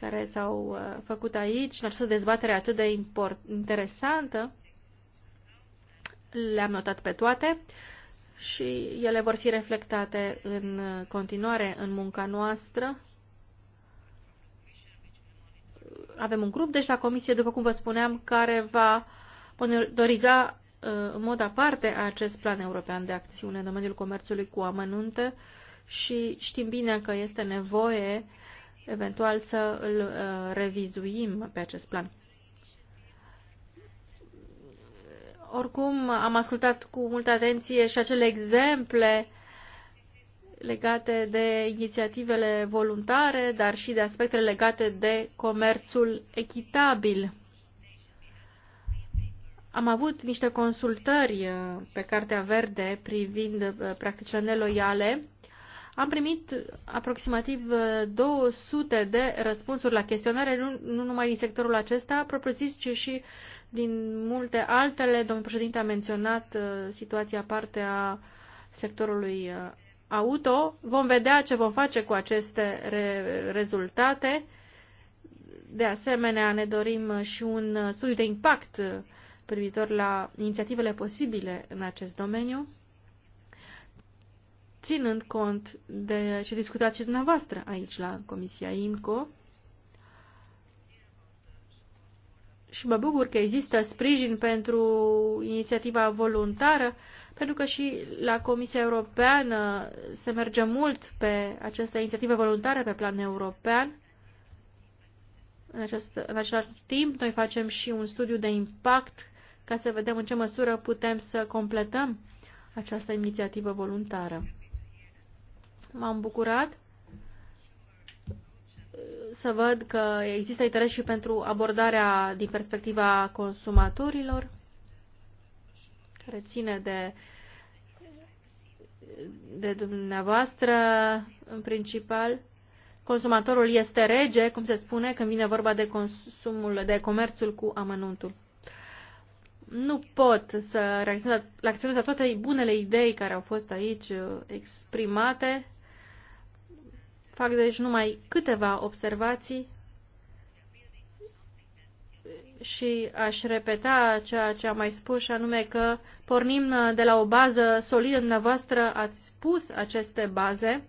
Speaker 3: care s-au uh, făcut aici, în această dezbatere atât de import, interesantă. Le-am notat pe toate și ele vor fi reflectate în uh, continuare în munca noastră. Avem un grup, deci la comisie, după cum vă spuneam, care va monitoriza uh, în mod aparte acest plan european de acțiune în domeniul comerțului cu amănunte și știm bine că este nevoie eventual să îl uh, revizuim pe acest plan. Oricum, am ascultat cu multă atenție și acele exemple legate de inițiativele voluntare, dar și de aspectele legate de comerțul echitabil. Am avut niște consultări uh, pe Cartea Verde privind uh, practicile neloiale am primit aproximativ 200 uh, de răspunsuri la chestionare, nu, nu numai din sectorul acesta, propriu-zis, ci și din multe altele. Domnul președinte a menționat uh, situația parte a sectorului uh, auto. Vom vedea ce vom face cu aceste re- rezultate. De asemenea, ne dorim și un studiu de impact privitor la inițiativele posibile în acest domeniu ținând cont de ce discutați și dumneavoastră aici la Comisia IMCO. Și mă bucur că există sprijin pentru inițiativa voluntară, pentru că și la Comisia Europeană se merge mult pe această inițiativă voluntară pe plan european. În, acest, în același timp, noi facem și un studiu de impact ca să vedem în ce măsură putem să completăm această inițiativă voluntară m-am bucurat să văd că există interes și pentru abordarea din perspectiva consumatorilor, care ține de, de dumneavoastră în principal. Consumatorul este rege, cum se spune, când vine vorba de consumul, de comerțul cu amănuntul. Nu pot să reacționez la toate bunele idei care au fost aici uh, exprimate, Fac deci numai câteva observații și aș repeta ceea ce am mai spus, și anume că pornim de la o bază solidă dumneavoastră, ați spus aceste baze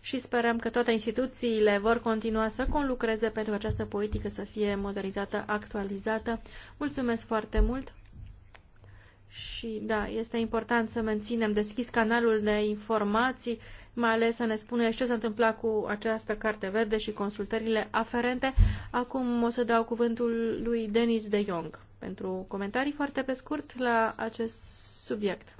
Speaker 3: și sperăm că toate instituțiile vor continua să conlucreze pentru că această politică să fie modernizată, actualizată. Mulțumesc foarte mult! Și da, este important să menținem deschis canalul de informații mai ales să ne spune ce s-a întâmplat cu această carte verde și consultările aferente. Acum o să dau cuvântul lui Denis de Jong pentru comentarii foarte pe scurt la acest subiect.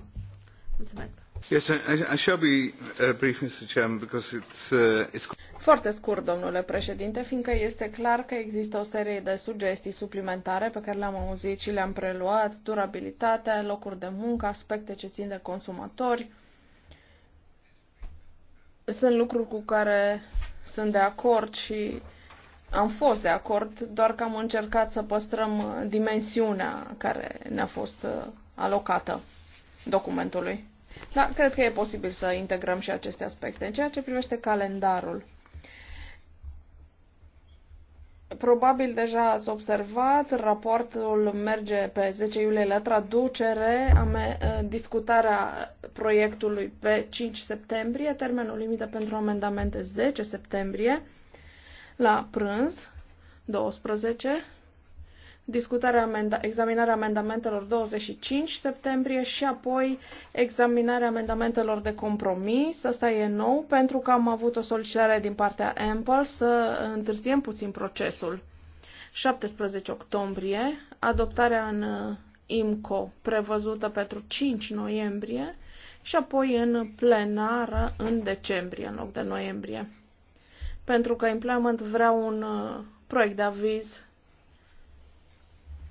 Speaker 3: Mulțumesc.
Speaker 1: Yes, I, I shall be uh, brief, Mr. Chairman, because it's, uh, it's...
Speaker 3: Foarte scurt,
Speaker 2: domnule președinte, fiindcă este clar că există o serie de sugestii suplimentare pe care le-am auzit și le-am preluat, durabilitatea, locuri de muncă, aspecte ce țin de consumatori, sunt lucruri cu care sunt de acord și am fost de acord, doar că am încercat să păstrăm uh, dimensiunea care ne-a fost uh, alocată documentului. Da, cred că e posibil să integrăm și aceste aspecte. În ceea ce privește calendarul, Probabil deja ați observat, raportul merge pe 10 iulie la traducere, am eh, discutarea proiectului pe 5 septembrie, termenul limită pentru amendamente 10 septembrie, la prânz 12 discutarea amenda- examinarea amendamentelor 25 septembrie și apoi examinarea amendamentelor de compromis. Asta e nou pentru că am avut o solicitare din partea Ample să întârziem puțin procesul. 17 octombrie, adoptarea în uh, IMCO prevăzută pentru 5 noiembrie și apoi în plenară în decembrie, în loc de noiembrie. Pentru că Implement vrea un uh, proiect de aviz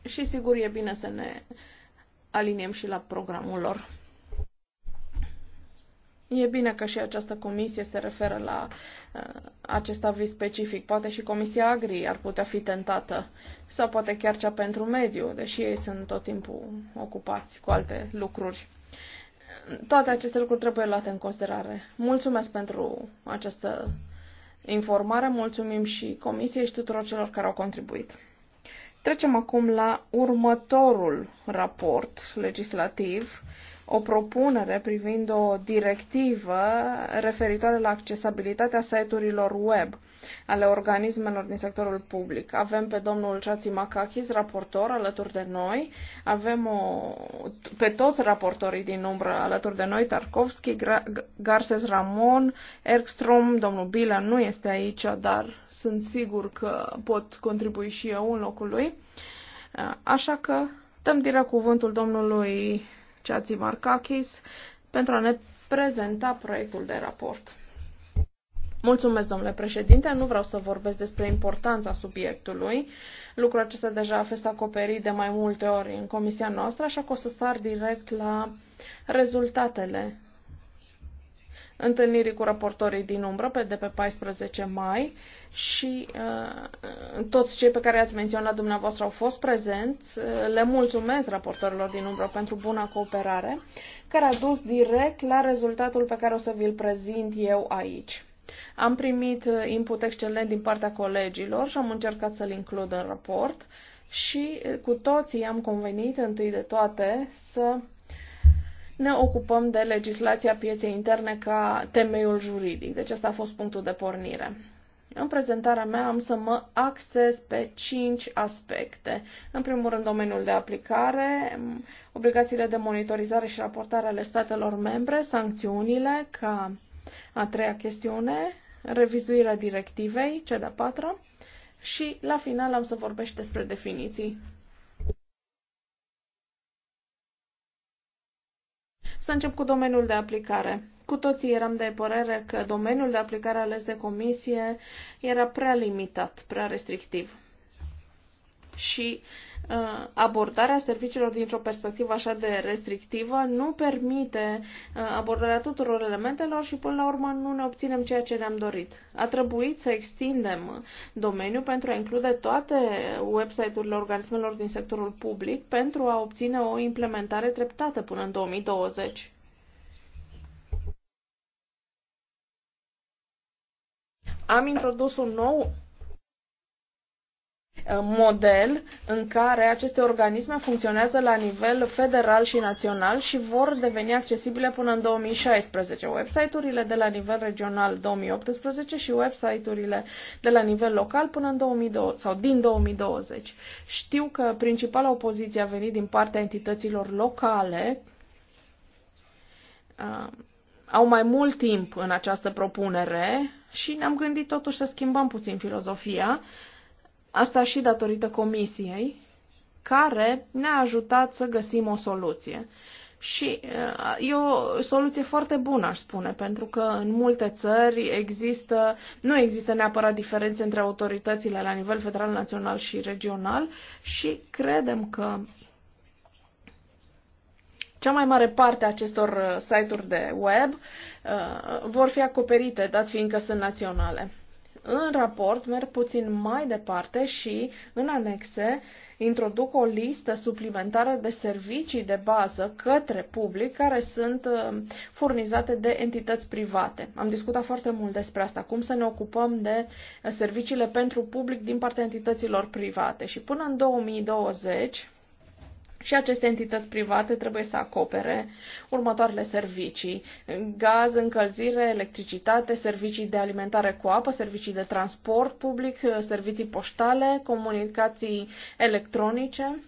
Speaker 2: și sigur e bine să ne aliniem și la programul lor. E bine că și această comisie se referă la uh, acest aviz specific. Poate și Comisia Agri ar putea fi tentată sau poate chiar cea pentru mediu, deși ei sunt tot timpul ocupați cu alte lucruri. Toate aceste lucruri trebuie luate în considerare. Mulțumesc pentru această informare, mulțumim și Comisiei și tuturor celor care au contribuit. Trecem acum la următorul raport legislativ o propunere privind o directivă referitoare la accesibilitatea site-urilor web ale organismelor din sectorul public. Avem pe domnul Ceați Macachis, raportor, alături de noi. Avem o, pe toți raportorii din umbră alături de noi, Tarkovski, Garces Ramon, Erkstrom, domnul Bila nu este aici, dar sunt sigur că pot contribui și eu în locul lui. Așa că dăm direct cuvântul domnului Ceații Markakis pentru a ne prezenta proiectul de raport. Mulțumesc, domnule președinte. Nu vreau să vorbesc despre importanța subiectului. Lucrul acesta deja a fost acoperit de mai multe ori în comisia noastră, așa că o să sar direct la rezultatele întâlnirii cu raportorii din umbră pe, de pe 14 mai și uh, toți cei pe care i-ați menționat dumneavoastră au fost prezenți. Uh, le mulțumesc raportorilor din umbră pentru buna cooperare, care a dus direct la rezultatul pe care o să vi-l prezint eu aici. Am primit uh, input excelent din partea colegilor și am încercat să-l includ în raport și uh, cu toții am convenit întâi de toate să ne ocupăm de legislația pieței interne ca temeiul juridic. Deci asta a fost punctul de pornire. În prezentarea mea am să mă axez pe cinci aspecte. În primul rând, domeniul de aplicare, obligațiile de monitorizare și raportare ale statelor membre, sancțiunile ca a treia chestiune, revizuirea directivei, cea de-a patra, și la final am să vorbesc despre definiții. Să încep cu domeniul de aplicare. Cu toții eram de părere că domeniul de aplicare ales de comisie era prea limitat, prea restrictiv. Și uh, Uh, abordarea serviciilor dintr-o perspectivă așa de restrictivă nu permite uh, abordarea tuturor elementelor și până la urmă nu ne obținem ceea ce ne-am dorit. A trebuit să extindem domeniul pentru a include toate website-urile organismelor din sectorul public pentru a obține o implementare treptată până în 2020. Am introdus un nou Uh, model în care aceste organisme funcționează la nivel federal și național și vor deveni accesibile până în 2016. Website-urile de la nivel regional 2018 și website-urile de la nivel local până în 2020 sau din 2020. Știu că principala opoziție a venit din partea entităților locale. Uh, au mai mult timp în această propunere și ne-am gândit totuși să schimbăm puțin filozofia Asta și datorită comisiei, care ne-a ajutat să găsim o soluție. Și uh, e o soluție foarte bună, aș spune, pentru că în multe țări există, nu există neapărat diferențe între autoritățile la nivel federal, național și regional și credem că cea mai mare parte a acestor uh, site-uri de web uh, vor fi acoperite, dat fiindcă sunt naționale. În raport merg puțin mai departe și, în anexe, introduc o listă suplimentară de servicii de bază către public care sunt uh, furnizate de entități private. Am discutat foarte mult despre asta, cum să ne ocupăm de serviciile pentru public din partea entităților private și până în 2020 și aceste entități private trebuie să acopere următoarele servicii. Gaz, încălzire, electricitate, servicii de alimentare cu apă, servicii de transport public, servicii poștale, comunicații electronice,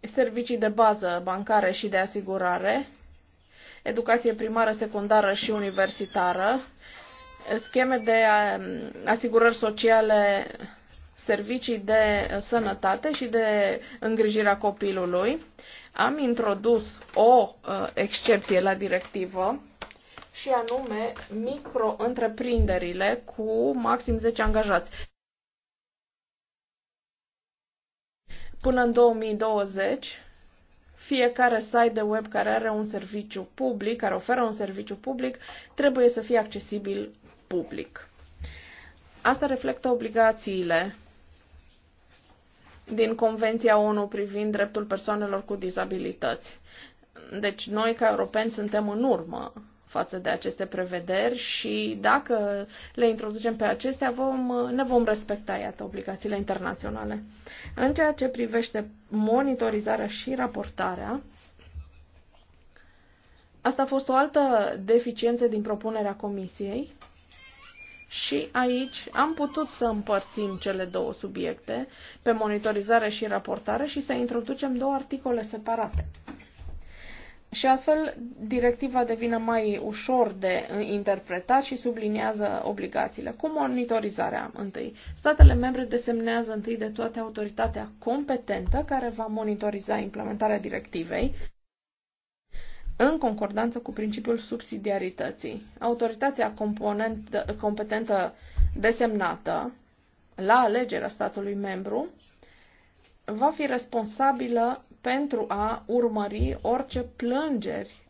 Speaker 2: servicii de bază bancare și de asigurare, educație primară, secundară și universitară, scheme de um, asigurări sociale servicii de sănătate și de îngrijirea copilului. Am introdus o uh, excepție la directivă și anume micro-întreprinderile cu maxim 10 angajați. Până în 2020, fiecare site de web care are un serviciu public, care oferă un serviciu public, trebuie să fie accesibil public. Asta reflectă obligațiile din Convenția ONU privind dreptul persoanelor cu dizabilități. Deci noi, ca europeni, suntem în urmă față de aceste prevederi și dacă le introducem pe acestea, vom, ne vom respecta, iată, obligațiile internaționale. În ceea ce privește monitorizarea și raportarea, asta a fost o altă deficiență din propunerea Comisiei, și aici am putut să împărțim cele două subiecte pe monitorizare și raportare și să introducem două articole separate. Și astfel, directiva devine mai ușor de interpretat și subliniază obligațiile. Cu monitorizarea întâi. Statele membre desemnează întâi de toate autoritatea competentă care va monitoriza implementarea directivei în concordanță cu principiul subsidiarității. Autoritatea competentă desemnată la alegerea statului membru va fi responsabilă pentru a urmări orice plângeri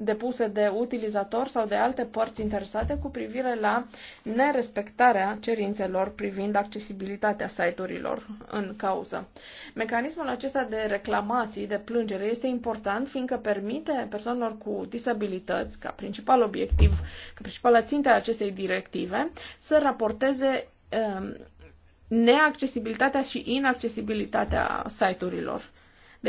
Speaker 2: depuse de utilizator sau de alte părți interesate cu privire la nerespectarea cerințelor privind accesibilitatea site-urilor în cauză. Mecanismul acesta de reclamații, de plângere, este important fiindcă permite persoanelor cu disabilități, ca principal obiectiv, ca principală țintă a acestei directive, să raporteze um, neaccesibilitatea și inaccesibilitatea site-urilor.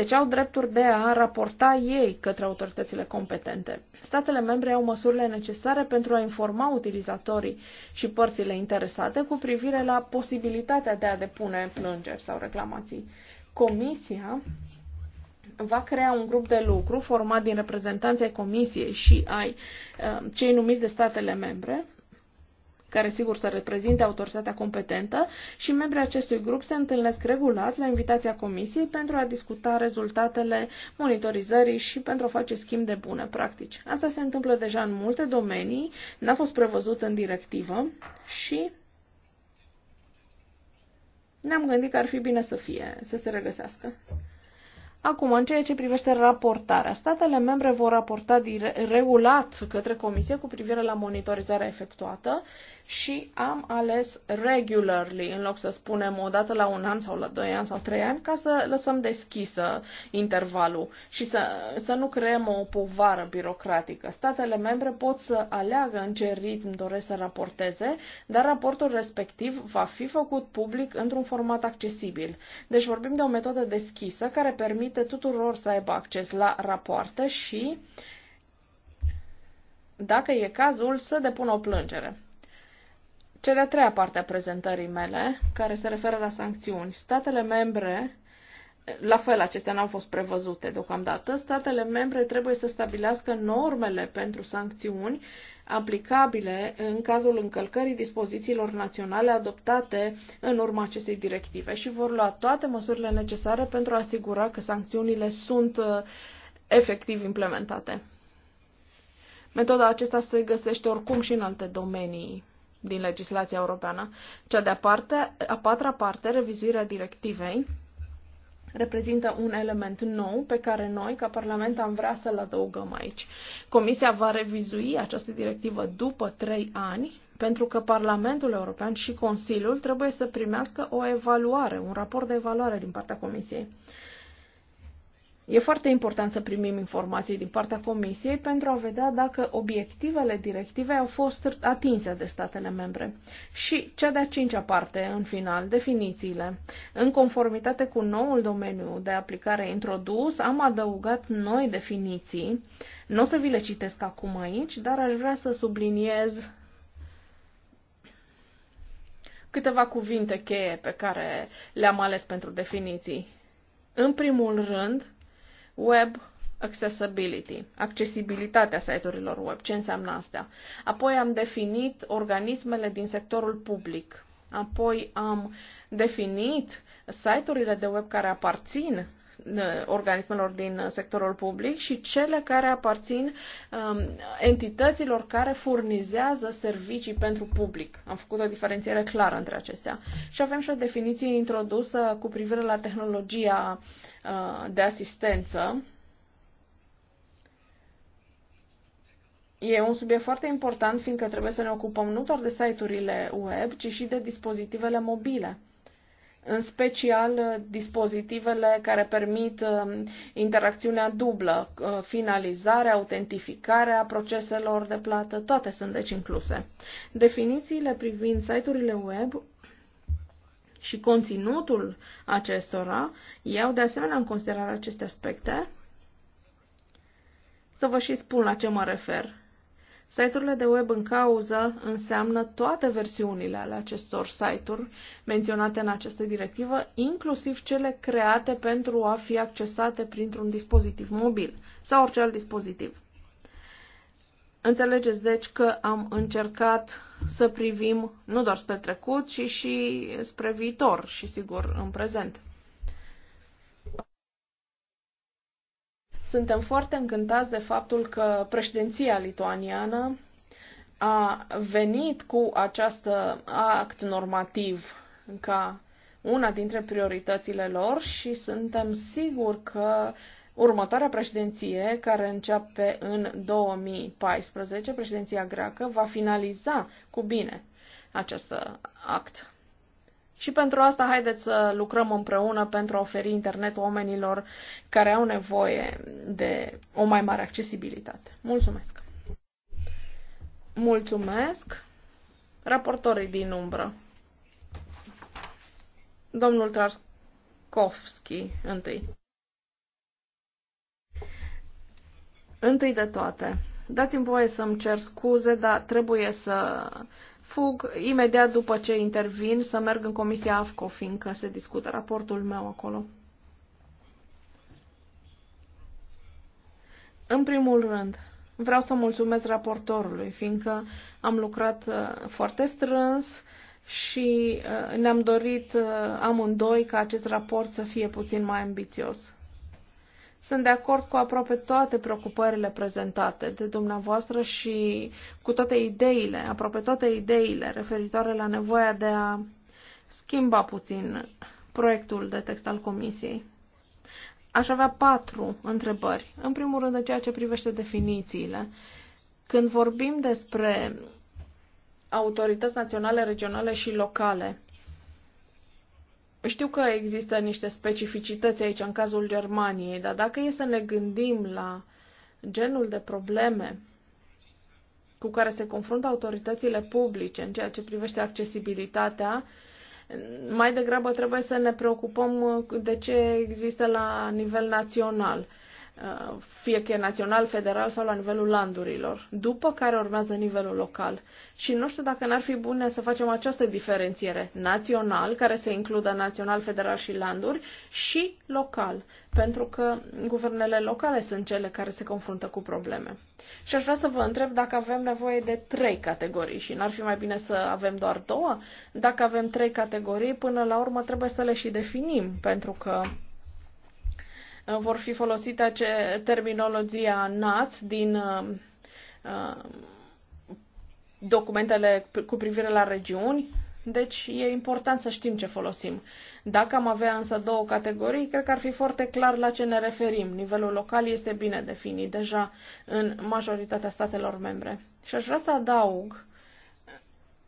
Speaker 2: Deci au drepturi de a raporta ei către autoritățile competente. Statele membre au măsurile necesare pentru a informa utilizatorii și părțile interesate cu privire la posibilitatea de a depune plângeri sau reclamații. Comisia va crea un grup de lucru format din reprezentanții ai Comisiei și ai eh, cei numiți de statele membre, care sigur să reprezinte autoritatea competentă, și membrii acestui grup se întâlnesc regulat la invitația Comisiei pentru a discuta rezultatele monitorizării și pentru a face schimb de bune practici. Asta se întâmplă deja în multe domenii, n-a fost prevăzut în directivă și ne-am gândit că ar fi bine să fie, să se regăsească. Acum, în ceea ce privește raportarea, statele membre vor raporta regulat către Comisie cu privire la monitorizarea efectuată și am ales regularly, în loc să spunem o dată la un an sau la doi ani sau trei ani, ca să lăsăm deschisă intervalul și să, să nu creăm o povară birocratică. Statele membre pot să aleagă în ce ritm doresc să raporteze, dar raportul respectiv va fi făcut public într-un format accesibil. Deci vorbim de o metodă deschisă care permite permite tuturor să aibă acces la rapoarte și, dacă e cazul, să depună o plângere. Cea de-a treia parte a prezentării mele, care se referă la sancțiuni. Statele membre, la fel, acestea n-au fost prevăzute deocamdată, statele membre trebuie să stabilească normele pentru sancțiuni aplicabile în cazul încălcării dispozițiilor naționale adoptate în urma acestei directive și vor lua toate măsurile necesare pentru a asigura că sancțiunile sunt uh, efectiv implementate. Metoda acesta se găsește oricum și în alte domenii din legislația europeană. Cea de-a a patra parte, revizuirea directivei, reprezintă un element nou pe care noi, ca Parlament, am vrea să-l adăugăm aici. Comisia va revizui această directivă după trei ani, pentru că Parlamentul European și Consiliul trebuie să primească o evaluare, un raport de evaluare din partea Comisiei. E foarte important să primim informații din partea Comisiei pentru a vedea dacă obiectivele directivei au fost atinse de statele membre. Și cea de-a cincea parte, în final, definițiile. În conformitate cu noul domeniu de aplicare introdus, am adăugat noi definiții. Nu o să vi le citesc acum aici, dar aș vrea să subliniez câteva cuvinte cheie pe care le-am ales pentru definiții. În primul rând, web accessibility, accesibilitatea site-urilor web. Ce înseamnă asta? Apoi am definit organismele din sectorul public. Apoi am definit site-urile de web care aparțin Uh, organismelor din uh, sectorul public și cele care aparțin um, entităților care furnizează servicii pentru public. Am făcut o diferențiere clară între acestea. Și avem și o definiție introdusă cu privire la tehnologia uh, de asistență, E un subiect foarte important, fiindcă trebuie să ne ocupăm nu doar de site-urile web, ci și de dispozitivele mobile în special uh, dispozitivele care permit um, interacțiunea dublă, uh, finalizarea, autentificarea proceselor de plată, toate sunt deci incluse. Definițiile privind site-urile web și conținutul acestora iau de asemenea în considerare aceste aspecte. Să vă și spun la ce mă refer. Site-urile de web în cauză înseamnă toate versiunile ale acestor site-uri menționate în această directivă, inclusiv cele create pentru a fi accesate printr-un dispozitiv mobil sau orice alt dispozitiv. Înțelegeți deci că am încercat să privim nu doar spre trecut, ci și spre viitor și sigur în prezent. Suntem foarte încântați de faptul că președinția lituaniană a venit cu acest act normativ ca una dintre prioritățile lor și suntem siguri că următoarea președinție, care începe în 2014, președinția greacă, va finaliza cu bine acest act. Și pentru asta haideți să lucrăm împreună pentru a oferi internet oamenilor care au nevoie de o mai mare accesibilitate. Mulțumesc! Mulțumesc! Raportorii din umbră. Domnul Traskovski, întâi. Întâi de toate, dați-mi voie să-mi cer scuze, dar trebuie să fug imediat după ce intervin să merg în Comisia AFCO, fiindcă se discută raportul meu acolo. În primul rând, vreau să mulțumesc raportorului, fiindcă am lucrat uh, foarte strâns și uh, ne-am dorit uh, amândoi ca acest raport să fie puțin mai ambițios. Sunt de acord cu aproape toate preocupările prezentate de dumneavoastră și cu toate ideile, aproape toate ideile referitoare la nevoia de a schimba puțin proiectul de text al Comisiei. Aș avea patru întrebări. În primul rând, în ceea ce privește definițiile. Când vorbim despre autorități naționale, regionale și locale, știu că există niște specificități aici în cazul Germaniei, dar dacă e să ne gândim la genul de probleme cu care se confruntă autoritățile publice în ceea ce privește accesibilitatea, mai degrabă trebuie să ne preocupăm uh, de ce există la nivel național. Uh, fie că e național, federal sau la nivelul landurilor, după care urmează nivelul local. Și nu știu dacă n-ar fi bune să facem această diferențiere național, care se includă național, federal și landuri, și local, pentru că guvernele locale sunt cele care se confruntă cu probleme. Și aș vrea să vă întreb dacă avem nevoie de trei categorii și n-ar fi mai bine să avem doar două? Dacă avem trei categorii, până la urmă trebuie să le și definim, pentru că vor fi folosite ace- terminologia NAT din uh, uh, documentele cu privire la regiuni, deci e important să știm ce folosim. Dacă am avea însă două categorii, cred că ar fi foarte clar la ce ne referim. Nivelul local este bine definit deja în majoritatea statelor membre. Și aș vrea să adaug,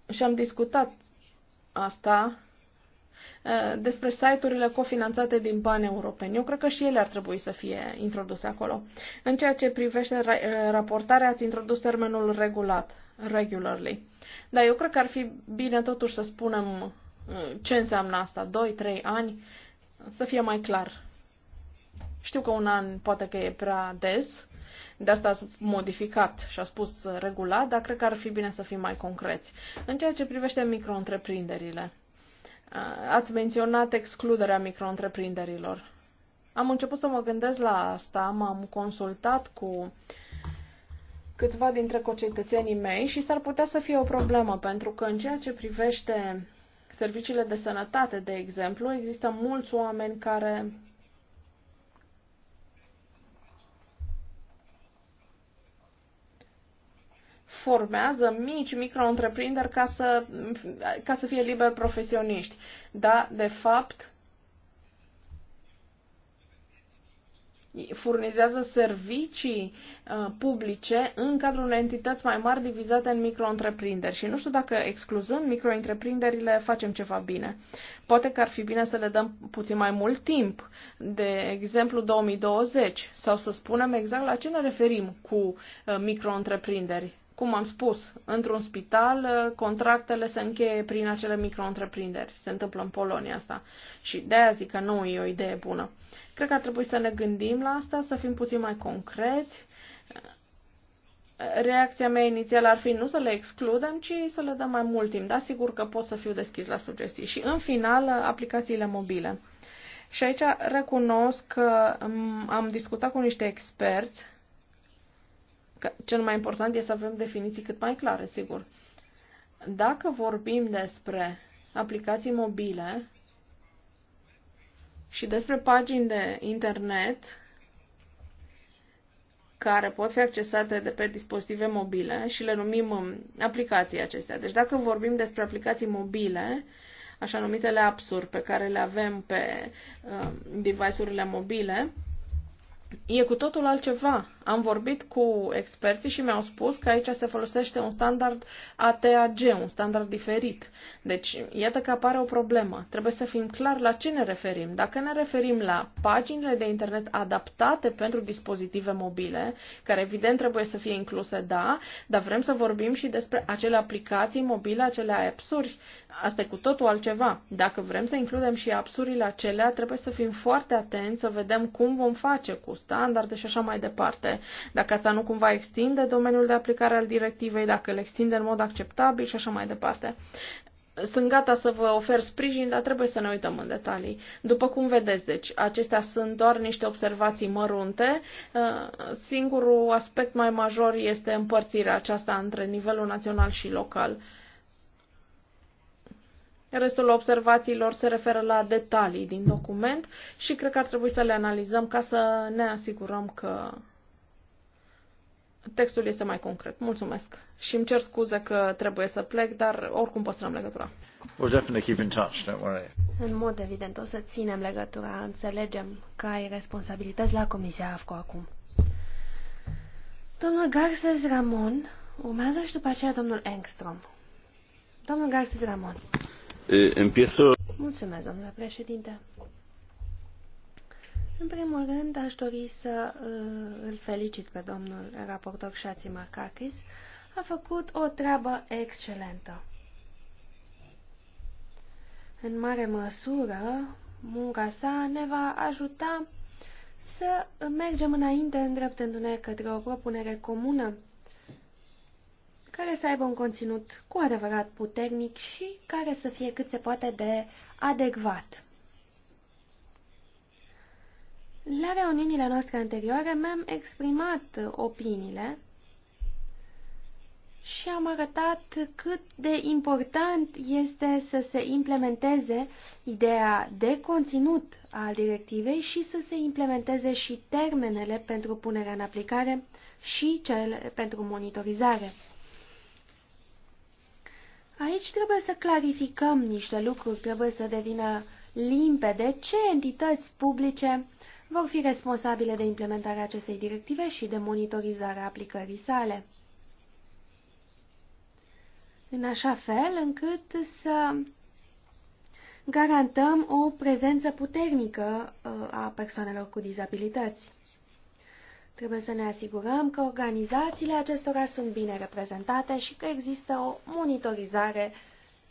Speaker 2: și am discutat asta Uh, despre site-urile cofinanțate din bani europeni. Eu cred că și ele ar trebui să fie introduse acolo. În ceea ce privește uh, raportarea, ați introdus termenul regulat, regularly. Dar eu cred că ar fi bine totuși să spunem uh, ce înseamnă asta, 2-3 ani, să fie mai clar. Știu că un an poate că e prea des, de asta ați modificat și a spus regulat, dar cred că ar fi bine să fim mai concreți. În ceea ce privește micro-întreprinderile, Ați menționat excluderea micro-întreprinderilor. Am început să mă gândesc la asta, m-am consultat cu câțiva dintre cocetățenii mei și s-ar putea să fie o problemă, pentru că în ceea ce privește serviciile de sănătate, de exemplu, există mulți oameni care formează mici micro-întreprinderi ca să, ca să fie liberi profesioniști. Dar, de fapt, furnizează servicii uh, publice în cadrul unei entități mai mari divizate în micro-întreprinderi. Și nu știu dacă excluzând micro-întreprinderile facem ceva bine. Poate că ar fi bine să le dăm puțin mai mult timp, de exemplu 2020, sau să spunem exact la ce ne referim cu uh, micro-întreprinderi. Cum am spus, într-un spital uh, contractele se încheie prin acele micro-întreprinderi. Se întâmplă în Polonia asta. Și de aia zic că nu e o idee bună. Cred că ar trebui să ne gândim la asta, să fim puțin mai concreți. Reacția mea inițială ar fi nu să le excludem, ci să le dăm mai mult timp. Da, sigur că pot să fiu deschis la sugestii. Și în final, uh, aplicațiile mobile. Și aici recunosc că um, am discutat cu niște experți Că cel mai important e să avem definiții cât mai clare, sigur. Dacă vorbim despre aplicații mobile și despre pagini de internet care pot fi accesate de pe dispozitive mobile și le numim um, aplicații acestea. Deci dacă vorbim despre aplicații mobile, așa numitele apps-uri pe care le avem pe uh, device-urile mobile, e cu totul altceva. Am vorbit cu experții și mi-au spus că aici se folosește un standard ATAG, un standard diferit. Deci, iată că apare o problemă. Trebuie să fim clar la ce ne referim. Dacă ne referim la paginile de internet adaptate pentru dispozitive mobile, care evident trebuie să fie incluse, da, dar vrem să vorbim și despre acele aplicații mobile, acele apps-uri Asta e cu totul altceva. Dacă vrem să includem și absurile acelea, trebuie să fim foarte atenți, să vedem cum vom face cu standarde și așa mai departe. Dacă asta nu cumva extinde domeniul de aplicare al directivei, dacă îl extinde în mod acceptabil și așa mai departe. Sunt gata să vă ofer sprijin, dar trebuie să ne uităm în detalii. După cum vedeți, deci, acestea sunt doar niște observații mărunte. Uh, singurul aspect mai major este împărțirea aceasta între nivelul național și local. Restul observațiilor se referă la detalii din document și cred că ar trebui să le analizăm ca să ne asigurăm că textul este mai concret. Mulțumesc. Și îmi cer scuze că trebuie să plec, dar oricum păstrăm legătura.
Speaker 1: We'll definitely keep in touch, don't worry.
Speaker 4: În mod evident, o să ținem legătura. Înțelegem că ai responsabilități la Comisia AFCO acum. Domnul Garces Ramon urmează și după aceea domnul Engstrom. Domnul Garces Ramon. Empiezo... Mulțumesc, domnule președinte. În primul rând, aș dori să uh, îl felicit pe domnul raportor Șați Marcachis. A făcut o treabă excelentă. În mare măsură, munca sa ne va ajuta să mergem înainte îndreptându-ne către o propunere comună care să aibă un conținut cu adevărat puternic și care să fie cât se poate de adecvat. La reuniunile noastre anterioare mi-am exprimat opiniile și am arătat cât de important este să se implementeze ideea de conținut a directivei și să se implementeze și termenele pentru punerea în aplicare și cele pentru monitorizare. Aici trebuie să clarificăm niște lucruri, trebuie să devină limpede ce entități publice vor fi responsabile de implementarea acestei directive și de monitorizarea aplicării sale. În așa fel încât să garantăm o prezență puternică uh, a persoanelor cu dizabilități. Trebuie să ne asigurăm că organizațiile acestora sunt bine reprezentate și că există o monitorizare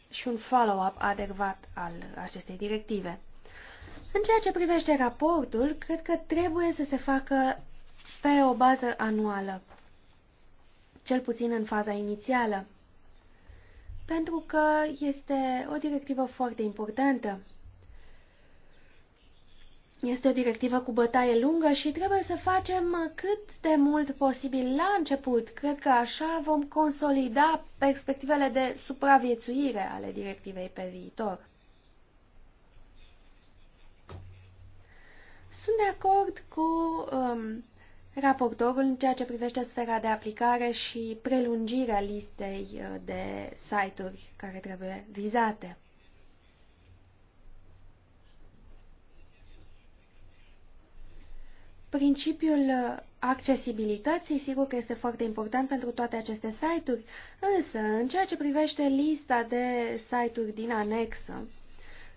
Speaker 4: și un follow-up adecvat al acestei directive. În ceea ce privește raportul, cred că trebuie să se facă pe o bază anuală, cel puțin în faza inițială, pentru că este o directivă foarte importantă. Este o directivă cu bătaie lungă și trebuie să facem cât de mult posibil la început. Cred că așa vom consolida perspectivele de supraviețuire ale directivei pe viitor. Sunt de acord cu um, raportorul în ceea ce privește sfera de aplicare și prelungirea listei uh, de site-uri care trebuie vizate. Principiul accesibilității, sigur că este foarte important pentru toate aceste site-uri, însă, în ceea ce privește lista de site-uri din anexă,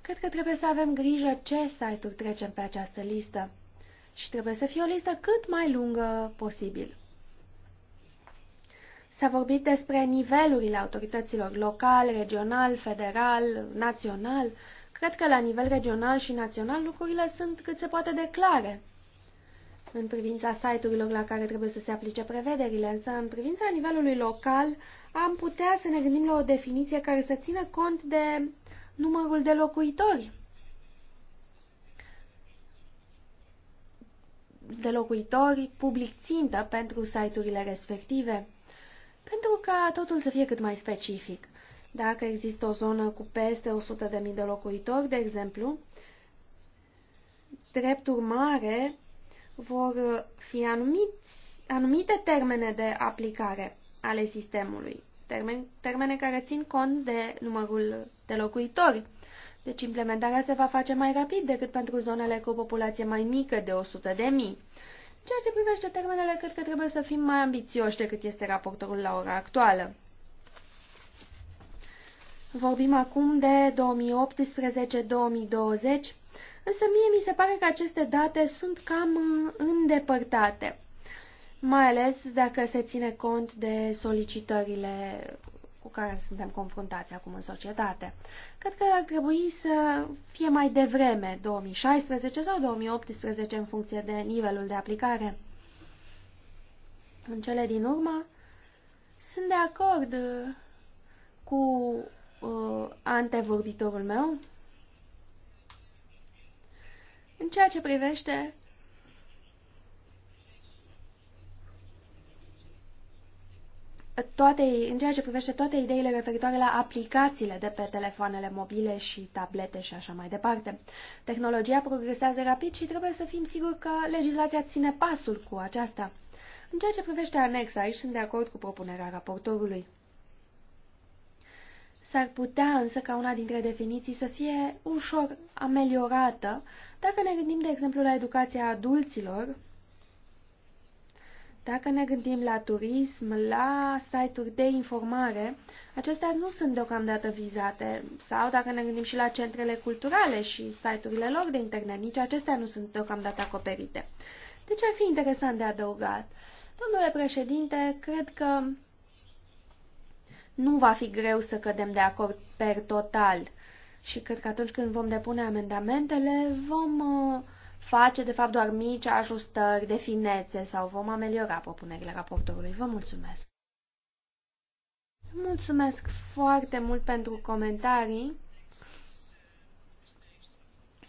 Speaker 4: cred că trebuie să avem grijă ce site-uri trecem pe această listă și trebuie să fie o listă cât mai lungă posibil. S-a vorbit despre nivelurile autorităților local, regional, federal, național. Cred că la nivel regional și național lucrurile sunt cât se poate de clare în privința site-urilor la care trebuie să se aplice prevederile, însă în privința nivelului local am putea să ne gândim la o definiție care să țină cont de numărul de locuitori. de locuitori public țintă pentru site-urile respective, pentru ca totul să fie cât mai specific. Dacă există o zonă cu peste 100.000 de locuitori, de exemplu, drept urmare, vor uh, fi anumiți, anumite termene de aplicare ale sistemului, termen, termene care țin cont de numărul de locuitori. Deci implementarea se va face mai rapid decât pentru zonele cu o populație mai mică de 100 de mii. Ceea ce privește termenele, cred că trebuie să fim mai ambițioși decât este raportorul la ora actuală. Vorbim acum de 2018-2020 însă mie mi se pare că aceste date sunt cam îndepărtate, mai ales dacă se ține cont de solicitările cu care suntem confruntați acum în societate. Cred că ar trebui să fie mai devreme, 2016 sau 2018, în funcție de nivelul de aplicare. În cele din urmă, sunt de acord uh, cu uh, antevorbitorul meu în ceea ce privește toate, în ceea ce privește toate ideile referitoare la aplicațiile de pe telefoanele mobile și tablete și așa mai departe. Tehnologia progresează rapid și trebuie să fim siguri că legislația ține pasul cu aceasta. În ceea ce privește anexa, aici sunt de acord cu propunerea raportorului. S-ar putea însă ca una dintre definiții să fie ușor ameliorată dacă ne gândim, de exemplu, la educația adulților, dacă ne gândim la turism, la site-uri de informare, acestea nu sunt deocamdată vizate. Sau dacă ne gândim și la centrele culturale și site-urile lor de internet, nici acestea nu sunt deocamdată acoperite. Deci ar fi interesant de adăugat. Domnule președinte, cred că nu va fi greu să cădem de acord per total și cred că atunci când vom depune amendamentele, vom uh, face, de fapt, doar mici ajustări de finețe sau vom ameliora propunerile raportorului. Vă mulțumesc! Mulțumesc foarte mult pentru comentarii.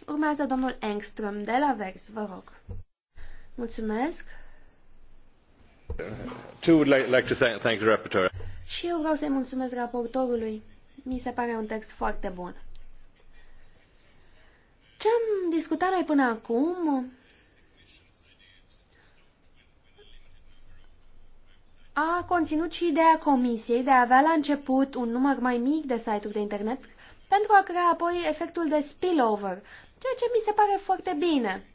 Speaker 4: Urmează domnul Engström de la Vers, vă rog. Mulțumesc. Și eu vreau să-i mulțumesc raportorului. Mi se pare un text foarte bun. Ce am discutat noi până acum a conținut și ideea comisiei de a avea la început un număr mai mic de site-uri de internet pentru a crea apoi efectul de spillover, ceea ce mi se pare foarte bine.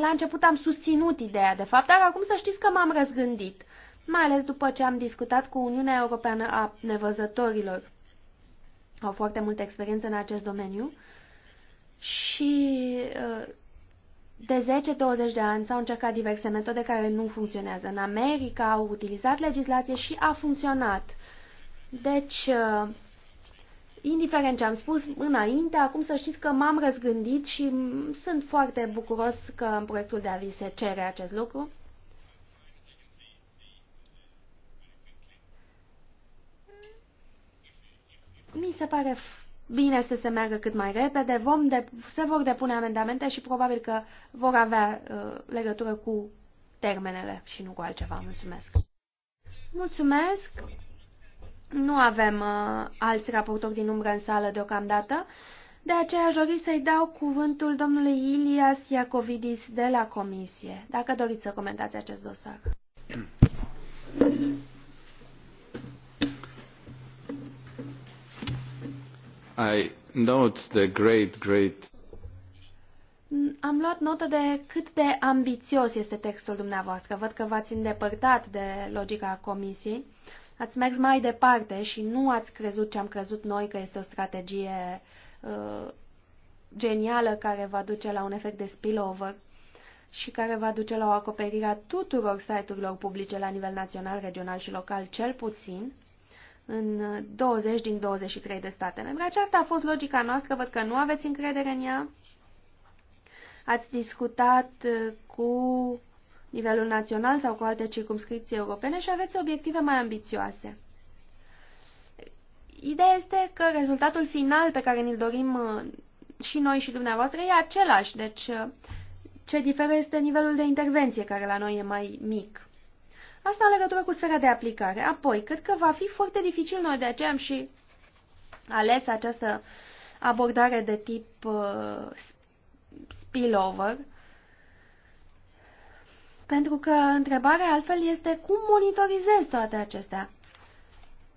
Speaker 4: La început am susținut ideea, de fapt, dar acum să știți că m-am răzgândit, mai ales după ce am discutat cu Uniunea Europeană a Nevăzătorilor. Au foarte multă experiență în acest domeniu și uh, de 10-20 de ani s-au încercat diverse metode care nu funcționează. În America au utilizat legislație și a funcționat. Deci, uh, indiferent ce am spus înainte, acum să știți că m-am răzgândit și sunt foarte bucuros că în proiectul de aviz se cere acest lucru. Mi se pare bine să se meargă cât mai repede. Vom de, se vor depune amendamente și probabil că vor avea uh, legătură cu termenele și nu cu altceva. Mulțumesc! Mulțumesc! Nu avem uh, alți raportori din umbră în sală deocamdată, de aceea aș dori să-i dau cuvântul domnului Ilias Iacovidis de la Comisie, dacă doriți să comentați acest dosar. Am luat notă de cât de ambițios este textul dumneavoastră. Văd că v-ați îndepărtat de logica comisiei. Ați mers mai departe și nu ați crezut ce am crezut noi că este o strategie uh, genială care va duce la un efect de spillover și care va duce la o acoperire a tuturor site-urilor publice la nivel național, regional și local, cel puțin. Uh, în 20 uh, din 23 de state membre. Aceasta a fost logica noastră, văd că nu aveți încredere în ea. Ați discutat uh, cu nivelul național sau cu alte circumscripții europene și aveți obiective mai ambițioase. Ideea este că rezultatul final pe care ni-l dorim uh, și noi și dumneavoastră e același, deci ce diferă este nivelul de intervenție care la noi e mai mic. Asta în legătură cu sfera de aplicare. Apoi, cred că va fi foarte dificil, noi de aceea am și ales această abordare de tip uh, spillover, pentru că întrebarea altfel este cum monitorizez toate acestea.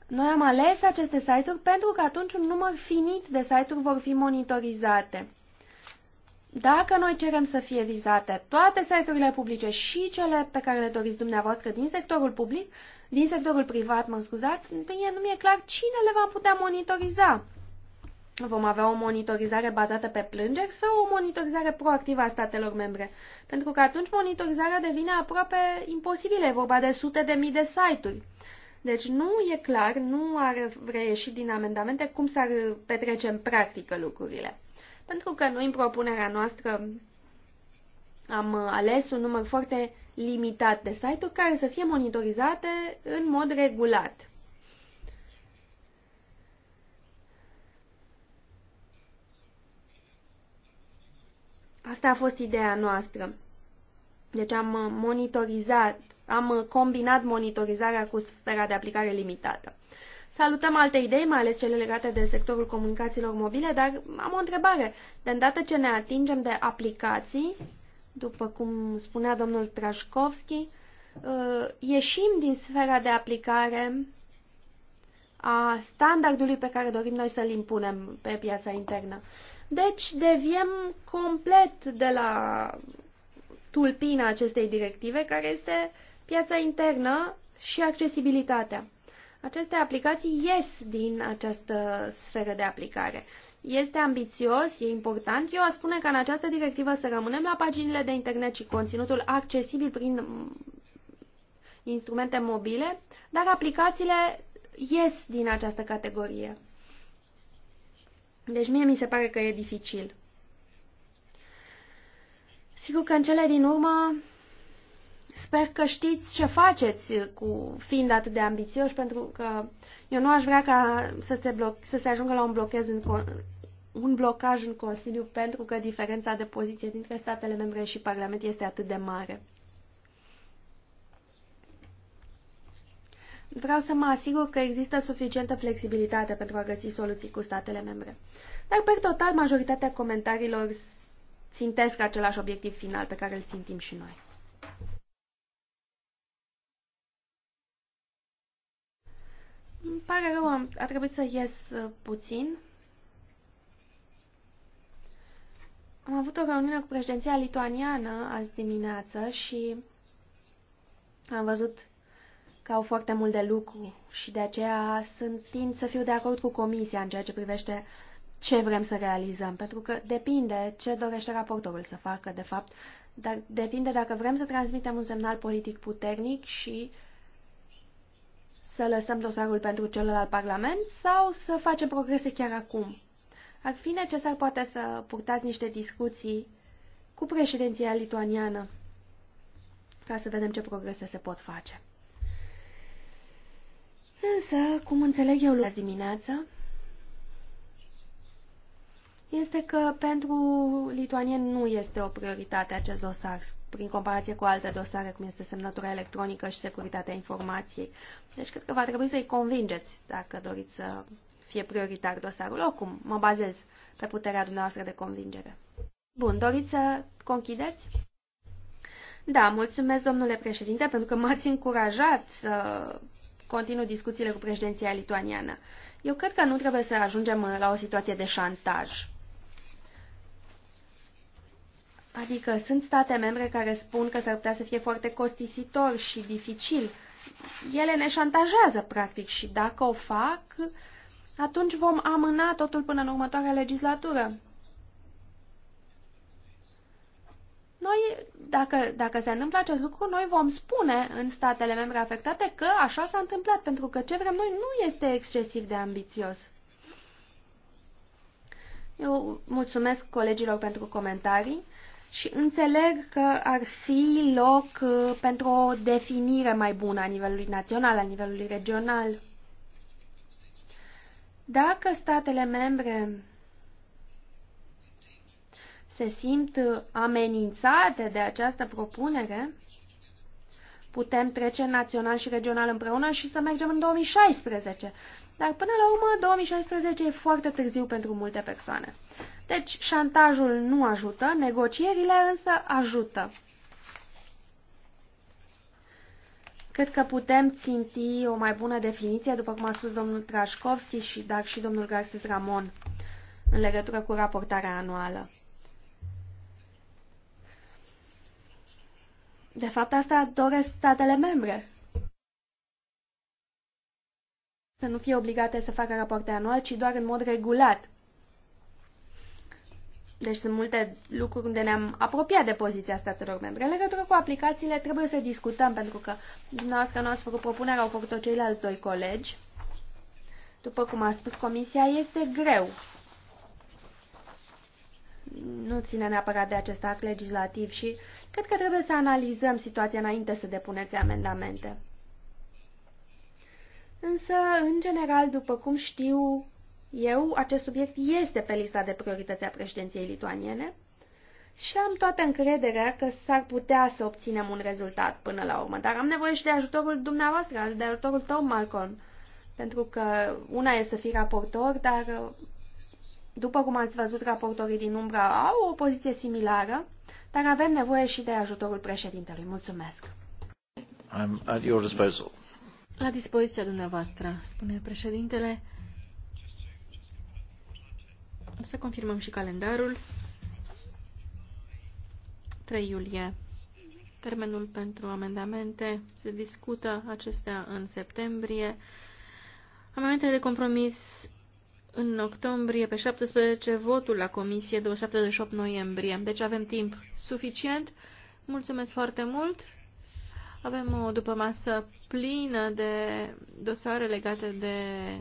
Speaker 4: Noi am ales aceste site-uri pentru că atunci un număr finit de site-uri vor fi monitorizate. Dacă noi cerem să fie vizate toate site-urile publice și cele pe care le doriți dumneavoastră din sectorul public, din sectorul privat, mă scuzați, bine, nu mi-e clar cine le va putea monitoriza. Vom avea o monitorizare bazată pe plângeri sau o monitorizare proactivă a statelor membre? Pentru că atunci monitorizarea devine aproape imposibilă, e vorba de sute de mii de site-uri. Deci nu e clar, nu ar reieși din amendamente cum s-ar petrece în practică lucrurile pentru că noi în propunerea noastră am ales un număr foarte limitat de site-uri care să fie monitorizate în mod regulat. Asta a fost ideea noastră. Deci am monitorizat, am combinat monitorizarea cu sfera de aplicare limitată. Salutăm alte idei, mai ales cele legate de sectorul comunicațiilor mobile, dar am o întrebare. De îndată ce ne atingem de aplicații, după cum spunea domnul Trașkovski, uh, ieșim din sfera de aplicare a standardului pe care dorim noi să-l impunem pe piața internă. Deci deviem complet de la tulpina acestei directive, care este piața internă și accesibilitatea. Aceste aplicații ies din această sferă de aplicare. Este ambițios, e important. Eu aș spune că în această directivă să rămânem la paginile de internet și conținutul accesibil prin instrumente mobile, dar aplicațiile ies din această categorie. Deci mie mi se pare că e dificil. Sigur că în cele din urmă Sper că știți ce faceți cu fiind atât de ambițioși, pentru că eu nu aș vrea ca să se, bloc, să se ajungă la un, blochez în, un blocaj în Consiliu, pentru că diferența de poziție dintre statele membre și Parlament este atât de mare. Vreau să mă asigur că există suficientă flexibilitate pentru a găsi soluții cu statele membre. Dar, pe total, majoritatea comentariilor țintesc același obiectiv final pe care îl țintim și noi. Îmi pare rău, am, a trebuit să ies uh, puțin. Am avut o reuniune cu președinția lituaniană azi dimineață și am văzut că au foarte mult de lucru și de aceea sunt tind să fiu de acord cu comisia în ceea ce privește ce vrem să realizăm, pentru că depinde ce dorește raportorul să facă, de fapt, dar depinde dacă vrem să transmitem un semnal politic puternic și uh, să lăsăm dosarul pentru celălalt parlament sau să facem progrese chiar acum? Ar fi necesar poate să purtați niște discuții cu președinția lituaniană ca să vedem ce progrese se pot face. Însă, cum înțeleg eu azi dimineață, este că pentru lituanieni nu este o prioritate acest dosar, prin comparație cu alte dosare, cum este semnătura electronică și securitatea informației. Deci cred că va trebui să-i convingeți dacă doriți să fie prioritar dosarul. Oricum, mă bazez pe puterea dumneavoastră de convingere. Bun, doriți să conchideți? Da, mulțumesc, domnule președinte, pentru că m-ați încurajat să continu discuțiile cu președinția lituaniană. Eu cred că nu trebuie să ajungem la o situație de șantaj. Adică sunt state membre care spun că s-ar putea să fie foarte costisitor și dificil. Ele ne șantajează, practic, și dacă o fac, atunci vom amâna totul până în următoarea legislatură. Noi, dacă, dacă se întâmplă acest lucru, noi vom spune în statele membre afectate că așa s-a întâmplat, pentru că ce vrem noi nu este excesiv de ambițios. Eu mulțumesc colegilor pentru comentarii și înțeleg că ar fi loc uh, pentru o definire mai bună a nivelului național, a nivelului regional. Dacă statele membre se simt uh, amenințate de această propunere, putem trece național și regional împreună și să mergem în 2016. Dar până la urmă, 2016 e foarte târziu pentru multe persoane. Deci șantajul nu ajută, negocierile însă ajută. Cred că putem ținti o mai bună definiție, după cum a spus domnul Trașkovski și dar și domnul Garces Ramon, în legătură cu raportarea anuală. De fapt, asta doresc statele membre. Să nu fie obligate să facă raporte anual, ci doar în mod regulat. Deci sunt multe lucruri unde ne-am apropiat de poziția statelor membre. În legătură cu aplicațiile trebuie să discutăm, pentru că dumneavoastră nu ați făcut propunerea, au făcut-o ceilalți doi colegi. După cum a spus comisia, este greu. Nu ține neapărat de acest act legislativ și cred că trebuie să analizăm situația înainte să depuneți amendamente. Însă, în general, după cum știu, eu, acest subiect este pe lista de priorități a președinției lituaniene și am toată încrederea că s-ar putea să obținem un rezultat până la urmă, dar am nevoie și de ajutorul dumneavoastră, de ajutorul tău, Malcolm, pentru că una e să fii raportor, dar după cum ați văzut, raportorii din umbra au o poziție similară, dar avem nevoie și de ajutorul președintelui. Mulțumesc!
Speaker 1: I'm at your disposal.
Speaker 4: La dispoziția dumneavoastră,
Speaker 3: spune președintele. Să confirmăm și calendarul. 3 iulie. Termenul pentru amendamente. Se discută acestea în septembrie. Amendamentele de compromis în octombrie, pe 17, votul la comisie, 278 noiembrie. Deci avem timp suficient. Mulțumesc foarte mult. Avem o după masă plină de dosare legate de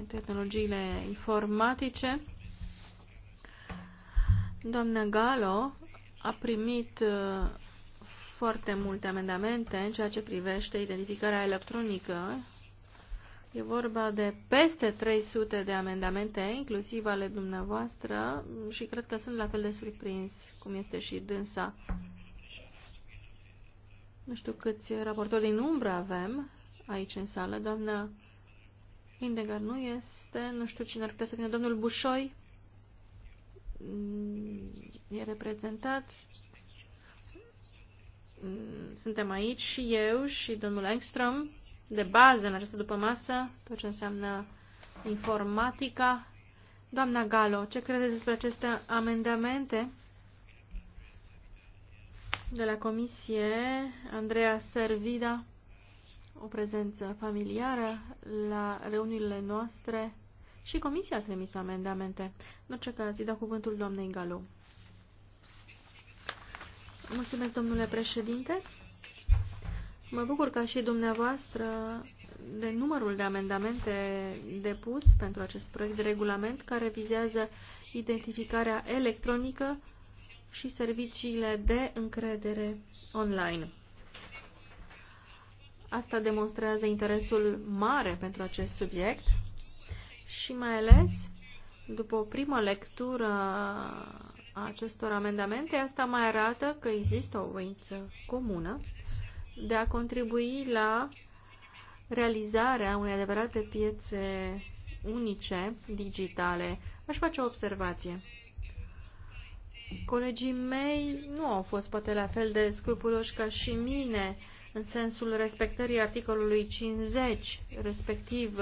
Speaker 3: tehnologiile informatice. Doamna Galo a primit uh, foarte multe amendamente în ceea ce privește identificarea electronică. E vorba de peste 300 de amendamente, inclusiv ale dumneavoastră, și cred că sunt la fel de surprins cum este și dânsa. Nu știu câți raportori din umbră avem aici în sală. Doamna Indegar nu este, nu știu cine ar putea să vină, domnul Bușoi. Mm, e reprezentat. Mm, suntem aici și eu și domnul Engström de bază în această masă, tot ce înseamnă informatica. Doamna Galo, ce credeți despre aceste amendamente de la comisie? Andreea Servida, o prezență familiară la reuniunile noastre și Comisia a trimis amendamente. În orice caz, îi dau cuvântul doamnei Galo. Mulțumesc, domnule președinte. Mă bucur ca și dumneavoastră de numărul de amendamente depus pentru acest proiect de regulament care vizează identificarea electronică și serviciile de încredere online. Asta demonstrează interesul mare pentru acest subiect și mai ales după o primă lectură a acestor amendamente, asta mai arată că există o voință comună de a contribui la realizarea unei adevărate piețe unice digitale. Aș face o observație. Colegii mei nu au fost poate la fel de scrupuloși ca și mine în sensul respectării articolului 50, respectiv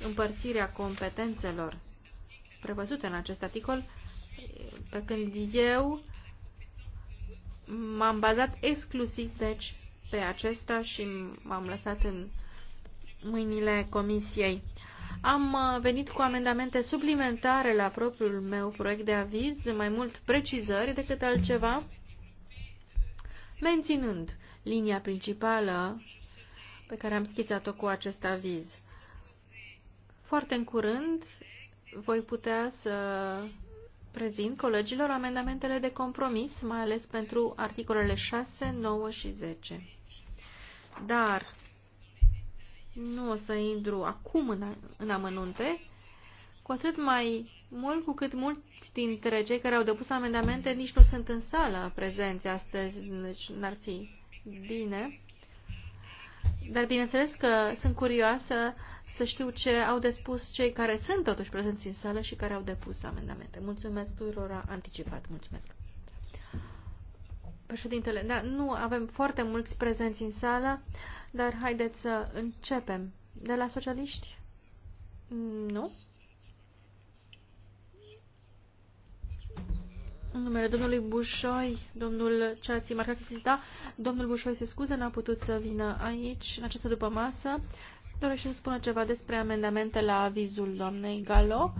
Speaker 3: împărțirea competențelor prevăzute în acest articol, pe când eu m-am bazat exclusiv, deci, pe acesta și m-am lăsat în mâinile comisiei. Am uh, venit cu amendamente suplimentare la propriul meu proiect de aviz, mai mult precizări decât altceva, menținând linia principală pe care am schițat-o cu acest aviz. Foarte în curând voi putea să prezint colegilor amendamentele de compromis, mai ales pentru articolele 6, 9 și 10. Dar nu o să intru acum în, în amănunte, cu atât mai mult cu cât mulți dintre cei care au depus amendamente nici nu sunt în sală prezenți astăzi, deci n-ar fi bine dar bineînțeles că sunt curioasă să știu ce au de spus cei care sunt totuși prezenți în sală și care au depus amendamente. Mulțumesc tuturora anticipat. Mulțumesc. Președintele, da, nu avem foarte mulți prezenți în sală, dar haideți să începem. De la socialiști? Nu? În numele domnului Bușoi, domnul Ceați Marcachis, da, domnul Bușoi se scuze, n-a putut să vină aici, în această după masă. Dorește să spună ceva despre amendamente la avizul doamnei Galo.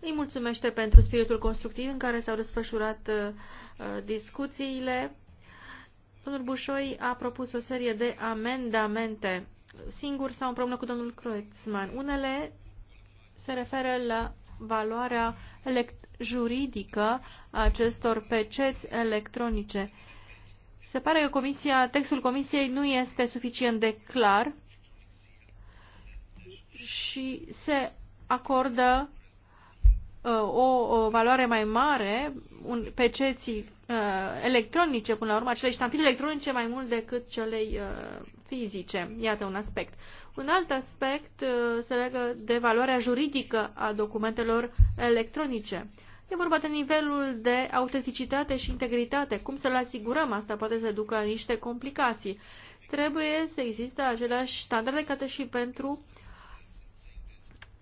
Speaker 3: Îi mulțumește pentru spiritul constructiv în care s-au desfășurat uh, uh discuțiile. Domnul Bușoi a propus o serie de amendamente, singur sau împreună cu domnul Kreutzmann. Unele se referă la valoarea juridică a acestor peceți electronice. Se pare că comisia, textul comisiei nu este suficient de clar și se acordă uh, o, valoare mai mare un, peceții uh, electronice, până la urmă, acele ștampile electronice mai mult decât celei uh, fizice. Iată un aspect. Un alt aspect uh, se legă de valoarea juridică a documentelor electronice. E vorba de nivelul de autenticitate și integritate. Cum să le asigurăm? Asta poate să ducă niște complicații. Trebuie să existe aceleași standarde ca și pentru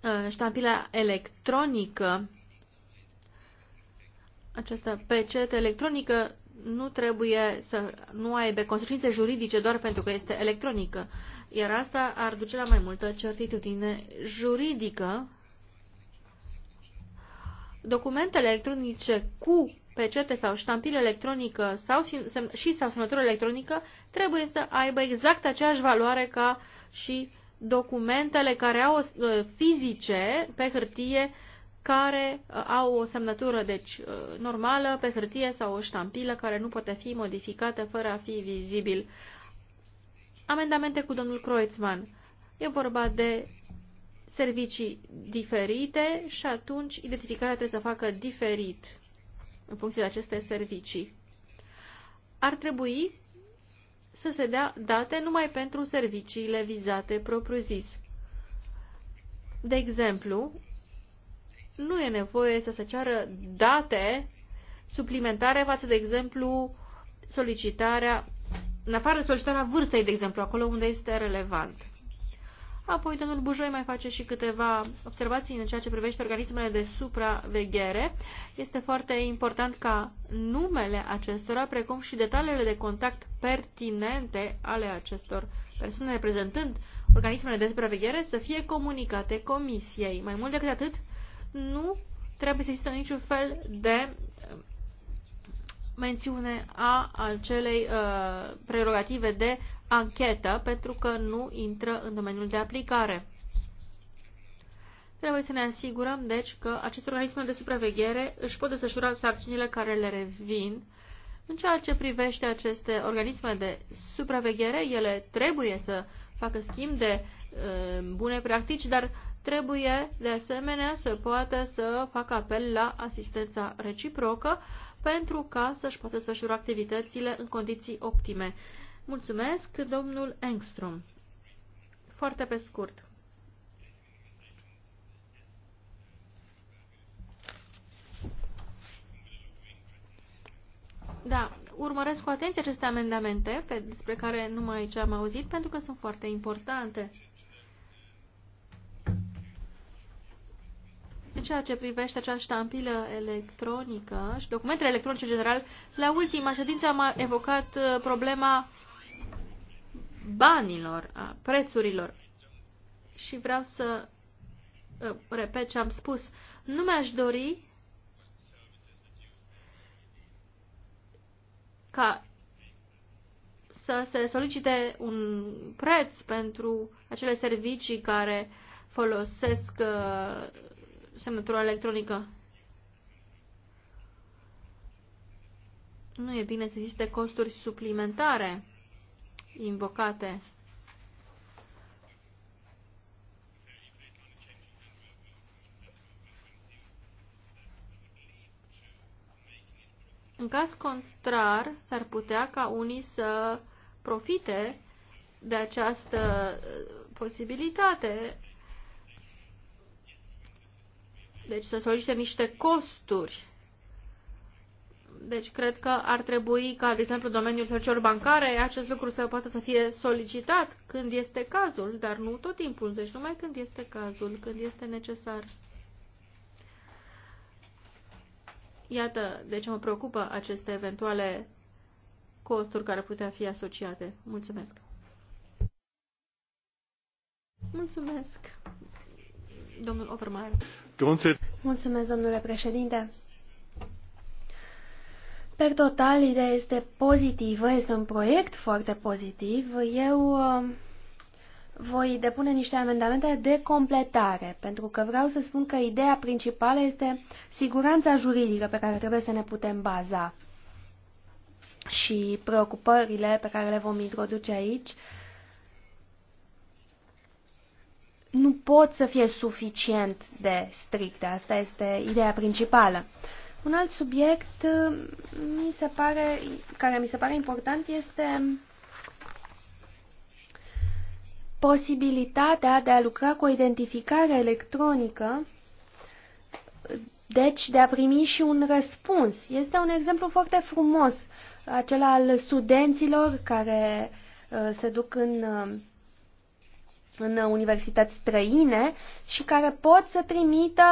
Speaker 3: uh, ștampila electronică această pecetă electronică nu trebuie să nu aibă consecințe juridice doar pentru că este electronică, iar asta ar duce la mai multă certitudine juridică. Documentele electronice cu pecete sau ștampilă electronică sau și sau semnătură electronică trebuie să aibă exact aceeași valoare ca și documentele care au uh, fizice pe hârtie care uh, au o semnătură deci, uh, normală pe hârtie sau o ștampilă care nu poate fi modificată fără a fi vizibil. Amendamente cu domnul Kreutzmann. E vorba de servicii diferite și atunci identificarea trebuie să facă diferit în funcție de aceste servicii. Ar trebui să se dea date numai pentru serviciile vizate propriu-zis. De exemplu, nu e nevoie să se ceară date suplimentare față, de exemplu, solicitarea, în afară de solicitarea vârstei, de exemplu, acolo unde este relevant. Apoi, domnul Bujoi mai face și câteva observații în ceea ce privește organismele de supraveghere. Este foarte important ca numele acestora, precum și detaliile de contact pertinente ale acestor persoane reprezentând organismele de supraveghere, să fie comunicate comisiei. Mai mult decât atât, nu trebuie să există niciun fel de mențiune a acelei uh, prerogative de anchetă, pentru că nu intră în domeniul de aplicare. Trebuie să ne asigurăm, deci, că aceste organisme de supraveghere își pot desfășura sarcinile care le revin. În ceea ce privește aceste organisme de supraveghere, ele trebuie să facă schimb de uh, bune practici, dar trebuie de asemenea să poată să facă apel la asistența reciprocă pentru ca să-și poată să să-și activitățile în condiții optime. Mulțumesc, domnul Engstrom. Foarte pe scurt. Da, urmăresc cu atenție aceste amendamente pe, despre care numai ce am auzit pentru că sunt foarte importante. ceea ce privește acea ștampilă electronică și documentele electronice în general, la ultima ședință am evocat uh, problema banilor, a prețurilor. Și vreau să uh, repet ce am spus. Nu mi-aș dori ca să se solicite un preț pentru acele servicii care folosesc uh, semnătura electronică. Nu e bine să existe costuri suplimentare invocate. În caz contrar, s-ar putea ca unii să profite de această uh, posibilitate deci să solicite niște costuri. Deci cred că ar trebui ca, de exemplu, domeniul serviciilor bancare, acest lucru să poată să fie solicitat când este cazul, dar nu tot timpul, deci numai când este cazul, când este necesar. Iată de ce mă preocupă aceste eventuale costuri care putea fi asociate. Mulțumesc!
Speaker 4: Mulțumesc, domnul Overmaier. Mulțumesc, domnule președinte. Per total, ideea este pozitivă, este un proiect foarte pozitiv. Eu uh, voi depune niște amendamente de completare, pentru că vreau să spun că ideea principală este siguranța juridică pe care trebuie să ne putem baza și preocupările pe care le vom introduce aici uh, nu pot să fie suficient de stricte. Asta este ideea principală. Un alt subiect uh, mi se pare, care mi se pare important este posibilitatea de a lucra cu o identificare electronică, deci de a primi și un răspuns. Este un exemplu foarte frumos, acela al studenților care uh, se duc în uh, în universități străine și care pot să trimită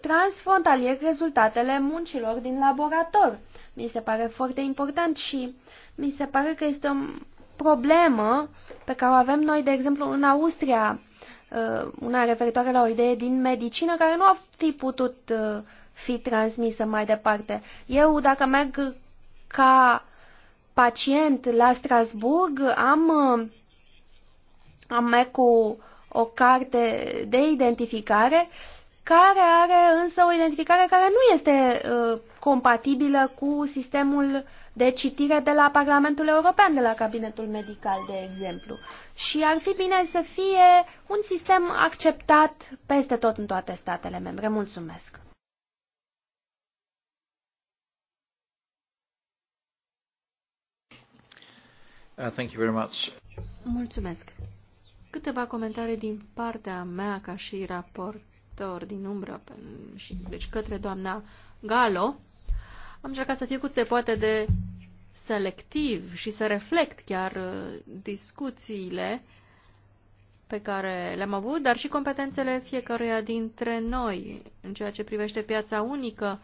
Speaker 4: transfrontalier rezultatele muncilor din laborator. Mi se pare foarte important și mi se pare că este o problemă pe care o avem noi, de exemplu, în Austria, uh, una referitoare la o idee din medicină care nu a fi putut uh, fi transmisă mai departe. Eu, dacă merg ca pacient la Strasburg, am uh, am mai cu o carte de identificare care are însă o identificare care nu este uh, compatibilă cu sistemul de citire de la Parlamentul European, de la Cabinetul Medical, de exemplu. Și ar fi bine să fie un sistem acceptat peste tot în toate statele membre. Mulțumesc!
Speaker 1: Uh, thank you very much.
Speaker 3: Mulțumesc! Câteva comentarii din partea mea ca și raportor din umbră, și, deci către doamna Galo. Am încercat să fiu cât se poate de selectiv și să reflect chiar uh, discuțiile pe care le-am avut, dar și competențele fiecăruia dintre noi în ceea ce privește piața unică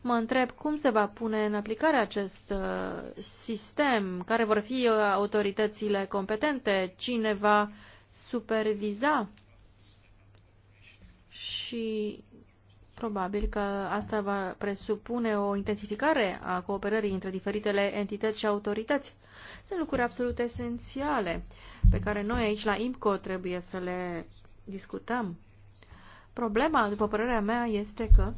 Speaker 3: Mă întreb cum se va pune în aplicare acest uh, sistem, care vor fi uh, autoritățile competente, cine va superviza și probabil că asta va presupune o intensificare a cooperării între diferitele entități și autorități. Sunt lucruri absolut esențiale pe care noi aici la IMCO trebuie să le discutăm. Problema, după părerea mea, este că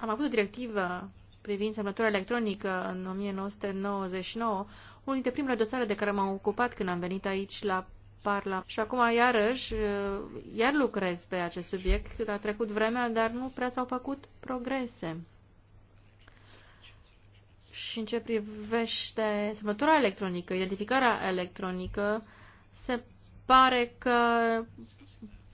Speaker 3: Am avut o directivă privind semnătura electronică în 1999, unul dintre primele dosare de care m-am ocupat când am venit aici la Parla. Și acum, iarăși, iar lucrez pe acest subiect. A trecut vremea, dar nu prea s-au făcut progrese. Și în ce privește semnătura electronică, identificarea electronică, se pare că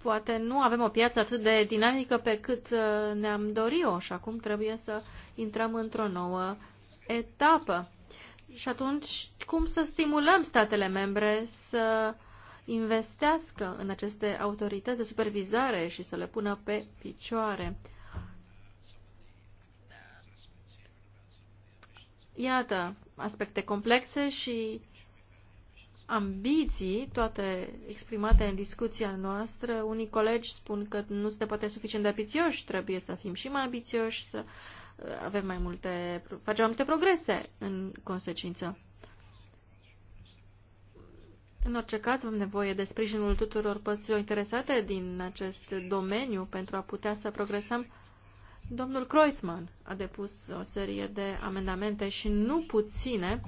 Speaker 3: poate nu avem o piață atât de dinamică pe cât uh, ne-am dorit-o și acum trebuie să intrăm într-o nouă etapă. Și atunci, cum să stimulăm statele membre să investească în aceste autorități de supervizare și să le pună pe picioare? Iată, aspecte complexe și ambiții, toate exprimate în discuția noastră. Unii colegi spun că nu se poate suficient de ambițioși, trebuie să fim și mai ambițioși, să uh, avem mai multe, facem mai multe progrese în consecință. În orice caz, avem nevoie de sprijinul tuturor părților interesate din acest domeniu pentru a putea să progresăm. Domnul Kreuzmann a depus o serie de amendamente și nu puține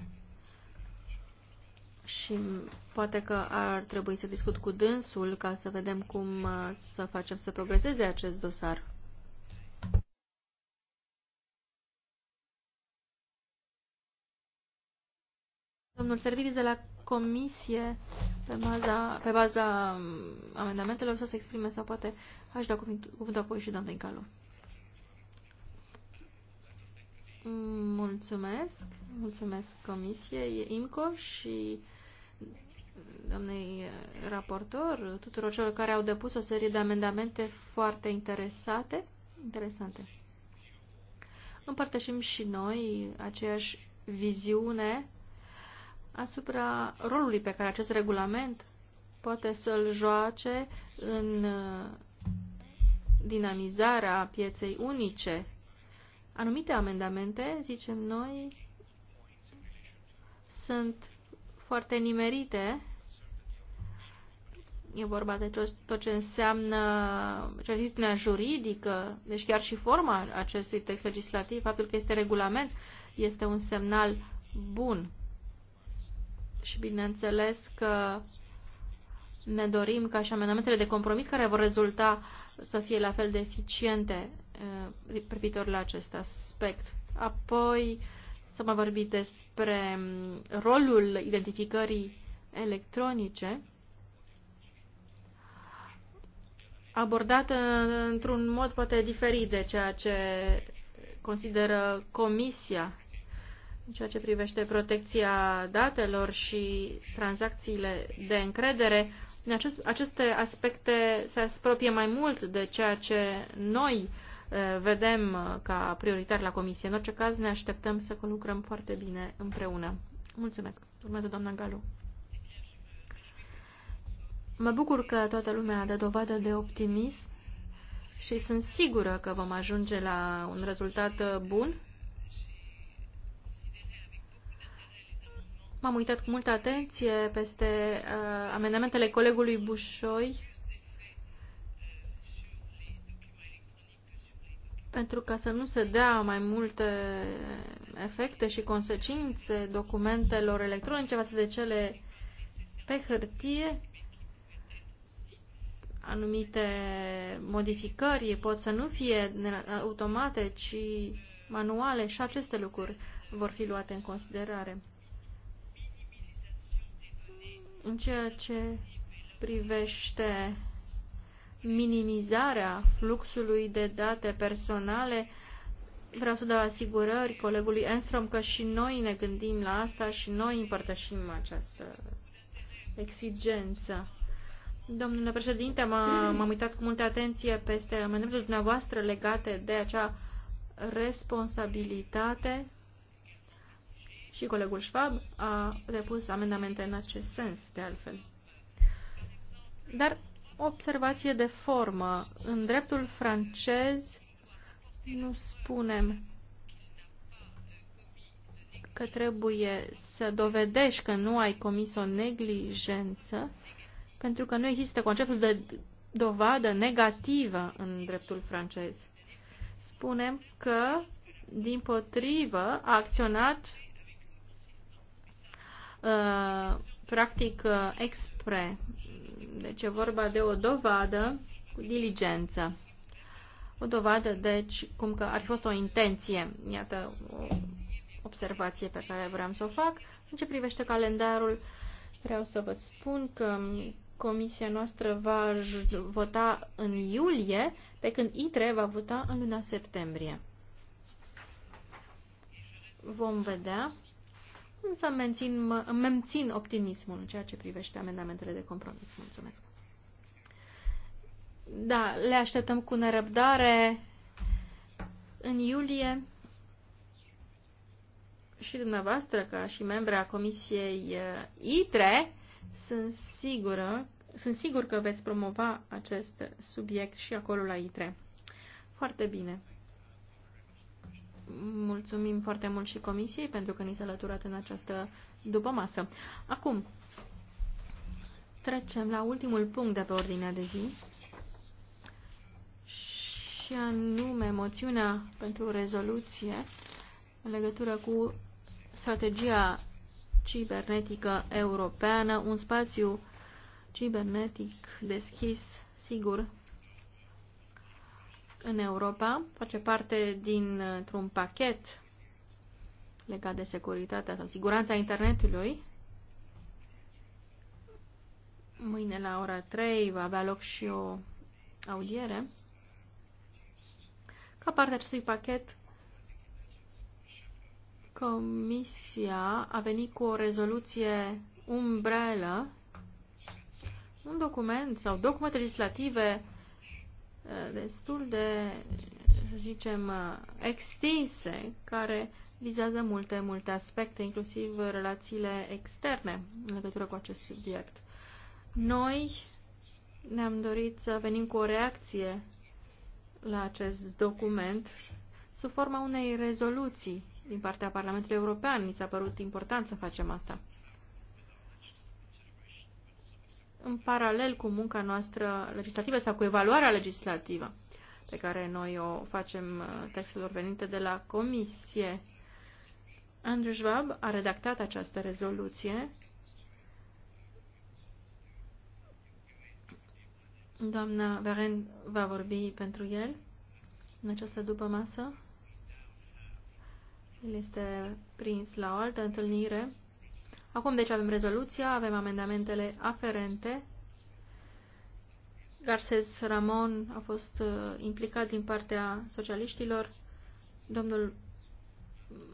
Speaker 3: și poate că ar trebui să discut cu dânsul ca să vedem cum uh, să facem să progreseze acest dosar. Domnul Serviris de la Comisie, pe baza, pe baza um, amendamentelor, să se exprime sau poate aș da cuvânt, cuvântul apoi și doamnei Calu. Mulțumesc, mulțumesc Comisiei IMCO și doamnei eh, raportor, tuturor celor care au depus o serie de amendamente foarte interesate, interesante. Împărtășim și noi aceeași viziune asupra rolului pe care acest regulament poate să-l joace în eh, dinamizarea pieței unice. Anumite amendamente, zicem noi, sunt foarte nimerite. E vorba de tot ce înseamnă certitudinea juridică, deci chiar și forma acestui text legislativ, faptul că este regulament, este un semnal bun. Și bineînțeles că ne dorim ca și amendamentele de compromis care vor rezulta să fie la fel de eficiente eh, privitor la acest aspect. Apoi, să mă vorbi despre mm, rolul identificării electronice abordată într-un mod poate diferit de ceea ce consideră Comisia în ceea ce privește protecția datelor și tranzacțiile de încredere. aceste aspecte se apropie mai mult de ceea ce noi uh, Eh, vedem eh, ca prioritar la comisie. În orice caz, ne așteptăm să lucrăm foarte bine împreună. Mulțumesc. Urmează doamna Galu. Mă bucur că toată lumea dă dovadă de optimism și sunt sigură că vom ajunge la un rezultat eh, bun. M-am uitat cu multă atenție peste uh, amendamentele colegului Bușoi pentru ca să nu se dea mai multe efecte și consecințe documentelor electronice față de cele pe hârtie, anumite modificări pot să nu fie automate, ci manuale și aceste lucruri vor fi luate în considerare. În ceea ce privește minimizarea fluxului de date personale. Vreau să dau asigurări colegului Enstrom că și noi ne gândim la asta și noi împărtășim această exigență. Domnule președinte, hmm. m-am uitat cu multă atenție peste amendamentele dumneavoastră legate de acea responsabilitate și colegul Schwab a depus amendamente în acest sens, de altfel. Dar observație de formă. În dreptul francez nu spunem că trebuie să dovedești că nu ai comis o neglijență, pentru că nu există conceptul de dovadă negativă în dreptul francez. Spunem că, din potrivă, a acționat uh, practic uh, expre, deci e vorba de o dovadă cu diligență. O dovadă, deci, cum că ar fi fost o intenție. Iată o observație pe care vreau să o fac. În ce privește calendarul, vreau să vă spun că comisia noastră va vota în iulie, pe când ITRE va vota în luna septembrie. Vom vedea însă mențin, mențin optimismul în ceea ce privește amendamentele de compromis. Mulțumesc! Da, le așteptăm cu nerăbdare în iulie și dumneavoastră, ca și membra Comisiei uh, ITRE, sunt sigură, sunt sigur că veți promova acest subiect și acolo la ITRE. Foarte bine! Mulțumim foarte mult și Comisiei pentru că ni s-a alăturat în această dupămasă. Acum, trecem la ultimul punct de pe ordinea de zi și anume moțiunea pentru rezoluție în legătură cu strategia cibernetică europeană, un spațiu cibernetic deschis, sigur în Europa, face parte dintr-un pachet legat de securitatea sau siguranța internetului. Mâine la ora 3 va avea loc și o audiere. Ca parte a acestui pachet, Comisia a venit cu o rezoluție umbrelă, un document sau documente legislative Eh, destul de, să zicem, eh, extinse, care vizează multe, multe aspecte, inclusiv relațiile externe în legătură cu acest subiect. Noi ne-am dorit să venim cu o reacție la acest document sub forma unei rezoluții din partea Parlamentului European. Mi s-a părut important să facem asta. în paralel cu munca noastră legislativă sau cu evaluarea legislativă pe care noi o facem uh, textelor venite de la Comisie. Andrew Schwab a redactat această rezoluție. Doamna Varen va vorbi pentru el în această după masă. El este prins la o altă întâlnire Acum, deci, avem rezoluția, avem amendamentele aferente. Garces Ramon a fost uh, implicat din partea socialiștilor, domnul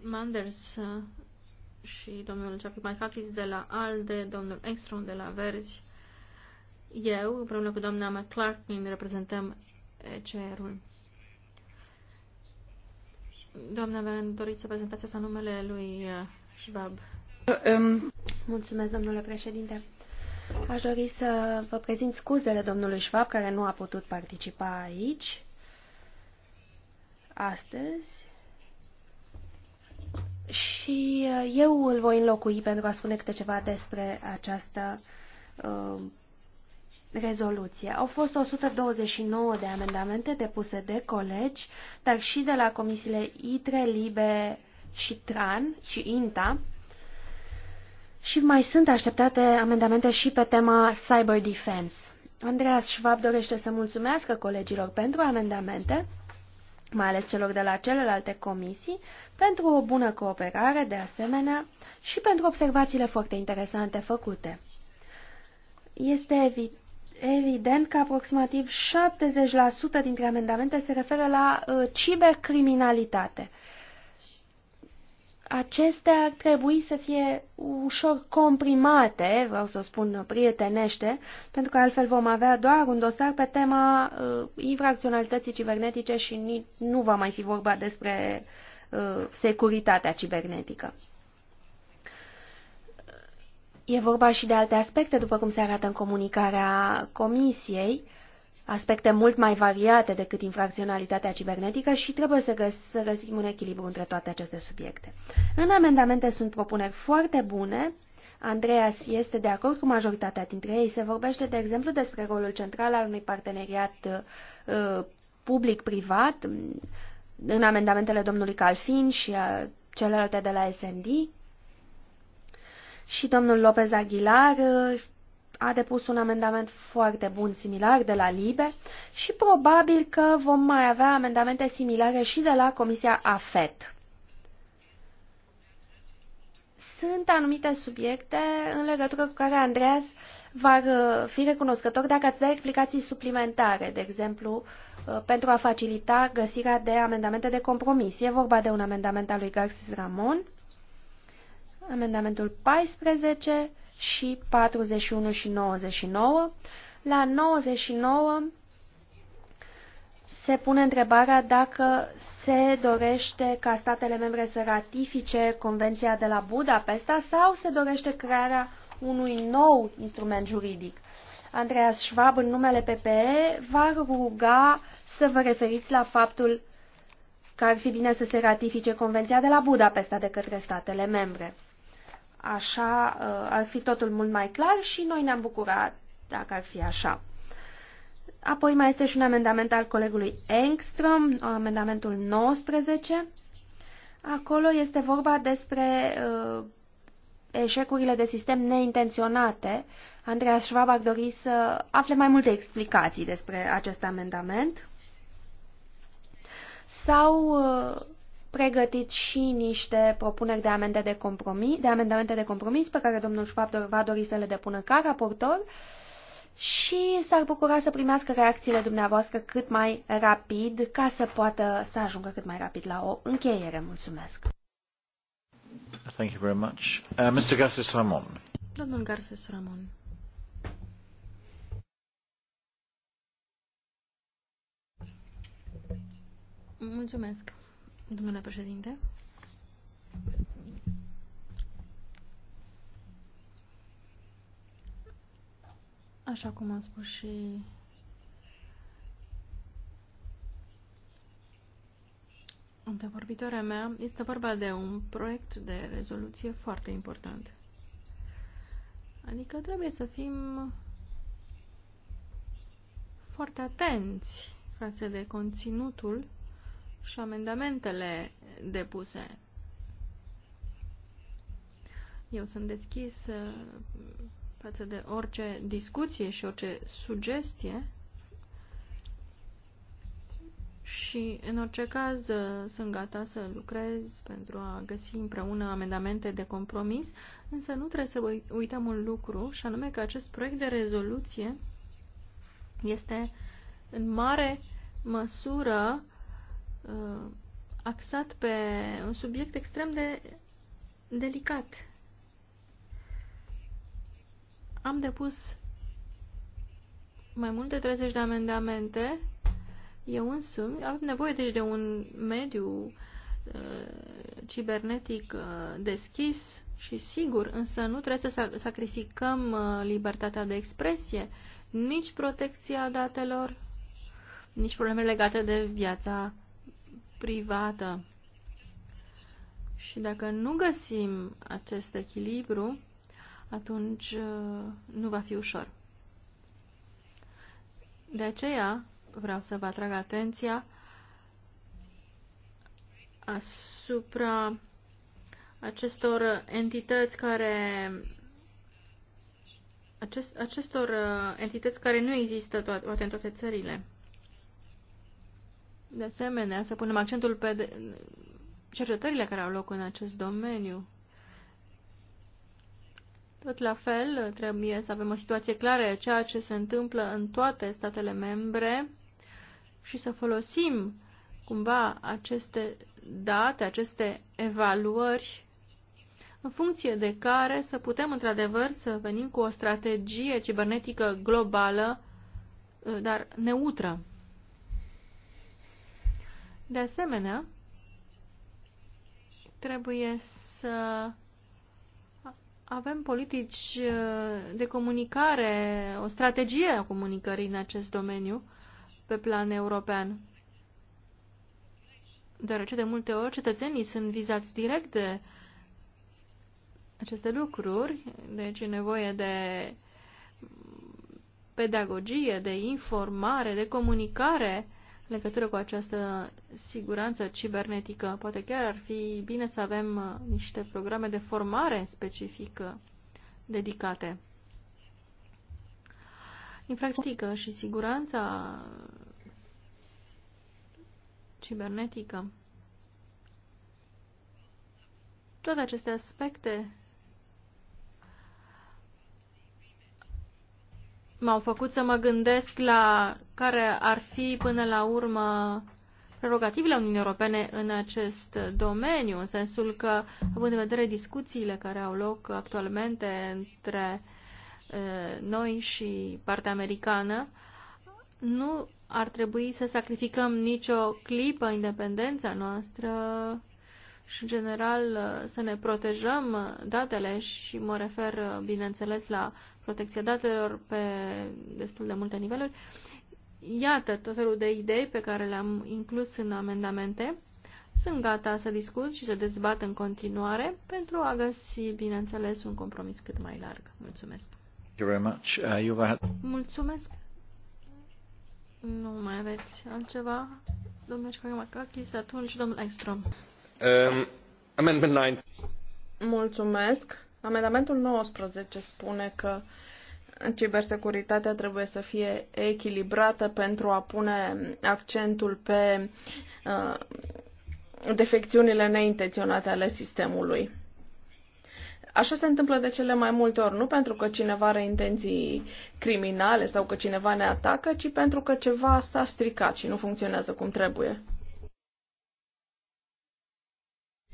Speaker 3: Manders uh, și domnul Maikakis de la ALDE, domnul Engstrom de la Verzi. Eu, împreună cu doamna McClarkin, reprezentăm ECR-ul. Doamna vă doriți să prezentați asta numele lui uh, Schwab.
Speaker 4: Ehm. Mulțumesc, domnule președinte. Aș dori să vă prezint scuzele domnului Schwab, care nu a putut participa aici astăzi. Și uh, eu îl voi înlocui pentru a spune câte ceva despre această uh, rezoluție. Au fost 129 de amendamente depuse de colegi, dar și de la comisiile ITRE, LIBE și TRAN și INTA, și mai sunt așteptate amendamente și pe tema cyber defense. Andreas Schwab dorește să mulțumească colegilor pentru amendamente, mai ales celor de la celelalte comisii, pentru o bună cooperare, de asemenea, și pentru observațiile foarte interesante făcute. Este evident Evident că aproximativ 70% dintre amendamente se referă la uh, cibercriminalitate acestea ar trebui să fie ușor comprimate, vreau să o spun prietenește, pentru că altfel vom avea doar un dosar pe tema uh, infracționalității cibernetice și nici nu va mai fi vorba despre uh, securitatea cibernetică. E vorba și de alte aspecte, după cum se arată în comunicarea Comisiei. Uh, aspecte mult mai variate decât infracționalitatea cibernetică și trebuie să, găs să găsim un echilibru între toate aceste subiecte. În amendamente sunt propuneri foarte bune. Andreas este de acord cu majoritatea dintre ei. Se vorbește, de exemplu, despre rolul central al unui parteneriat uh, public-privat mm, în amendamentele domnului Calfin și a celelalte de la SND. Și domnul Lopez Aguilar uh, a depus un amendament foarte bun similar de la LIBE și probabil că vom mai avea amendamente similare și de la Comisia AFET. Sunt anumite subiecte în legătură cu care Andreas va uh, fi recunoscător dacă ați da explicații suplimentare, de exemplu, uh, pentru a facilita găsirea de amendamente de compromis. E vorba de un amendament al lui Garcis Ramon, amendamentul 14, și 41 și 99. La 99 se pune întrebarea dacă se dorește ca statele membre să ratifice Convenția de la Budapesta sau se dorește crearea unui nou instrument juridic. Andreas Schwab, în numele PPE, va ruga să vă referiți la faptul că ar fi bine să se ratifice Convenția de la Budapesta de către statele membre. Așa uh, ar fi totul mult mai clar și noi ne-am bucurat dacă ar fi așa. Apoi mai este și un amendament al colegului Engström, amendamentul 19. Acolo este vorba despre uh, eșecurile de sistem neintenționate. Andreea Schwab ar dori să afle mai multe explicații despre acest amendament. Sau uh, pregătit și niște propuneri de, amende de, compromis, de amendamente de compromis pe care domnul Schwab va dori să le depună ca raportor și s-ar bucura să primească reacțiile dumneavoastră cât mai rapid ca să poată să ajungă cât mai rapid la o încheiere. Mulțumesc!
Speaker 1: Thank you very much. Uh, Mr. Garces Ramon.
Speaker 4: Domnul Garces Ramon.
Speaker 3: Mulțumesc domnule președinte. Așa cum am spus și antevorbitoarea mea, este vorba de un proiect de rezoluție foarte important. Adică trebuie să fim foarte atenți față de conținutul și amendamentele depuse. Eu sunt deschis uh, față de orice discuție și orice sugestie și, în orice caz, uh, sunt gata să lucrez pentru a găsi împreună amendamente de compromis, însă nu trebuie să uităm un lucru, și anume că acest proiect de rezoluție este în mare măsură Uh, axat pe un subiect extrem de delicat. Am depus mai mult de 30 de amendamente. Eu însumi avem nevoie deci de un mediu uh, cibernetic uh, deschis și sigur, însă nu trebuie să sacrificăm libertatea de expresie, nici protecția datelor, nici probleme legate de viața privată. Și dacă nu găsim acest echilibru, atunci uh, nu va fi ușor. De aceea vreau să vă atrag atenția asupra acestor entități care acest, acestor uh, entități care nu există toate, toate în toate țările de asemenea, să punem accentul pe cercetările care au loc în acest domeniu. Tot la fel, trebuie să avem o situație clară, ceea ce se întâmplă în toate statele membre și să folosim cumva aceste date, aceste evaluări, în funcție de care să putem într-adevăr să venim cu o strategie cibernetică globală, dar neutră. De asemenea, trebuie să avem politici uh, de comunicare, o strategie a comunicării în acest domeniu pe plan european. Deoarece de multe ori cetățenii sunt vizați direct de aceste lucruri, deci e nevoie de pedagogie, de informare, de comunicare legătură cu această siguranță cibernetică. Poate chiar ar fi bine să avem uh, niște programe de formare specifică dedicate. Infractică și siguranța cibernetică. Toate aceste aspecte m-au făcut să mă gândesc la care ar fi până la urmă prerogativele Uniunii Europene în acest domeniu, în sensul că, având în vedere discuțiile care au loc actualmente între noi și partea americană, nu ar trebui să sacrificăm nicio clipă independența noastră și, în general, să ne protejăm datele și mă refer, bineînțeles, la protecția datelor pe destul de multe niveluri. Iată tot felul de idei pe care le-am inclus în amendamente. Sunt gata să discut și să dezbat în continuare pentru a găsi, bineînțeles, un compromis cât mai larg. Mulțumesc!
Speaker 1: Uh,
Speaker 3: Mulțumesc! Nu mai aveți altceva? Domnule Ciocamacachis, atunci domnul Ekstrom.
Speaker 4: 9. Um,
Speaker 3: Mulțumesc. Amendamentul
Speaker 2: 19 spune că cibersecuritatea trebuie să fie echilibrată pentru a pune accentul pe uh, defecțiunile neintenționate ale sistemului. Așa se întâmplă de cele mai multe ori, nu pentru că cineva are intenții criminale sau că cineva ne atacă, ci pentru că ceva s-a stricat și nu funcționează cum trebuie.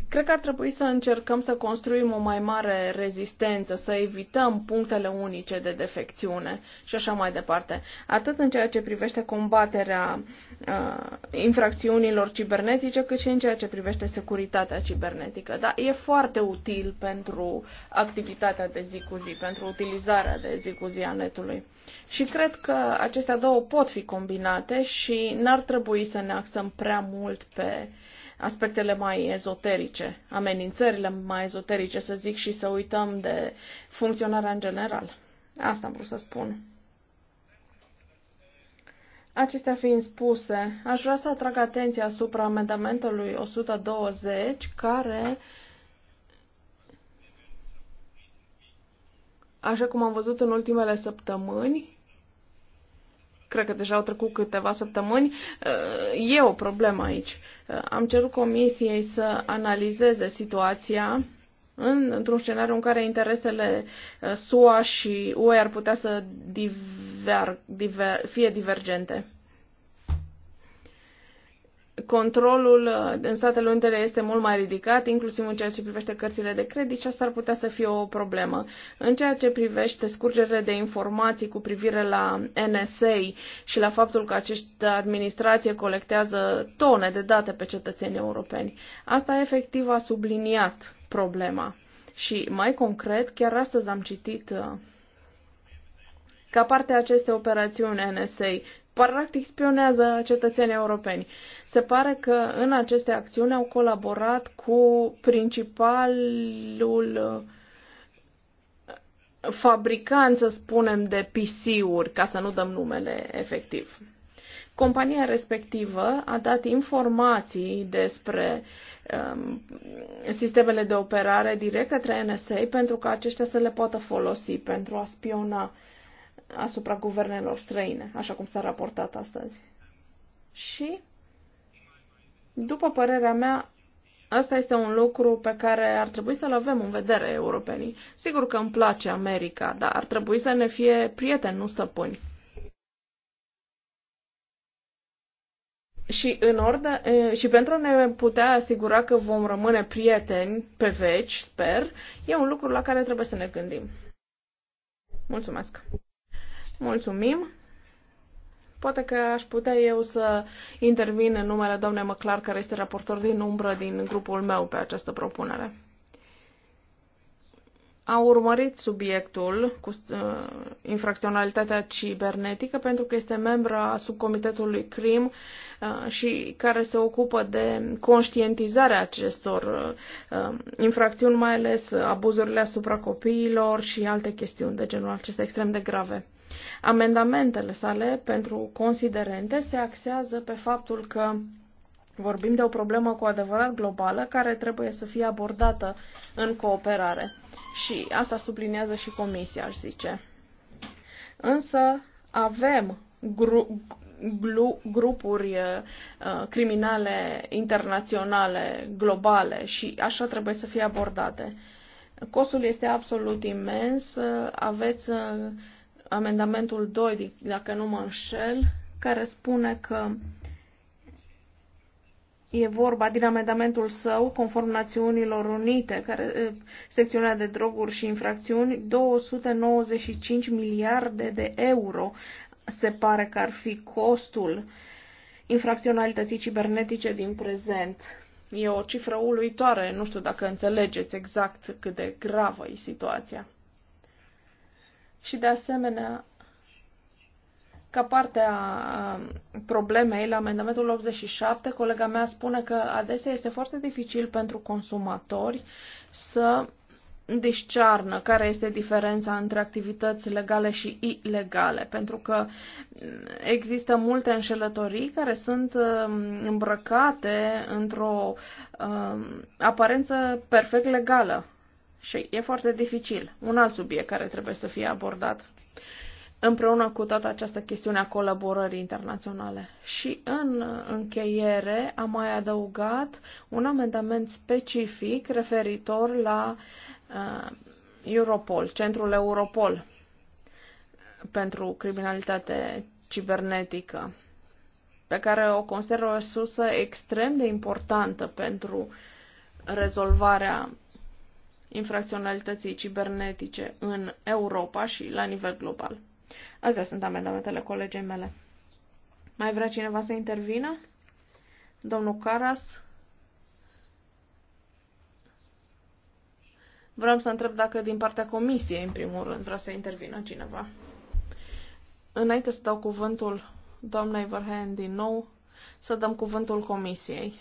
Speaker 2: Cred că ar trebui să încercăm să construim o mai mare rezistență, să evităm punctele unice de defecțiune și așa mai departe. Atât în ceea ce privește combaterea uh, infracțiunilor cibernetice, cât și în ceea ce privește securitatea cibernetică. Dar e foarte util pentru activitatea de zi cu zi, pentru utilizarea de zi cu zi a netului. Și cred că acestea două pot fi combinate și n-ar trebui să ne axăm prea mult pe uh, aspectele mai ezoterice, amenințările mai ezoterice, să zic, și să uităm de funcționarea în general. Asta am vrut să spun. Acestea fiind spuse, aș vrea să atrag atenția asupra amendamentului 120, care, așa cum am văzut în ultimele săptămâni, cred că deja au trecut câteva săptămâni, e o problemă aici. Am cerut comisiei să analizeze situația în, într-un scenariu în care interesele uh, SUA și UE ar putea să diver, diver, fie divergente controlul uh, în Statele Unite este mult mai ridicat, inclusiv în ceea ce privește cărțile de credit și asta ar putea să fie o problemă. În ceea ce privește scurgerile de informații cu privire la NSA și la faptul că această administrație colectează tone de date pe cetățenii europeni, asta efectiv a subliniat problema. Și mai concret, chiar astăzi am citit uh, ca parte a acestei operațiuni NSA practic spionează cetățenii europeni. Se pare că în aceste acțiuni au colaborat cu principalul uh, fabricant, să spunem, de PC-uri, ca să nu dăm numele efectiv. Compania respectivă a dat informații despre um, sistemele de operare direct către NSA pentru ca aceștia să le poată folosi pentru a spiona uh, asupra guvernelor străine, așa cum s-a raportat astăzi. Și, după părerea mea, Asta este un lucru pe care ar trebui să-l avem în vedere europenii. Sigur că îmi place America, dar ar trebui să ne fie prieteni, nu stăpâni. Și, în ordine, și pentru a ne putea asigura că vom rămâne prieteni pe veci, sper, e un lucru la care trebuie să ne gândim. Mulțumesc! Mulțumim. Poate că aș putea eu să intervin în numele doamnei Măclar, care este raportor din umbră din grupul meu pe această propunere. A urmărit subiectul cu uh, infracționalitatea cibernetică pentru că este membra subcomitetului CRIM uh, și care se ocupă de conștientizarea acestor uh, uh, infracțiuni, mai ales abuzurile asupra copiilor și alte chestiuni de genul acesta extrem de grave. Amendamentele sale pentru considerente se axează pe faptul că vorbim de o problemă cu adevărat globală care trebuie să fie abordată în cooperare. Și asta sublinează și Comisia, aș zice. Însă avem gru- glu- grupuri uh, criminale internaționale, globale și așa trebuie să fie abordate. Costul este absolut imens. Aveți uh, amendamentul 2, dacă nu mă înșel, care spune că E vorba din amendamentul său, conform Națiunilor Unite, care, secțiunea de droguri și infracțiuni, 295 miliarde de euro se pare că ar fi costul infracționalității cibernetice din prezent. E o cifră uluitoare, nu știu dacă înțelegeți exact cât de gravă e situația și de asemenea ca parte a problemei la amendamentul 87, colega mea spune că adesea este foarte dificil pentru consumatori să discearnă care este diferența între activități legale și ilegale, pentru că există multe înșelătorii care sunt um, îmbrăcate într-o um, aparență perfect legală. Și e foarte dificil. Un alt subiect care trebuie să fie abordat împreună cu toată această chestiune a colaborării internaționale. Și în încheiere am mai adăugat un amendament specific referitor la uh, Europol, centrul Europol pentru criminalitate cibernetică, pe care o consider o sursă extrem de importantă pentru rezolvarea infracționalității cibernetice în Europa și la nivel global. Astea sunt amendamentele colegei mele. Mai vrea cineva să intervină? Domnul Caras? Vreau să întreb dacă din partea comisiei, în primul rând, vrea să intervină cineva. Înainte să dau cuvântul doamnei Verheyen din nou, să dăm cuvântul comisiei.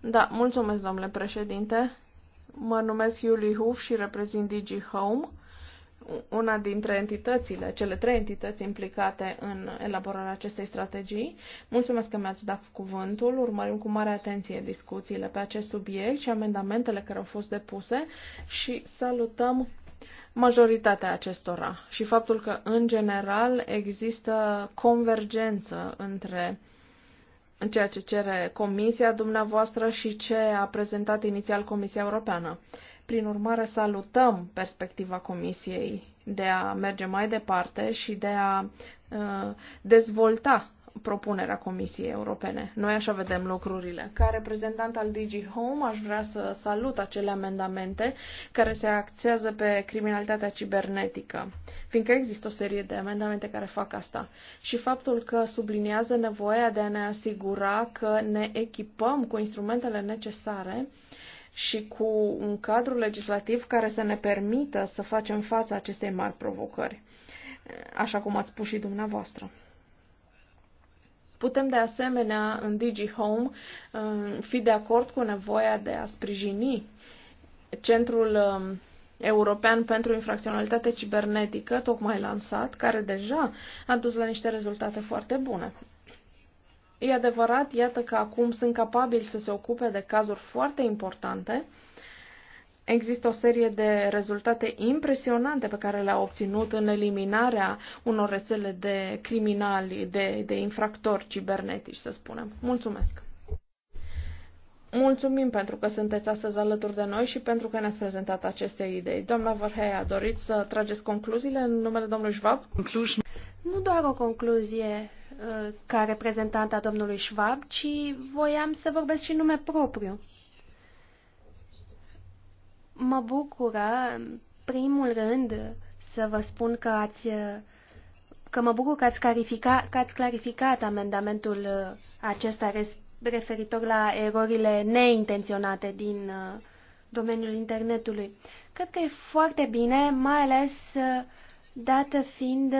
Speaker 2: Da, mulțumesc, domnule președinte. Mă numesc Julie Huf și reprezint Digi Home, una dintre entitățile, cele trei entități implicate în elaborarea acestei strategii. Mulțumesc că mi-ați dat cuvântul. Urmărim cu mare atenție discuțiile pe acest subiect și amendamentele care au fost depuse și salutăm majoritatea acestora și faptul că, în general, există convergență între uh, în ceea ce cere Comisia dumneavoastră și ce a prezentat inițial Comisia Europeană. Prin urmare, salutăm perspectiva Comisiei de a merge mai departe și de a uh, dezvolta propunerea Comisiei Europene. Noi așa vedem lucrurile. Ca reprezentant al DG Home aș vrea să salut acele amendamente care se acțează pe criminalitatea cibernetică, fiindcă există o serie de amendamente care fac asta. Și faptul că subliniază nevoia de a ne asigura că ne echipăm cu instrumentele necesare și cu un cadru legislativ care să ne permită să facem față acestei mari provocări, așa cum ați spus și dumneavoastră. Putem de asemenea în DigiHome uh, fi de acord cu nevoia de a sprijini Centrul um, European pentru Infracționalitate Cibernetică, tocmai lansat, care deja a dus la niște rezultate foarte bune. E adevărat, iată că acum sunt capabili să se ocupe de cazuri foarte importante, Există o serie de rezultate impresionante pe care le-a obținut în eliminarea unor rețele de criminali, de, de infractori cibernetici, să spunem. Mulțumesc! Mulțumim pentru că sunteți astăzi alături de noi și pentru că ne-ați prezentat aceste idei. Doamna Vărheia, doriți să trageți concluziile în numele domnului Schwab? Conclusion. Nu doar
Speaker 4: o concluzie uh, ca reprezentanta domnului Schwab, ci voiam să vorbesc și nume propriu. Mă bucură, în primul rând, să vă spun că ați că mă bucur că ați, clarifica, că ați clarificat amendamentul uh, acesta referitor la erorile neintenționate din uh, domeniul internetului. Cred că e foarte bine, mai ales uh, dată fiind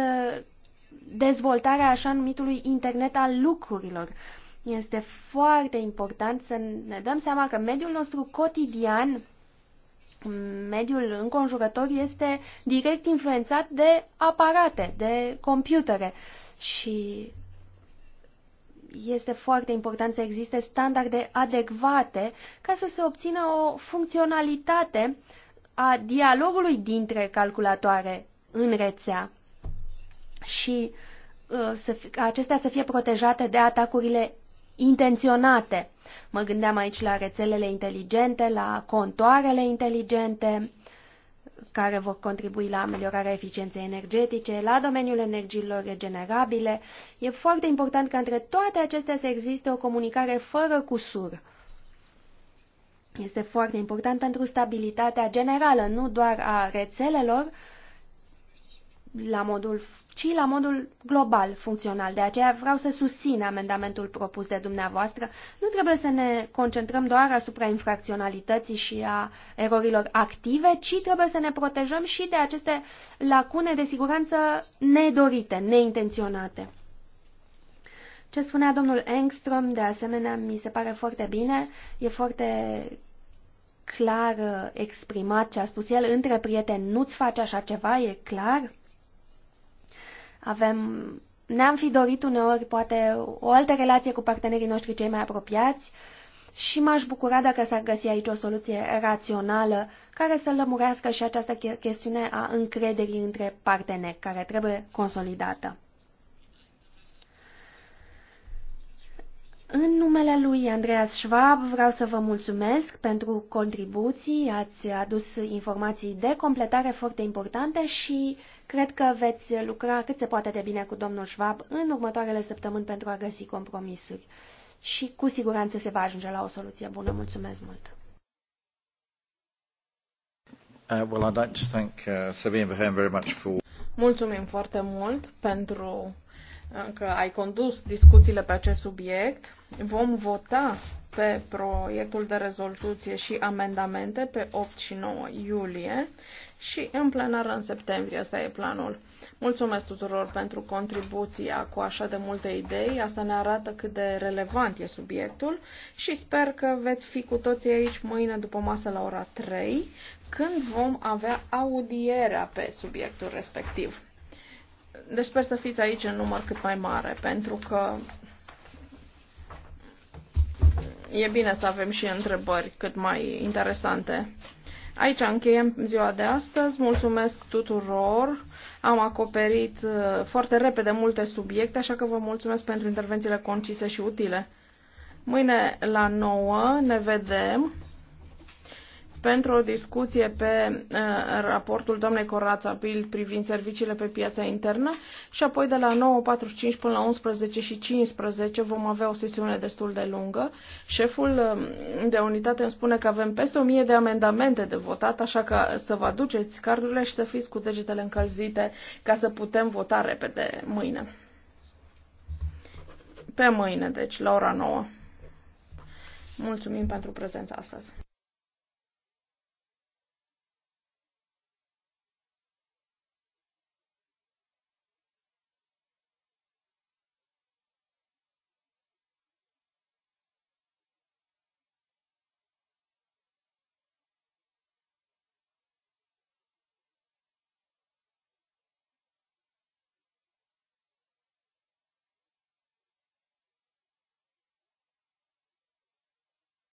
Speaker 4: dezvoltarea așa numitului internet al lucrurilor. Este foarte important să ne dăm seama că mediul nostru cotidian mediul înconjurător este direct influențat de aparate, de computere și este foarte important să existe standarde adecvate ca să se obțină o funcționalitate a dialogului dintre calculatoare în rețea și uh, să, acestea să fie protejate de atacurile intenționate. Mă gândeam aici la rețelele inteligente, la contoarele inteligente, care vor contribui la ameliorarea eficienței energetice, la domeniul energiilor regenerabile. E foarte important ca între toate acestea să existe o comunicare fără cusur. Este foarte important pentru stabilitatea generală, nu doar a rețelelor, la modul, ci la modul global funcțional. De aceea vreau să susțin amendamentul propus de dumneavoastră. Nu trebuie să ne concentrăm doar asupra infracționalității și a erorilor active, ci trebuie să ne protejăm și de aceste lacune de siguranță nedorite, neintenționate. Ce spunea domnul Engström, de asemenea, mi se pare foarte bine, e foarte clar uh, exprimat ce a spus el, între prieteni nu-ți faci așa ceva, e clar. Avem, ne-am fi dorit uneori poate o altă relație cu partenerii noștri cei mai apropiați și m-aș bucura dacă s-ar găsi aici o soluție rațională care să lămurească și această chestiune a încrederii între parteneri, care trebuie consolidată. În numele lui Andreas Schwab vreau să vă mulțumesc pentru contribuții, ați adus informații de completare foarte importante și cred că veți lucra cât se poate de bine cu domnul Schwab în următoarele săptămâni pentru a găsi compromisuri. Și cu siguranță se va ajunge la o soluție bună. Mulțumesc mult!
Speaker 1: Uh, uh,
Speaker 2: Mulțumim foarte mult pentru că ai condus discuțiile pe acest subiect. Vom vota pe proiectul de rezoluție și amendamente pe 8 și 9 iulie și în plenară în septembrie. Asta e planul. Mulțumesc tuturor pentru contribuția cu așa de multe idei. Asta ne arată cât de relevant e subiectul și sper că veți fi cu toții aici mâine după masă la ora 3 când vom avea audierea pe subiectul respectiv. Deci sper să fiți aici în număr cât mai mare, pentru că e bine să avem și întrebări cât mai interesante. Aici încheiem ziua de astăzi. Mulțumesc tuturor. Am acoperit uh, foarte repede multe subiecte, așa că vă mulțumesc pentru intervențiile concise și utile. Mâine la 9 ne vedem pentru o discuție pe uh, raportul doamnei Corața Bild privind serviciile pe piața internă și apoi de la 9.45 până la 11:15 și vom avea o sesiune destul de lungă. Șeful uh, de unitate îmi spune că avem peste 1000 de amendamente de votat, așa că să vă aduceți cardurile și să fiți cu degetele încălzite ca să putem vota repede mâine. Pe mâine, deci, la ora 9. Mulțumim pentru prezența astăzi.